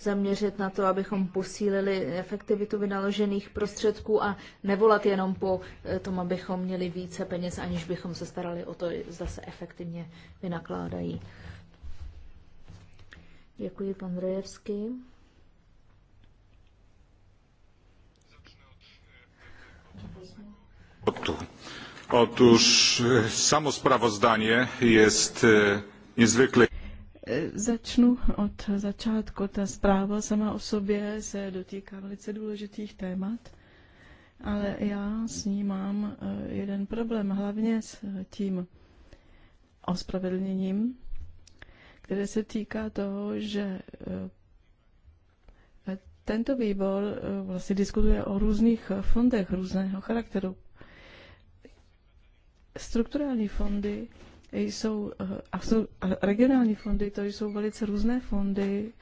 zaměřit na to, abychom posílili efektivitu vynaložených prostředků a nevolat jenom po eh, tom, abychom měli více peněz, aniž bychom se starali o to, zda se efektivně vynakládají. Děkuji, pan Rojevský. Otóż e, samo sprawozdanie jest e, niezwykle Začnu od začátku. Ta zpráva sama o sobě se dotýká velice důležitých témat, ale já s ní mám eh, jeden problém, hlavně s tím ospravedlněním, které se týká toho, že eh, tento výbor eh, vlastně diskutuje o různých fondech různého charakteru. Strukturální fondy jsou, eh, a jsou a eh, regionální fondy, to jsou velice různé fondy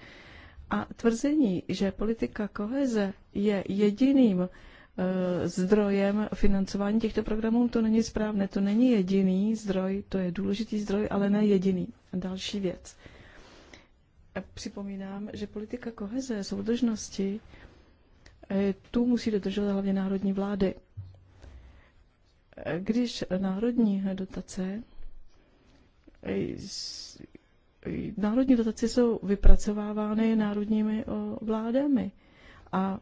a tvrzení, že politika koheze je jediným eh, zdrojem financování těchto programů, to není správné. To není jediný zdroj, to je důležitý zdroj, ale ne jediný. Další věc. Připomínám, že politika koheze, soudržnosti, tu musí dodržovat hlavně národní vlády. Když národní dotace národní dotace jsou vypracovávány národními vládami a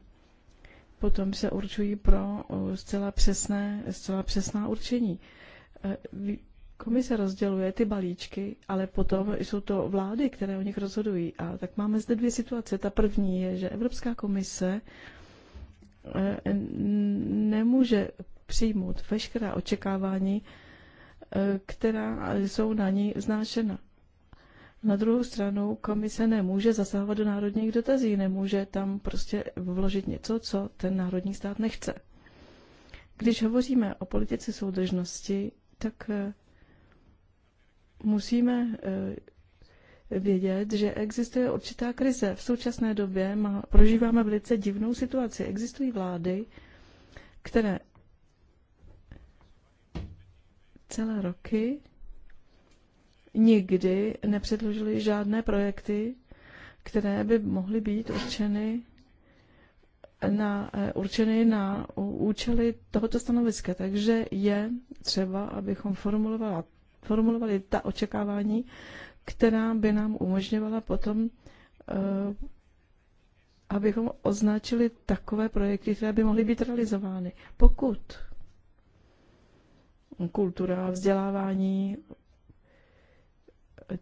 potom se určují pro zcela, přesné, zcela přesná určení. E, komise rozděluje ty balíčky, ale potom jsou to vlády, které o nich rozhodují. A tak máme zde dvě situace. Ta první je, že Evropská komise e, nemůže přijmout veškerá očekávání která jsou na ní znášena. Na druhou stranu komise nemůže zasahovat do národních dotazí, nemůže tam prostě vložit něco, co ten národní stát nechce. Když hovoříme o politice soudržnosti, tak eh, musíme eh, vědět, že existuje určitá krize. V současné době prožíváme velice divnou situaci. Existují vlády, které celé roky nikdy nepředložili žádné projekty, které by mohly být určeny na, eh, určeny na účely tohoto stanoviska. Takže je třeba, abychom formulovala, formulovali ta očekávání, která by nám umožňovala potom, eh, abychom označili takové projekty, které by mohly být realizovány. Pokud kultura, vzdělávání,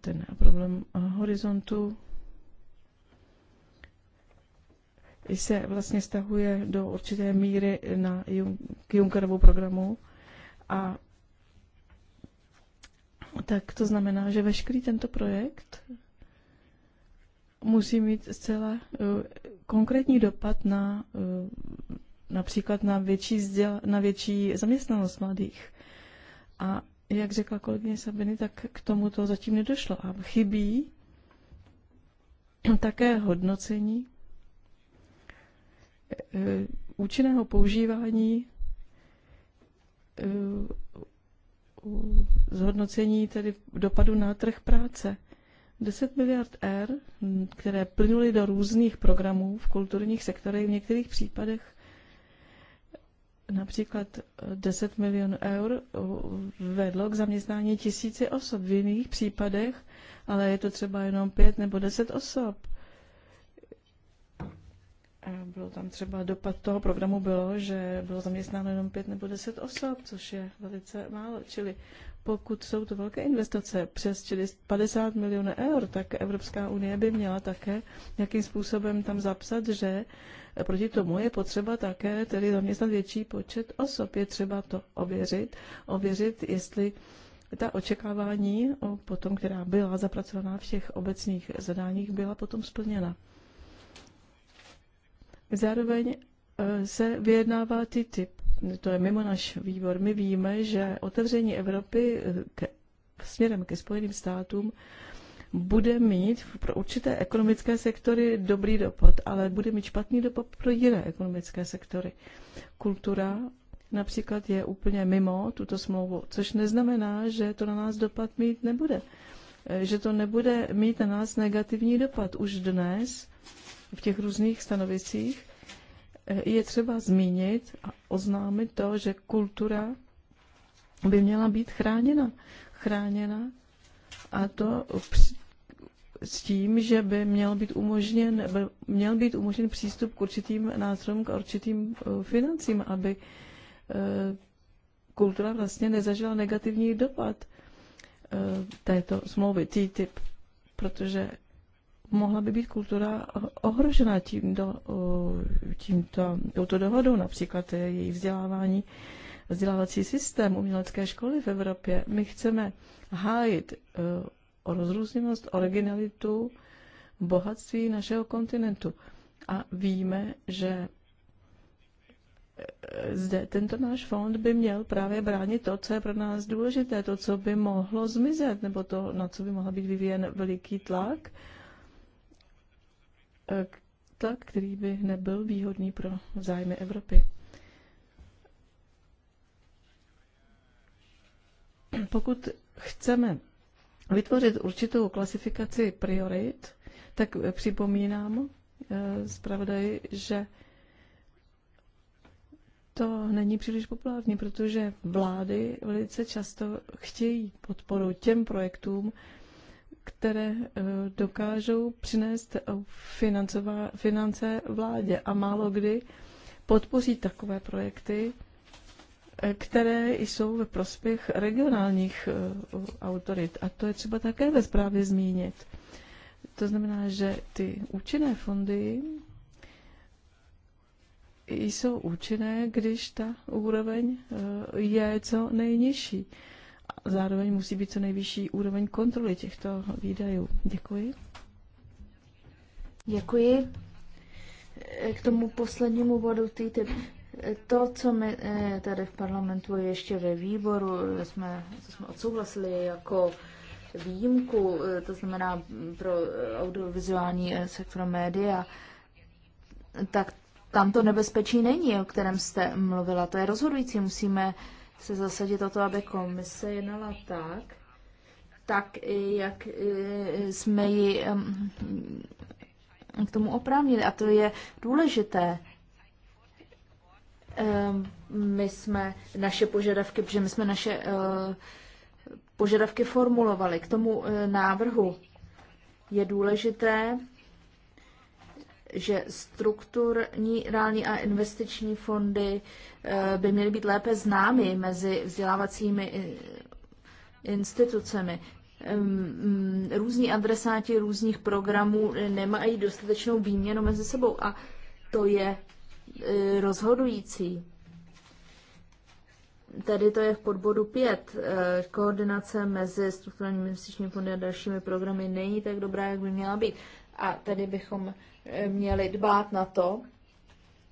ten problém eh, horizontu se vlastně stahuje do určité míry na k Junckerovu programu a tak to znamená, že veškerý tento projekt musí mít zcela eh, konkrétní dopad na eh, například na větší, vzděla, na větší zaměstnanost mladých. A jak řekla kolegyně Sabiny, tak k tomu to zatím nedošlo. A chybí také hodnocení eh, účinného používání eh, zhodnocení tedy dopadu na trh práce. 10 miliard R, které plynuly do různých programů v kulturních sektorech, v některých případech Například 10 eh, milionů eur eh, vedlo k zaměstnání tisíci osob. V jiných případech ale je to třeba jenom pět nebo deset osob. A bylo tam třeba dopad toho programu bylo, že bylo zaměstnáno jenom pět nebo deset osob, což je velice málo. Čili pokud jsou to velké investice přes 50 milionů eur, tak Evropská unie by měla také nějakým způsobem tam zapsat, že uh, proti tomu je potřeba také tedy zaměstnat větší počet osob. Je třeba to ověřit, ověřit, jestli ta očekávání potom, která byla zapracovaná v těch obecných zadáních, byla potom splněna. Zároveň e, se vyjednává TTIP. To je mimo náš výbor. My víme, že otevření Evropy e, k, směrem ke Spojeným státům bude mít pro určité ekonomické sektory dobrý dopad, ale bude mít špatný dopad pro jiné ekonomické sektory. Kultura například je úplně mimo tuto smlouvu, což neznamená, že to na nás dopad mít nebude. Eh, že to nebude mít na nás negativní dopad. Už dnes v těch různých stanovicích eh, je třeba zmínit a oznámit to, že kultura by měla být chráněna. Chráněna a to při s tím, že by měl být umožněn, by měl být umožněn přístup k určitým nástrojům, k určitým eh, financím, aby eh, kultura vlastně nezažila negativní dopad eh, této smlouvy TTIP, protože mohla by být kultura ohrožena tímto, tímto, touto dohodou, například její vzdělávání, vzdělávací systém umělecké školy v Evropě. My chceme hájit o rozrůzněnost, originalitu, bohatství našeho kontinentu. A víme, že eh, zde tento náš fond by měl právě bránit to, co je pro nás důležité, to, co by mohlo zmizet, nebo to, na co by mohl být vyvíjen veliký tlak, eh, tlak, který by nebyl výhodný pro zájmy Evropy. Pokud chceme vytvořit určitou klasifikaci priorit, tak připomínám eh, zpravodaji, že to není příliš populární, protože vlády velice často chtějí podporu těm projektům, které eh, dokážou přinést eh, finance vládě a málo kdy podpoří takové projekty, které jsou ve prospěch regionálních e, autorit. A to je třeba také ve zprávě zmínit. To znamená, že ty účinné fondy jsou účinné, když ta úroveň e, je co nejnižší. Zároveň musí být co nejvyšší úroveň kontroly těchto výdajů. Děkuji. Děkuji. K tomu poslednímu bodu TTIP to, co my eh, tady v parlamentu ještě ve výboru eh, jsme, co jsme odsouhlasili jako výjimku, eh, to znamená pro audiovizuální sektor média, tak tam to nebezpečí není, o kterém jste mluvila. To je rozhodující. Musíme se zasadit o to, aby komise jednala tak, tak, jak jsme ji k tomu oprávnili. A to je důležité. Ehm, my jsme naše požadavky, protože my jsme naše eh, požadavky formulovali. K tomu eh, návrhu je důležité, že strukturní, reální a investiční fondy eh, by měly být lépe známy mezi vzdělávacími institucemi. Ehm, mm, různí adresáti různých programů nemají dostatečnou výměnu mezi sebou a to je E, rozhodující. Tady to je v podbodu 5. E, koordinace mezi strukturálními investičními fondy a dalšími programy není tak dobrá, jak by měla být. A tady bychom e, měli dbát na to,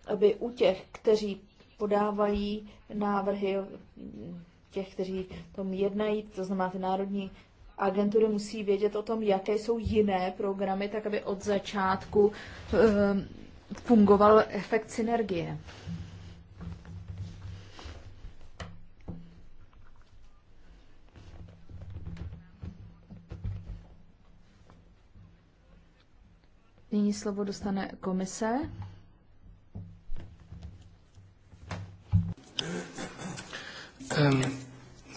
aby u těch, kteří podávají návrhy, těch, kteří tom jednají, to znamená ty národní agentury musí vědět o tom, jaké jsou jiné programy, tak aby od začátku fungoval efekt synergie. Nyní slovo dostane komise. Um,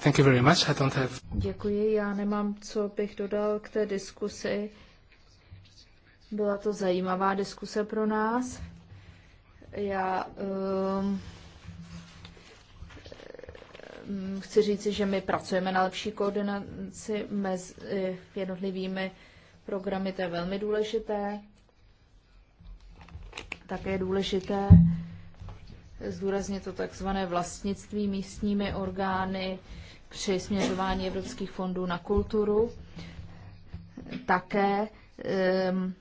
thank you very much. I don't have... Děkuji, já nemám, co bych dodal k té diskusi. Byla to zajímavá diskuse pro nás. Já um, chci říci, že my pracujeme na lepší koordinaci mezi eh, jednotlivými programy, to je velmi důležité. Také je důležité zdůraznit to takzvané vlastnictví místními orgány při směřování evropských fondů na kulturu. Také um,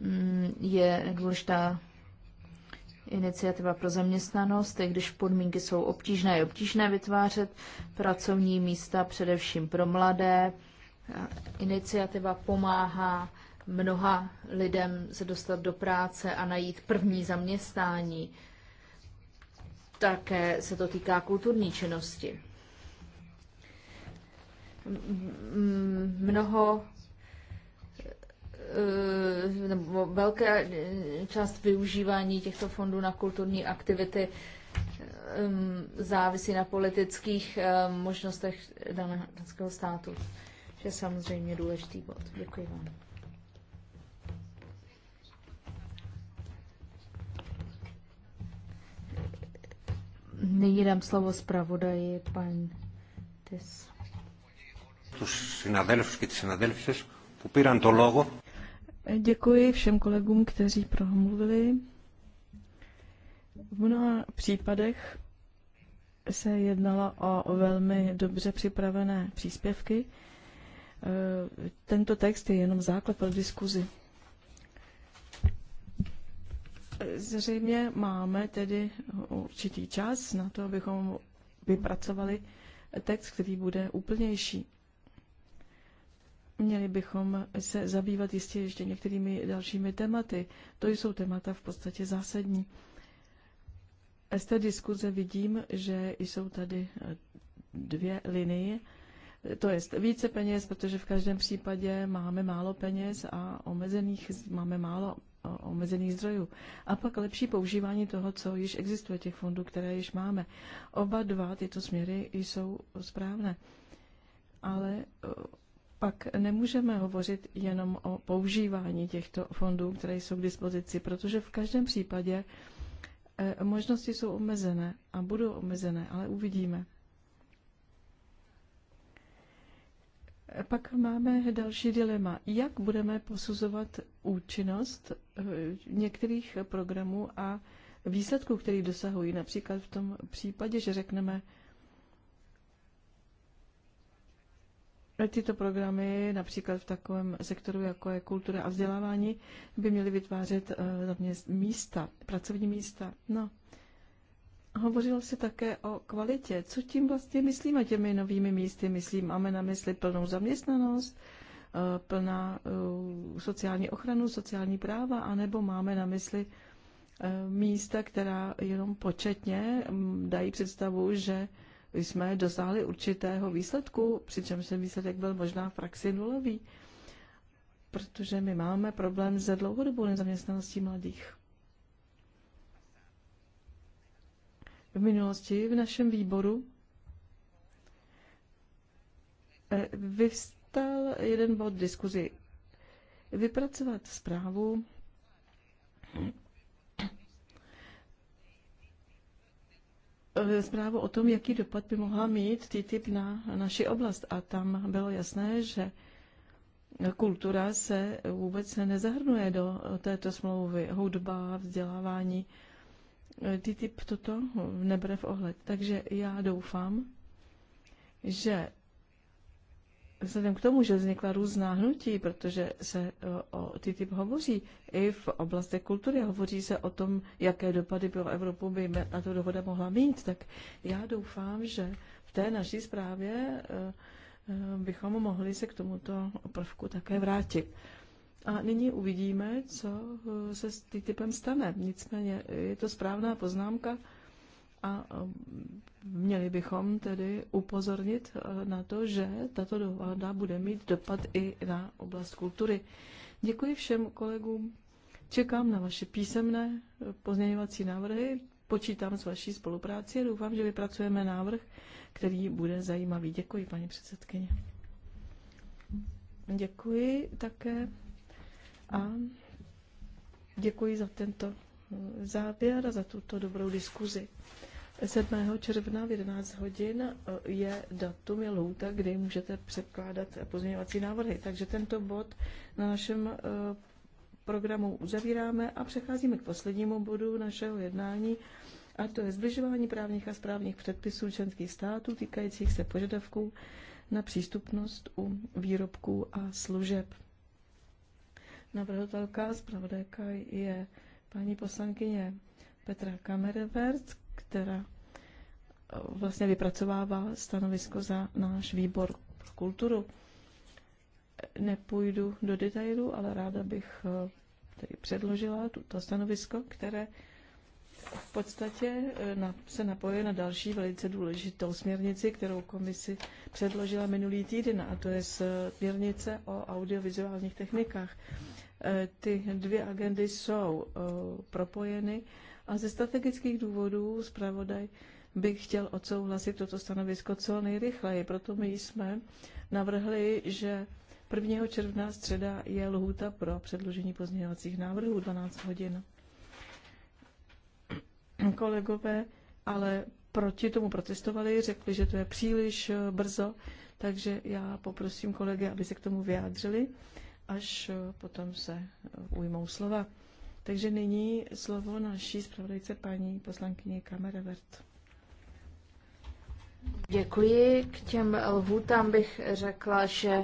Mm, je důležitá iniciativa pro zaměstnanost, i když podmínky jsou obtížné, je obtížné vytvářet pracovní místa především pro mladé. Iniciativa pomáhá mnoha lidem se dostat do práce a najít první zaměstnání. Také se to týká kulturní činnosti. Mnoho Eh, nebo velká část využívání těchto fondů na kulturní aktivity závisí na politických eh, možnostech daného státu. To je samozřejmě důležitý bod. Děkuji vám. Nyní dám slovo zpravodaji, pan Tis. Tus synadelfsky, και τις to logo. Děkuji všem kolegům, kteří promluvili. V mnoha případech se jednalo o velmi dobře připravené příspěvky. Eh, tento text je jenom základ pro diskuzi. Zřejmě máme tedy určitý čas na to, abychom vypracovali text, který bude úplnější. Měli bychom se zabývat jistě ještě některými dalšími tématy. To jsou témata v podstatě zásadní. Z té diskuze vidím, že jsou tady eh, dvě linie. To je více peněz, protože v každém případě máme málo peněz a omezených, máme málo eh, omezených zdrojů. A pak lepší používání toho, co již existuje, těch fondů, které již máme. Oba dva tyto směry jsou správné. Ale eh, pak nemůžeme hovořit jenom o používání těchto fondů, které jsou k dispozici, protože v každém případě eh, možnosti jsou omezené a budou omezené, ale uvidíme. Pak máme další dilema. Jak budeme posuzovat účinnost eh, některých programů a výsledků, který dosahují? Například v tom případě, že řekneme, Tyto programy, například v takovém sektoru, jako je kultura a vzdělávání, by měly vytvářet eh, hlavně místa, pracovní místa. No. Hovořilo se také o kvalitě. Co tím vlastně myslíme těmi novými místy? Myslím, máme na mysli plnou zaměstnanost, eh, plná eh, sociální ochranu, sociální práva, anebo máme na mysli místa, která jenom početně mm, dají představu, že jsme dosáhli určitého výsledku, přičemž ten výsledek byl možná v praxi nulový, protože my máme problém se dlouhodobou nezaměstnaností mladých. V minulosti v našem výboru eh, vyvstal jeden bod diskuzi. Vypracovat zprávu E, zprávu o tom, jaký dopad by mohla mít TTIP na naši oblast. A tam bylo jasné, že kultura se vůbec nezahrnuje do této smlouvy. Hudba, vzdělávání, e, TTIP toto nebere v ohled. Takže já doufám, že vzhledem k tomu, že vznikla různá hnutí, protože se o TTIP hovoří i v oblasti kultury, hovoří se o tom, jaké dopady pro Evropu by na to dohoda mohla mít, tak já doufám, že v té naší zprávě e, e, bychom mohli se k tomuto prvku také vrátit. A nyní uvidíme, co e, se s TTIPem stane. Nicméně je to správná poznámka, a um, měli bychom tedy upozornit uh, na to, že tato dohoda bude mít dopad i na oblast kultury. Děkuji všem kolegům. Čekám na vaše písemné uh, pozměňovací návrhy. Počítám s vaší spolupráci a doufám, že vypracujeme návrh, který bude zajímavý. Děkuji, paní předsedkyně. Děkuji také a děkuji za tento uh, závěr a za tuto dobrou diskuzi. 7. června v 11 hodin e, je datum, je lhůta, kdy můžete předkládat pozměňovací návrhy. Takže tento bod na našem e, programu uzavíráme a přecházíme k poslednímu bodu našeho jednání, a to je zbližování právních a správních předpisů členských států týkajících se požadavků na přístupnost u výrobků a služeb. Navrhotelka zpravodajka je paní poslankyně Petra Kamerevert, která eh, vlastně vypracovává stanovisko za náš výbor pro kulturu. Nepůjdu do detailu, ale ráda bych eh, tedy předložila tuto stanovisko, které v podstatě eh, se napojuje na další velice důležitou směrnici, kterou komisi předložila minulý týden, a to je směrnice o audiovizuálních technikách. Ty dvě agendy jsou propojeny a ze strategických důvodů zpravodaj bych chtěl odsouhlasit toto stanovisko co nejrychleji. Proto my jsme navrhli, že 1. června středa je lhůta pro předložení pozměňovacích návrhů 12 hodin. Kolegové ale proti tomu protestovali, řekli, že to je příliš eh, brzo, takže já poprosím kolegy, aby se k tomu vyjádřili, až eh, potom se eh, ujmou slova. Takže nyní slovo naší zpravodajce paní poslankyně Vert. Děkuji. K těm lhůtám bych řekla, že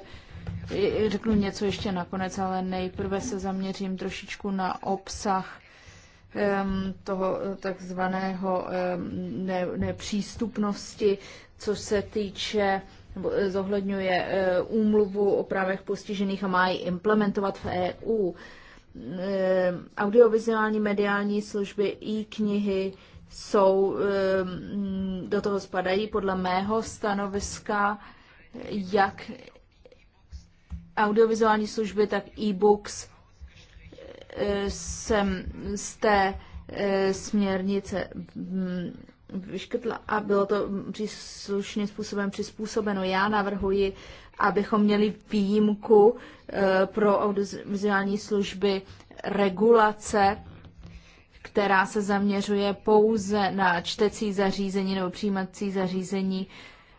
řeknu něco ještě nakonec, ale nejprve se zaměřím trošičku na obsah toho takzvaného nepřístupnosti, co se týče nebo zohledňuje eh, úmluvu o právech postižených a má ji implementovat v EU. Eh, audiovizuální mediální služby i knihy jsou, eh, mm, do toho spadají podle mého stanoviska, jak audiovizuální služby, tak e-books eh, jsem z té směrnice mm, vyškrtla a bylo to příslušným způsobem přizpůsobeno. Já navrhuji, abychom měli výjimku eh, pro audiovizuální služby regulace, která se zaměřuje pouze na čtecí zařízení nebo přijímací zařízení,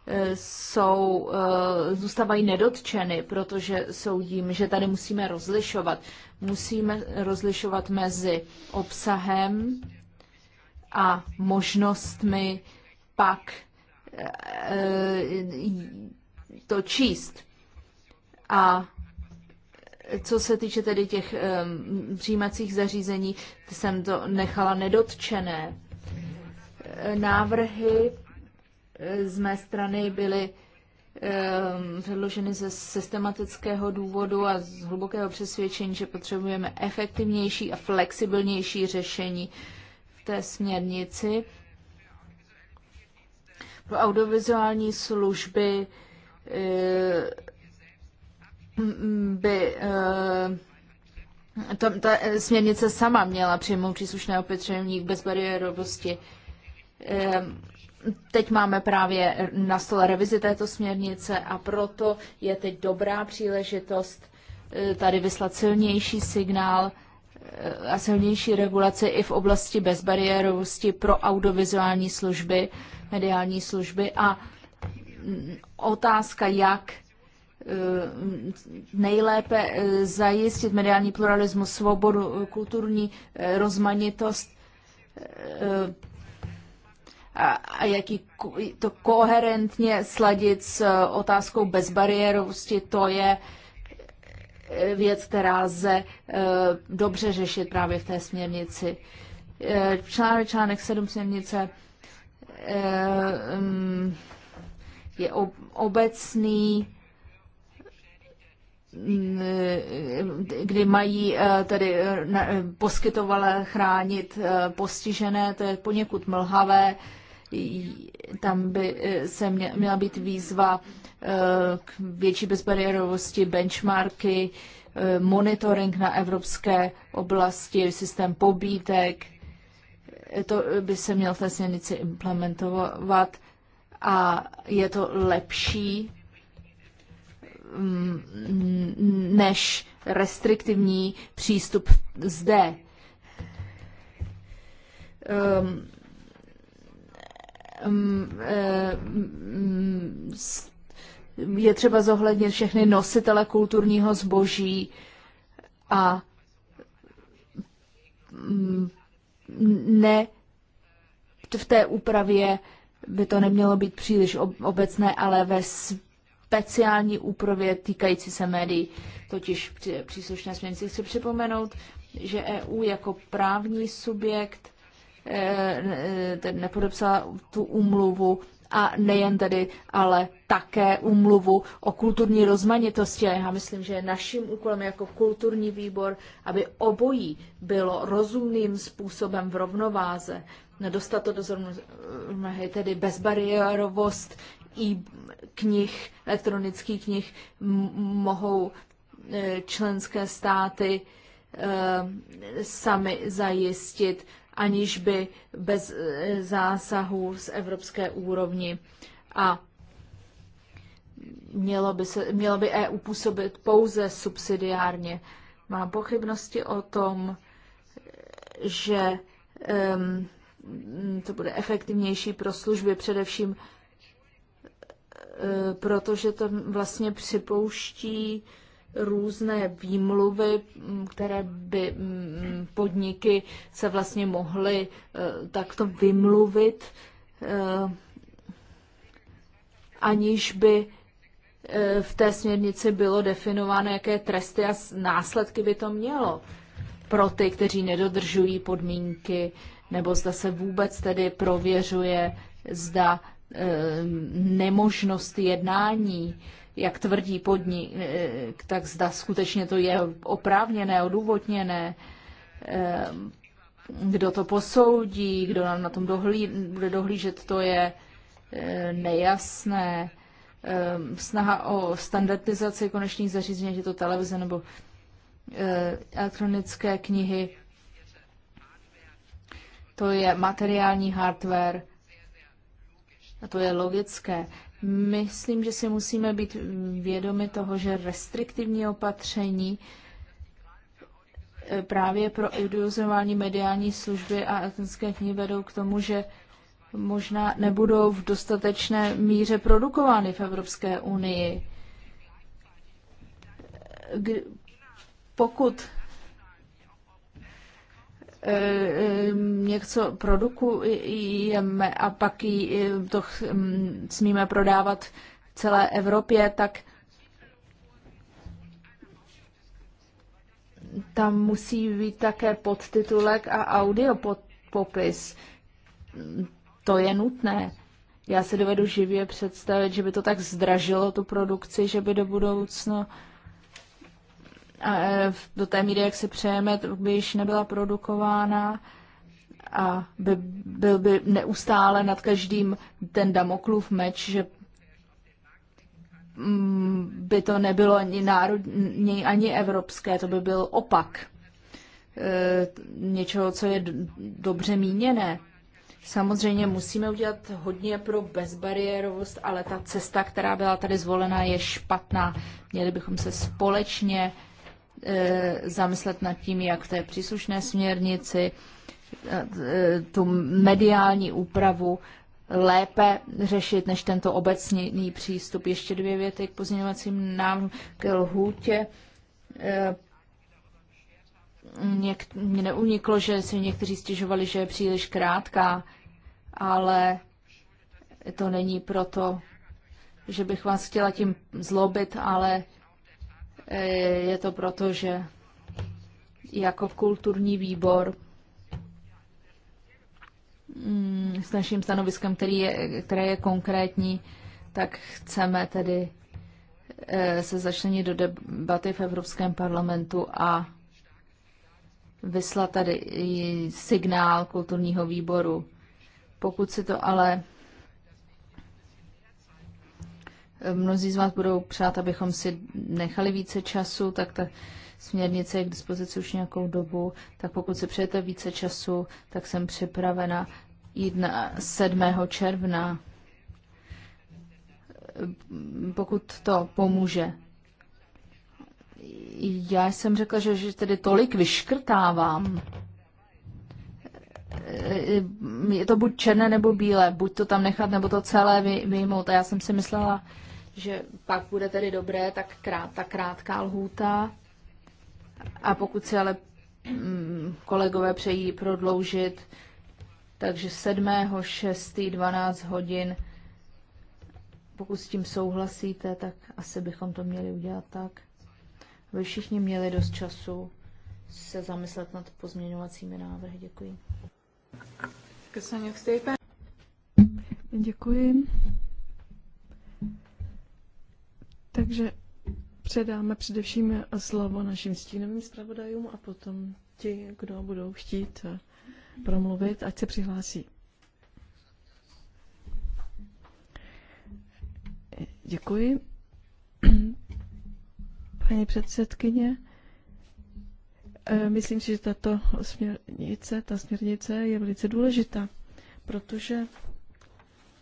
eh, jsou, eh, zůstávají nedotčeny, protože soudím, že tady musíme rozlišovat. Musíme rozlišovat mezi obsahem, a možnostmi pak eh, eh, to číst. A co se týče tedy těch eh, přijímacích zařízení, jsem to nechala nedotčené. Návrhy z mé strany byly předloženy ze systematického důvodu a z hlubokého přesvědčení, že potřebujeme efektivnější a flexibilnější řešení uh, té směrnici pro audiovizuální služby eh, by eh, to, ta eh, směrnice sama měla přijmout příslušné opatření k bezbariérovosti. Teď máme právě na stole revizi této směrnice a proto je teď dobrá příležitost tady vyslat silnější signál a silnější regulaci i v oblasti bezbariérovosti pro audiovizuální služby, mediální služby a otázka, jak eh, nejlépe eh, zajistit mediální pluralismus, svobodu, eh, kulturní rozmanitost a, jaký to koherentně sladit s otázkou bezbariérovosti, to je uh, věc, která lze eh, dobře řešit právě v té směrnici. Eh, článek, článek 7 směrnice eh, mm, je obecný, mm, kdy mají tedy poskytovalé chránit postižené, to je poněkud mlhavé tam by e, se měla být výzva e, k větší bezbariérovosti, benchmarky, e, monitoring na evropské oblasti, systém pobítek. To by se měl v té směrnici implementovat a je to lepší mm, než restriktivní přístup zde. Um, Mm, eh, mm, je třeba zohlednit všechny nositele kulturního zboží a mm, ne v té úpravě by to nemělo být příliš obecné, ale ve speciální úpravě týkající se médií, totiž příslušné směrnice. Chci připomenout, že EU jako právní subjekt Eh, nepodepsala tu umluvu a nejen tedy, ale také umluvu o kulturní rozmanitosti. Já myslím, že je naším úkolem jako kulturní výbor, aby obojí bylo rozumným způsobem v rovnováze. Nedostat to do zrovnováhy, tedy bezbariérovost i knih, elektronických knih mohou eh, členské státy eh, sami zajistit aniž by bez eh, zásahu z evropské úrovni a mělo by, se, mělo by EU působit pouze subsidiárně. Mám pochybnosti o tom, že um, to bude efektivnější pro služby, především eh, protože to vlastně připouští různé výmluvy, mm, které by mm, podniky se vlastně mohly eh, takto vymluvit, eh, aniž by eh, v té směrnici bylo definováno, jaké tresty a následky by to mělo pro ty, kteří nedodržují podmínky, nebo zda se vůbec tedy prověřuje, zda nemožnost jednání jak tvrdí podnik, eh, tak zda skutečně to je oprávněné, odůvodněné, eh, kdo to posoudí, kdo nám na tom dohlí, bude dohlížet, to je eh, nejasné. Snaha o standardizaci konečných zařízení, že to televize nebo elektronické knihy, to je materiální hardware, a to je logické. Myslím, že si musíme být vědomi toho, že restriktivní opatření eh, právě pro audiovizuální mediální služby a etnické knihy vedou k tomu, že možná nebudou v dostatečné míře produkovány v Evropské unii. Pokud Eh, něco produkujeme a pak eh, to mm, smíme prodávat celé Evropě, tak tam musí být také podtitulek a audio pod popis. To je nutné. Já si dovedu živě představit, že by to tak zdražilo tu produkci, že by do budoucna E, do té míry, jak si přejeme, by již nebyla produkována a by, byl by neustále nad každým ten Damoklův meč, že mm, by to nebylo ani národní, ani evropské, to by byl opak e, něčeho, co je dobře míněné. Samozřejmě musíme udělat hodně pro bezbariérovost, ale ta cesta, která byla tady zvolena, je špatná. Měli bychom se společně Eh, zamyslet nad tím, jak v té příslušné směrnici eh, tu mediální úpravu lépe řešit než tento obecný přístup. Ještě dvě věty k pozměňovacím nám k lhůtě. Mně eh, neuniklo, že si někteří stěžovali, že je příliš krátká, ale to není proto, že bych vás chtěla tím zlobit, ale Eh, je to proto, že jako v kulturní výbor mm, s naším stanoviskem, který je, které je konkrétní, tak chceme tedy eh, se začlenit do debaty v Evropském parlamentu a vyslat tady signál kulturního výboru. Pokud si to ale Mnozí z vás budou přát, abychom si nechali více času, tak ta směrnice je k dispozici už nějakou dobu, tak pokud si přejete více času, tak jsem připravena jít na 7. června, pokud to pomůže. Já jsem řekla, že, že tedy tolik vyškrtávám. Je to buď černé nebo bílé, buď to tam nechat, nebo to celé vyjmout. A já jsem si myslela, že pak bude tedy dobré tak krát, ta krátká lhůta. A pokud si ale mm, kolegové přejí prodloužit, takže 7. 6. 12 hodin, pokud s tím souhlasíte, tak asi bychom to měli udělat tak, aby všichni měli dost času se zamyslet nad pozměňovacími návrhy. Děkuji. Děkuji. Takže předáme především slovo našim stínovým zpravodajům a potom ti, kdo budou chtít eh, promluvit, ať se přihlásí. Děkuji. Paní předsedkyně, eh, myslím si, že tato směrnice, ta směrnice je velice důležitá, protože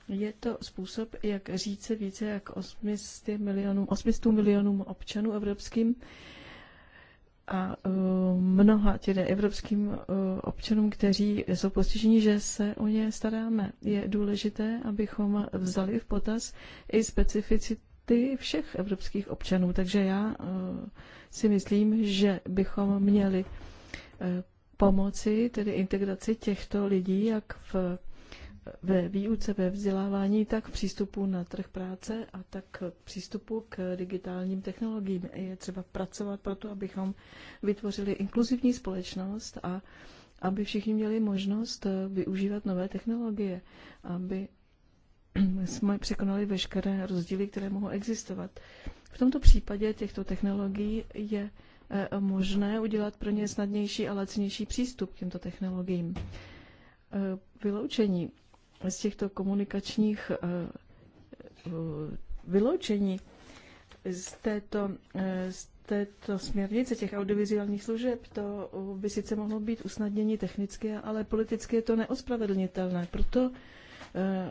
je to způsob, jak říct více jak 800 milionům, 800 milionům občanů evropským a e, mnoha tedy evropským e, občanům, kteří jsou postiženi, že se o ně staráme. Je důležité, abychom vzali v potaz i specificity všech evropských občanů. Takže já e, si myslím, že bychom měli pomoci, tedy integraci těchto lidí, jak v ve výuce, ve vzdělávání, tak v přístupu na trh práce a tak v přístupu k digitálním technologiím. Je třeba pracovat pro to, abychom vytvořili inkluzivní společnost a aby všichni měli možnost eh, využívat nové technologie, aby jsme překonali veškeré rozdíly, které mohou existovat. V tomto případě těchto technologií je eh, možné udělat pro ně snadnější a lacnější přístup k těmto technologiím. Eh, vyloučení z těchto komunikačních eh, eh, vyloučení z této, eh, z této směrnice těch audiovizuálních služeb, to by sice mohlo být usnadnění technické, ale politicky je to neospravedlnitelné. Proto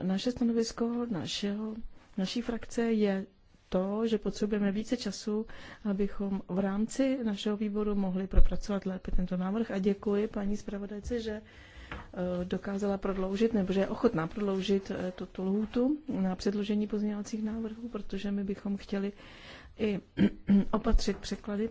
naše stanovisko našeho, naší frakce je to, že potřebujeme více času, abychom v rámci našeho výboru mohli propracovat lépe tento návrh. A děkuji paní zpravodajce, že Eh, dokázala prodloužit, nebo že je ochotná prodloužit eh, tuto lhůtu na předložení pozměňovacích návrhů, protože my bychom chtěli i opatřit překlady.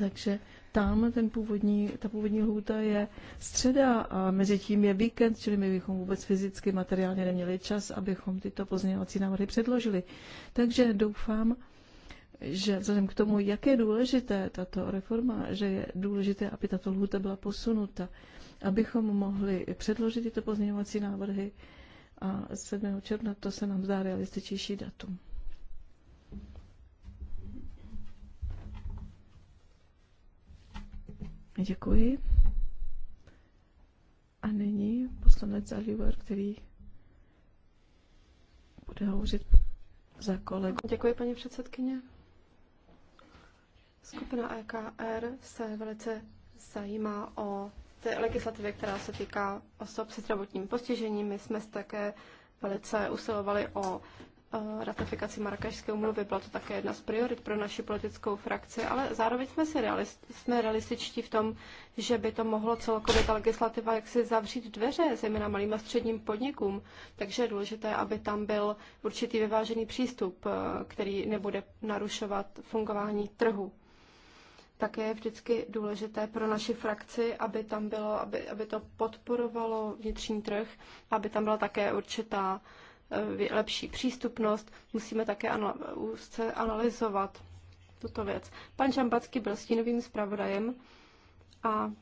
Takže tam ten původní, ta původní lhůta je středa a mezi tím je víkend, čili my bychom vůbec fyzicky, materiálně neměli čas, abychom tyto pozměňovací návrhy předložili. Takže doufám, že vzhledem k tomu, jak je důležité tato reforma, že je důležité, aby tato lhůta byla posunuta abychom mohli předložit tyto pozměňovací návrhy a 7. června to se nám zdá realističnější datum. Děkuji. A nyní poslanec Aliver, který bude hovořit za kolegu. Děkuji, paní předsedkyně. Skupina EKR se velice zajímá o legislativy, která se týká osob se zdravotním postižením. My jsme také velice usilovali o eh, ratifikaci Marrakešské umluvy. Byla to také jedna z priorit pro naši politickou frakci, ale zároveň jsme si realist, jsme realističtí v tom, že by to mohlo celkově ta legislativa jaksi zavřít dveře, zejména malým a středním podnikům. Takže je důležité, aby tam byl určitý vyvážený přístup, eh, který nebude narušovat fungování trhu také je vždycky důležité pro naši frakci, aby tam bylo, aby, aby to podporovalo vnitřní trh, aby tam byla také určitá eh, lepší přístupnost. Musíme také anal- úzce analyzovat tuto věc. Pan Žambacký byl stínovým zpravodajem a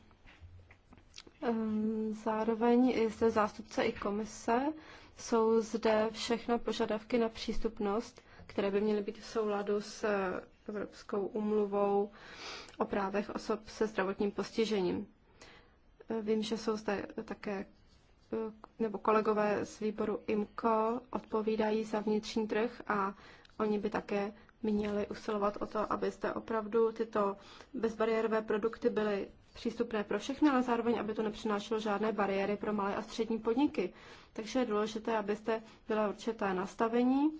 ehm, zároveň je zde zástupce i komise. Jsou zde všechny požadavky na přístupnost, které by měly být v souladu s Evropskou umluvou o právech osob se zdravotním postižením. E, vím, že jsou zde také e, nebo kolegové z výboru IMCO odpovídají za vnitřní trh a oni by také měli usilovat o to, aby zde opravdu tyto bezbariérové produkty byly přístupné pro všechny, ale zároveň, aby to nepřinášelo žádné bariéry pro malé a střední podniky. Takže je důležité, abyste byla určité nastavení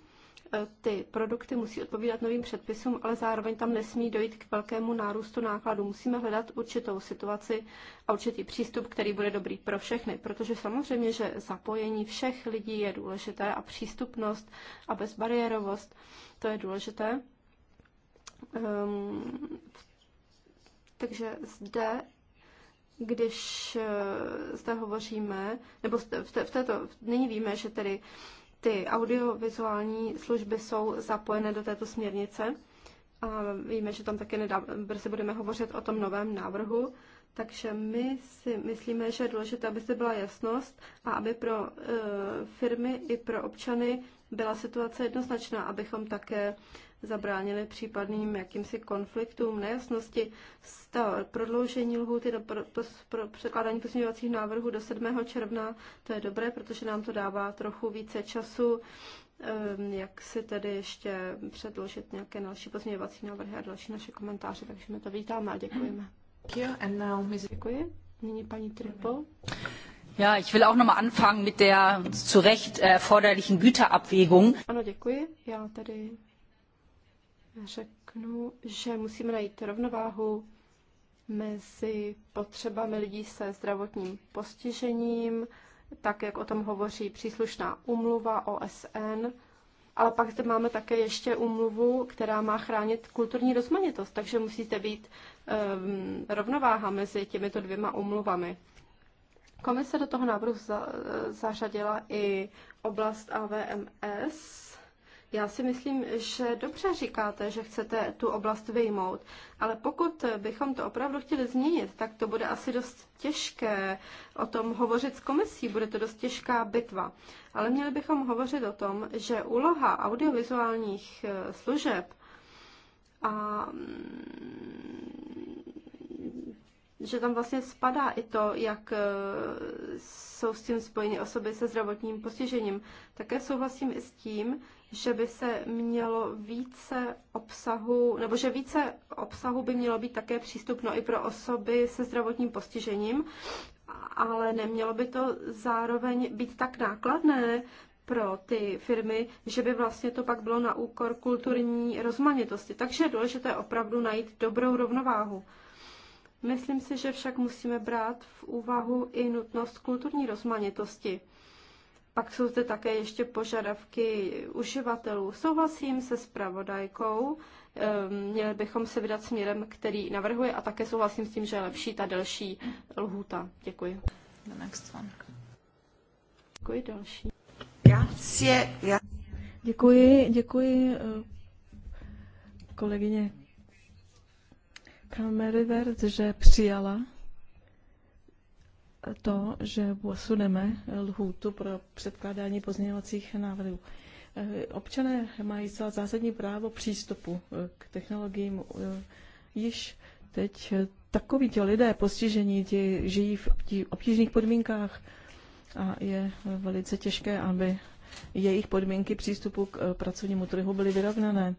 ty produkty musí odpovídat novým předpisům, ale zároveň tam nesmí dojít k velkému nárůstu nákladů. Musíme hledat určitou situaci a určitý přístup, který bude dobrý pro všechny, protože samozřejmě, že zapojení všech lidí je důležité a přístupnost a bezbariérovost, to je důležité. Um, takže zde když eh, zde hovoříme, nebo v, této, v této, nyní víme, že tedy ty audiovizuální služby jsou zapojené do této směrnice. A víme, že tam také nedá, brzy budeme hovořit o tom novém návrhu. Takže my si myslíme, že je důležité, aby se byla jasnost a aby pro e, firmy i pro občany byla situace jednoznačná, abychom také zabránili případným jakýmsi konfliktům, nejasnosti. prodloužení lhůty do pro, pro, pro překládání pozměňovacích návrhů do 7. června, to je dobré, protože nám to dává trochu více času, ehm, jak si tedy ještě předložit nějaké další pozměňovací návrhy a další naše komentáře, takže my to vítáme a děkujeme. And now, Děkuji. Nyní paní Tripo. Ja, ich will auch noch mal anfangen mit der zu Recht erforderlichen Güterabwägung. Ano, děkuji. Ja tady řeknu, že musíme najít rovnováhu mezi potřebami lidí se zdravotním postižením, tak jak o tom hovoří příslušná umluva OSN, ale pak zde máme také ještě umluvu, která má chránit kulturní rozmanitost, takže musíte být um, rovnováha mezi těmito dvěma umluvami. Komise do toho návrhu za, zařadila i oblast AVMS, já si myslím, že dobře říkáte, že chcete tu oblast vyjmout, ale pokud bychom to opravdu chtěli změnit, tak to bude asi dost těžké o tom hovořit s komisí, bude to dost těžká bitva. Ale měli bychom hovořit o tom, že úloha audiovizuálních eh, služeb a mm, že tam vlastně spadá i to, jak eh, jsou s tím spojeny osoby se zdravotním postižením. Také souhlasím i s tím, že by se mělo více obsahu, nebo že více obsahu by mělo být také přístupno i pro osoby se zdravotním postižením, ale nemělo by to zároveň být tak nákladné pro ty firmy, že by vlastně to pak bylo na úkor kulturní rozmanitosti. Takže je důležité opravdu najít dobrou rovnováhu. Myslím si, že však musíme brát v úvahu i nutnost kulturní rozmanitosti pak jsou zde také ještě požadavky uživatelů. Souhlasím se zpravodajkou, ehm, měli bychom se vydat směrem, který navrhuje a také souhlasím s tím, že je lepší ta delší lhůta. Děkuji. The next one. Děkuji další. Grazie. Děkuji, děkuji eh, kolegyně Kamerivert, že přijala to, že posuneme lhůtu pro předkládání pozměňovacích návrhů. Eh, občané mají celá zásadní právo přístupu eh, k technologiím. Eh, již teď takoví ti lidé postižení ti žijí v obtížných podmínkách a je velice těžké, aby jejich podmínky přístupu k pracovnímu trhu byly vyrovnané.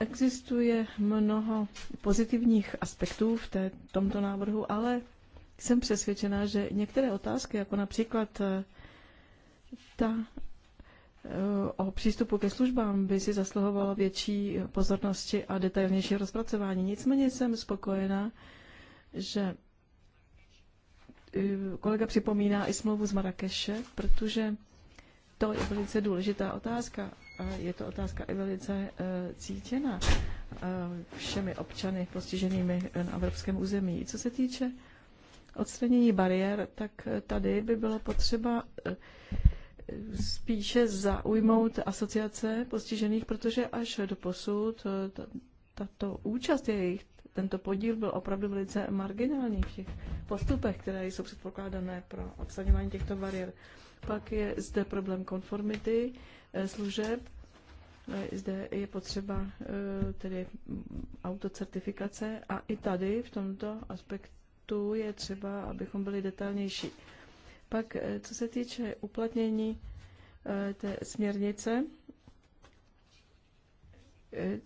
Existuje mnoho pozitivních aspektů v té, tomto návrhu, ale jsem přesvědčená, že některé otázky, jako například eh, ta eh, o přístupu ke službám by si zasluhovala větší pozornosti a detailnější rozpracování. Nicméně jsem spokojena, že eh, kolega připomíná i smlouvu z Marrakeše, protože to je velice důležitá otázka. A je to otázka i velice cítěna všemi občany postiženými na evropském území. Co se týče odstranění bariér, tak tady by bylo potřeba eh, spíše zaujmout asociace postižených, protože až do posud eh, tato účast jejich, tento podíl byl opravdu velice marginální v těch postupech, které jsou předpokládané pro odstraňování těchto bariér. Pak je zde problém konformity eh, služeb. Zde je potřeba tedy autocertifikace a i tady v tomto aspektu tu je třeba, abychom byli detailnější. Pak, eh, co se týče uplatnění eh, té směrnice, eh,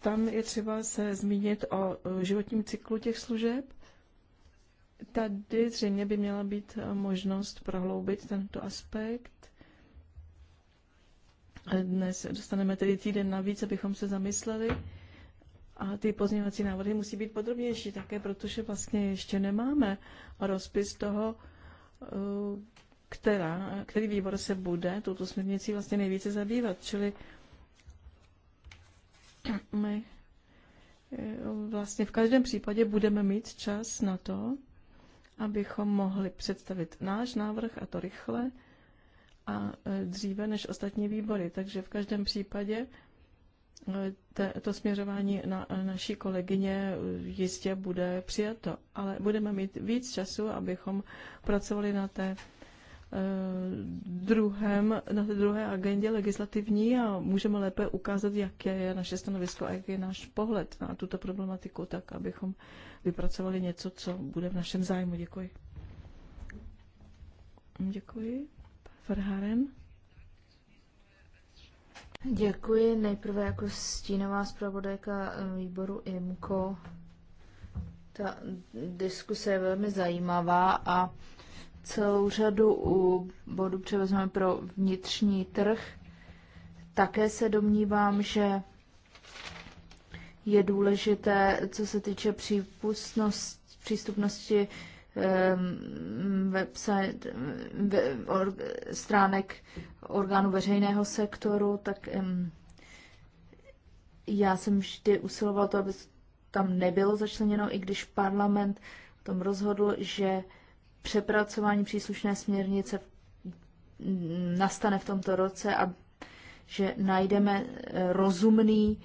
tam je třeba se zmínit o životním cyklu těch služeb. Tady zřejmě by měla být možnost prohloubit tento aspekt. Dnes dostaneme tedy týden navíc, abychom se zamysleli a ty pozměňovací návrhy musí být podrobnější také, protože vlastně ještě nemáme rozpis toho, eh, která, který výbor se bude touto směrnicí vlastně nejvíce zabývat. Čili my eh, vlastně v každém případě budeme mít čas na to, abychom mohli představit náš návrh, a to rychle, a eh, dříve než ostatní výbory. Takže v každém případě to směřování na naší kolegyně eh, jistě bude přijato, ale budeme mít víc času, abychom pracovali na té eh, druhém, na té druhé agendě legislativní a můžeme lépe ukázat, jaké je naše stanovisko a jaký je náš pohled na tuto problematiku, tak abychom vypracovali něco, co bude v našem zájmu. Děkuji. Děkuji. Farharen. Děkuji. Nejprve jako stínová zpravodajka eh, výboru IMCO. Ta diskuse je velmi zajímavá a celou řadu bodů převezmeme pro vnitřní trh. Také se domnívám, že je důležité, co se týče přístupnosti Ehm, website, ehm, stránek orgánu veřejného sektoru, tak ehm, já jsem vždy usiloval to, aby tam nebylo začleněno, i když parlament o tom rozhodl, že přepracování příslušné směrnice mm, nastane v tomto roce a že najdeme eh, rozumný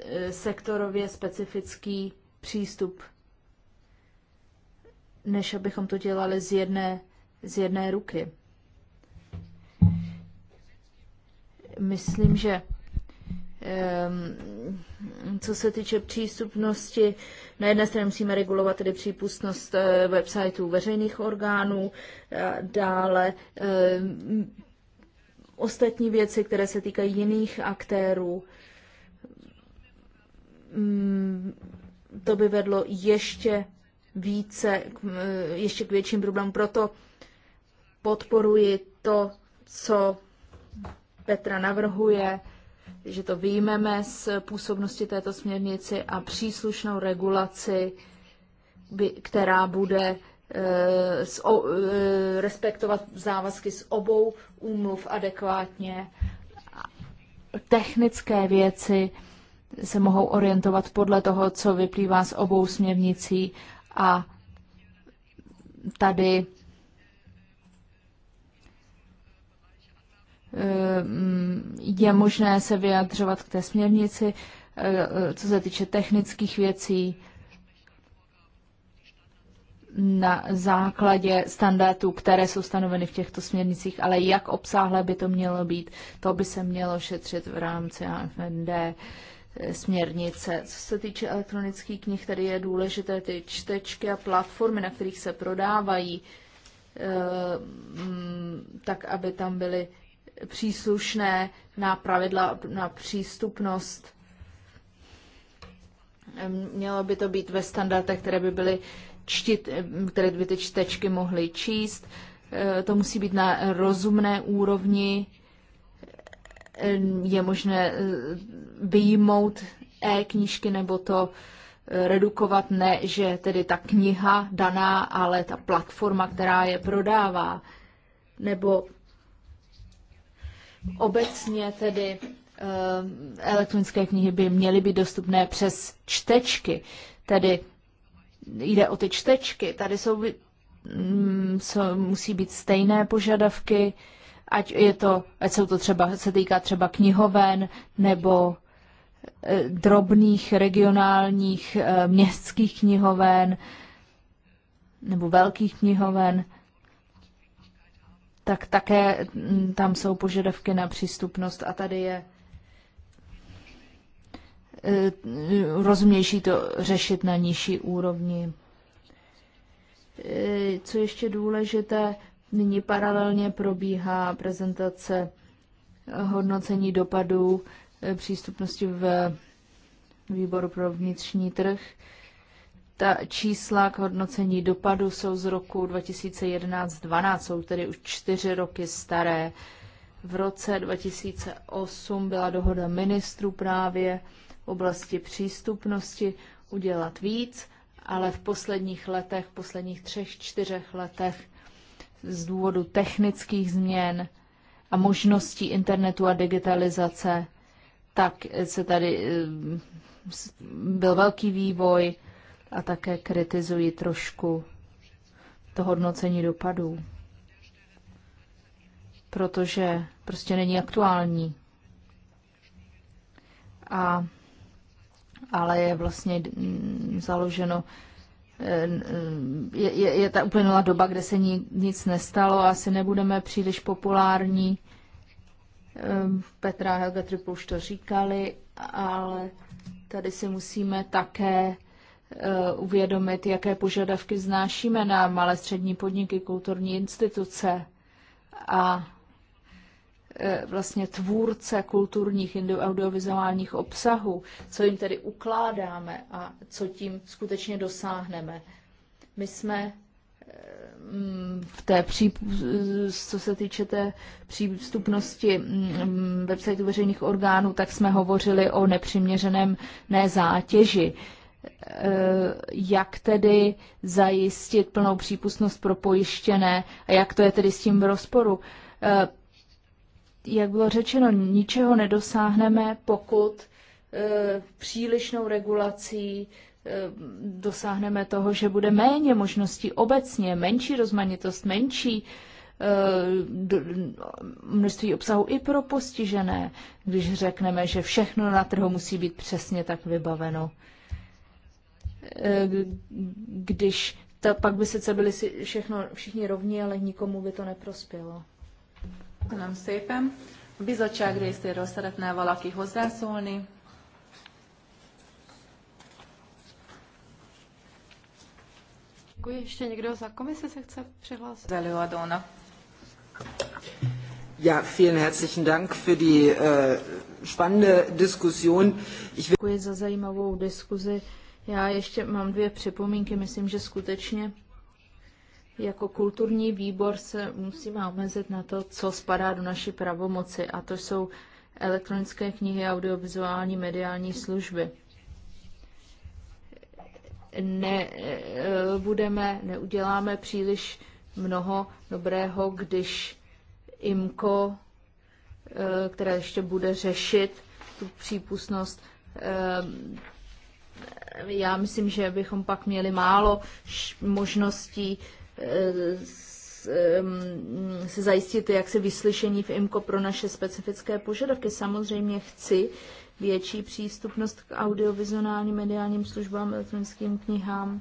eh, sektorově specifický přístup než abychom to dělali z jedné, z jedné ruky. Myslím, že ehm, co se týče přístupnosti, na jedné straně musíme regulovat tedy přípustnost eh, websiteů veřejných orgánů, dále ehm, ostatní věci, které se týkají jiných aktérů. Mm, to by vedlo ještě více, ještě k větším problémům. Proto podporuji to, co Petra navrhuje, že to výjmeme z působnosti této směrnici a příslušnou regulaci, která bude e, o, e, respektovat závazky z obou úmluv adekvátně. Technické věci se mohou orientovat podle toho, co vyplývá z obou směrnicí a tady eh, je možné se vyjadřovat k té směrnici, eh, co se týče technických věcí, na základě standardů, které jsou stanoveny v těchto směrnicích, ale jak obsáhle by to mělo být, to by se mělo šetřit v rámci AFND směrnice. Co se týče elektronických knih, tady je důležité ty čtečky a platformy, na kterých se prodávají, eh, mm, tak aby tam byly příslušné na pravidla na přístupnost. Mělo by to být ve standardech, které by byly čtit, které by ty čtečky mohly číst. Eh, to musí být na rozumné úrovni je možné eh, vyjmout e-knížky nebo to eh, redukovat ne, že tedy ta kniha daná, ale ta platforma, která je prodává, nebo obecně tedy eh, elektronické knihy by měly být dostupné přes čtečky, tedy jde o ty čtečky, tady jsou, mm, jsou musí být stejné požadavky, ať, je to, ať jsou to třeba, se týká třeba knihoven nebo eh, drobných regionálních eh, městských knihoven nebo velkých knihoven, tak také mm, tam jsou požadavky na přístupnost a tady je eh, rozumější to řešit na nižší úrovni. Co ještě důležité, Nyní paralelně probíhá prezentace hodnocení dopadů eh, přístupnosti v výboru pro vnitřní trh. Ta čísla k hodnocení dopadu jsou z roku 2011-12, jsou tedy už čtyři roky staré. V roce 2008 byla dohoda ministrů právě v oblasti přístupnosti udělat víc, ale v posledních letech, v posledních třech, čtyřech letech z důvodu technických změn a možností internetu a digitalizace, tak se tady eh, byl velký vývoj a také kritizuji trošku to hodnocení dopadů, protože prostě není aktuální. A, ale je vlastně založeno Eh, je, je, je ta uplynula doba, kde se ni, nic nestalo, asi nebudeme příliš populární. Ehm, Petra Helga Triple už to říkali, ale tady si musíme také eh, uvědomit, jaké požadavky znášíme na malé střední podniky, kulturní instituce a E, vlastně tvůrce kulturních audiovizuálních obsahů, co jim tedy ukládáme a co tím skutečně dosáhneme. My jsme e, mm, v té pří, co se týče té přístupnosti mm, websiteu veřejných orgánů, tak jsme hovořili o nepřiměřeném nezátěži. E, jak tedy zajistit plnou přípustnost pro pojištěné a jak to je tedy s tím v rozporu? jak bylo řečeno, ničeho nedosáhneme, pokud e, přílišnou regulací e, dosáhneme toho, že bude méně možností obecně, menší rozmanitost, menší e, množství obsahu i pro postižené, když řekneme, že všechno na trhu musí být přesně tak vybaveno. Když ta, pak by sice byli všechno, všichni rovní, ale nikomu by to neprospělo. Köszönöm szépen. A bizottság részéről szeretne valaki hozzászólni? Az Előadónak. Ja, vielen herzlichen Dank für die äh, spannende Diskussion. Ich Děkuji za zajímavou diskuzi. Já ještě mám dvě připomínky. Myslím, že skutečně jako kulturní výbor se musíme omezit na to, co spadá do naší pravomoci, a to jsou elektronické knihy, audiovizuální mediální služby. Ne, budeme, neuděláme příliš mnoho dobrého, když IMCO, které ještě bude řešit tu přípustnost, já myslím, že bychom pak měli málo možností Eh, eh, se zajistit jaksi vyslyšení v IMCO pro naše specifické požadavky. Samozřejmě chci větší přístupnost k audiovizuálním mediálním službám, elektronickým knihám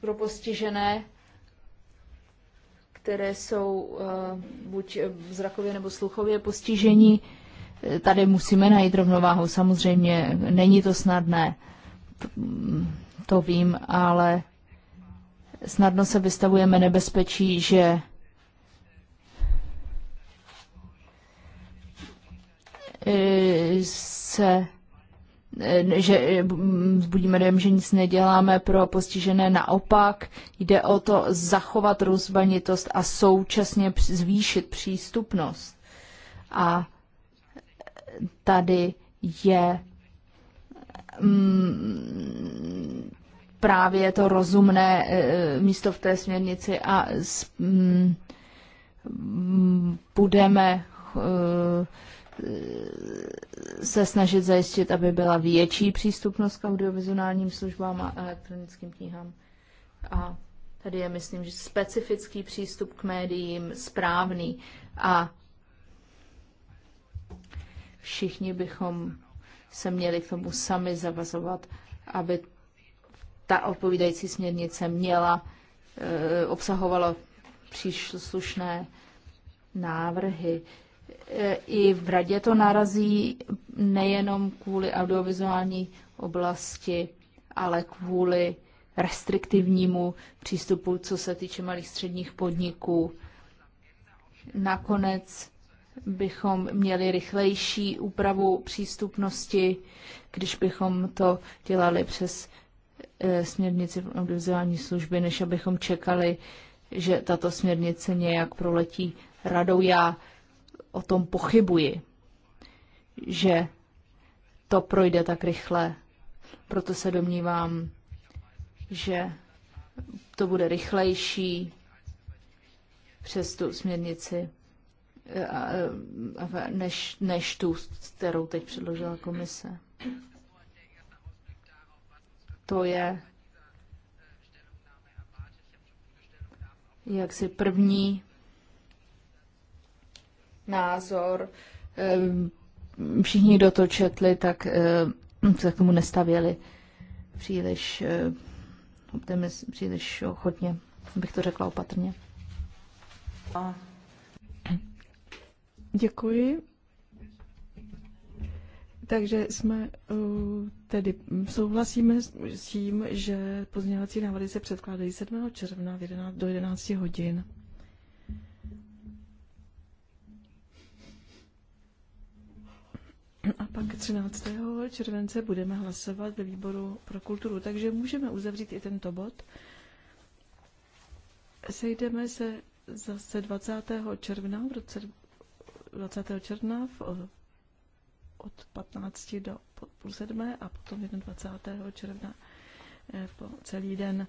pro postižené, které jsou eh, buď zrakově nebo sluchově postižení. Tady musíme najít rovnováhu. Samozřejmě není to snadné, to vím, ale snadno se vystavujeme nebezpečí, že e, se e, že budíme dojem, že nic neděláme pro postižené. Naopak jde o to zachovat rozmanitost a současně zvýšit přístupnost. A tady je mm, právě to rozumné eh, eh, místo v té směrnici a mm, budeme eh, se snažit zajistit, aby byla větší přístupnost k audiovizuálním službám a elektronickým knihám. A tady je, myslím, že specifický přístup k médiím správný a všichni bychom se měli k tomu sami zavazovat, aby ta odpovídající směrnice měla, eh, obsahovala příslušné návrhy. Eh, I v radě to narazí nejenom kvůli audiovizuální oblasti, ale kvůli restriktivnímu přístupu, co se týče malých středních podniků. Nakonec bychom měli rychlejší úpravu přístupnosti, když bychom to dělali přes Eh, směrnici pro audiovizuální služby, než abychom čekali, že tato směrnice nějak proletí radou. Já o tom pochybuji, že to projde tak rychle. Proto se domnívám, že to bude rychlejší přes tu směrnici, eh, eh, než, než tu, kterou teď předložila komise. To je jaksi první názor. Ehm, všichni, kdo to četli, tak ehm, se k tomu nestavěli příliš, ehm, optimist, příliš ochotně, bych to řekla opatrně. Děkuji. Takže jsme eh, tedy souhlasíme s tím, že pozměňovací návrhy se předkládají 7. června v 11, do 11 hodin. A pak 13. července budeme hlasovat ve výboru pro kulturu, takže můžeme uzavřít i tento bod. Sejdeme se zase 20. června v roce 20. června v od 15 do půl sedmé a potom 21. června eh, po celý den.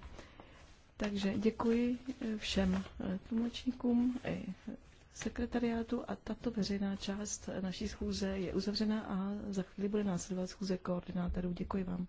Takže děkuji eh, všem eh, tlumočníkům i sekretariátu a tato veřejná část naší schůze je uzavřena a za chvíli bude následovat schůze koordinátorů. Děkuji vám.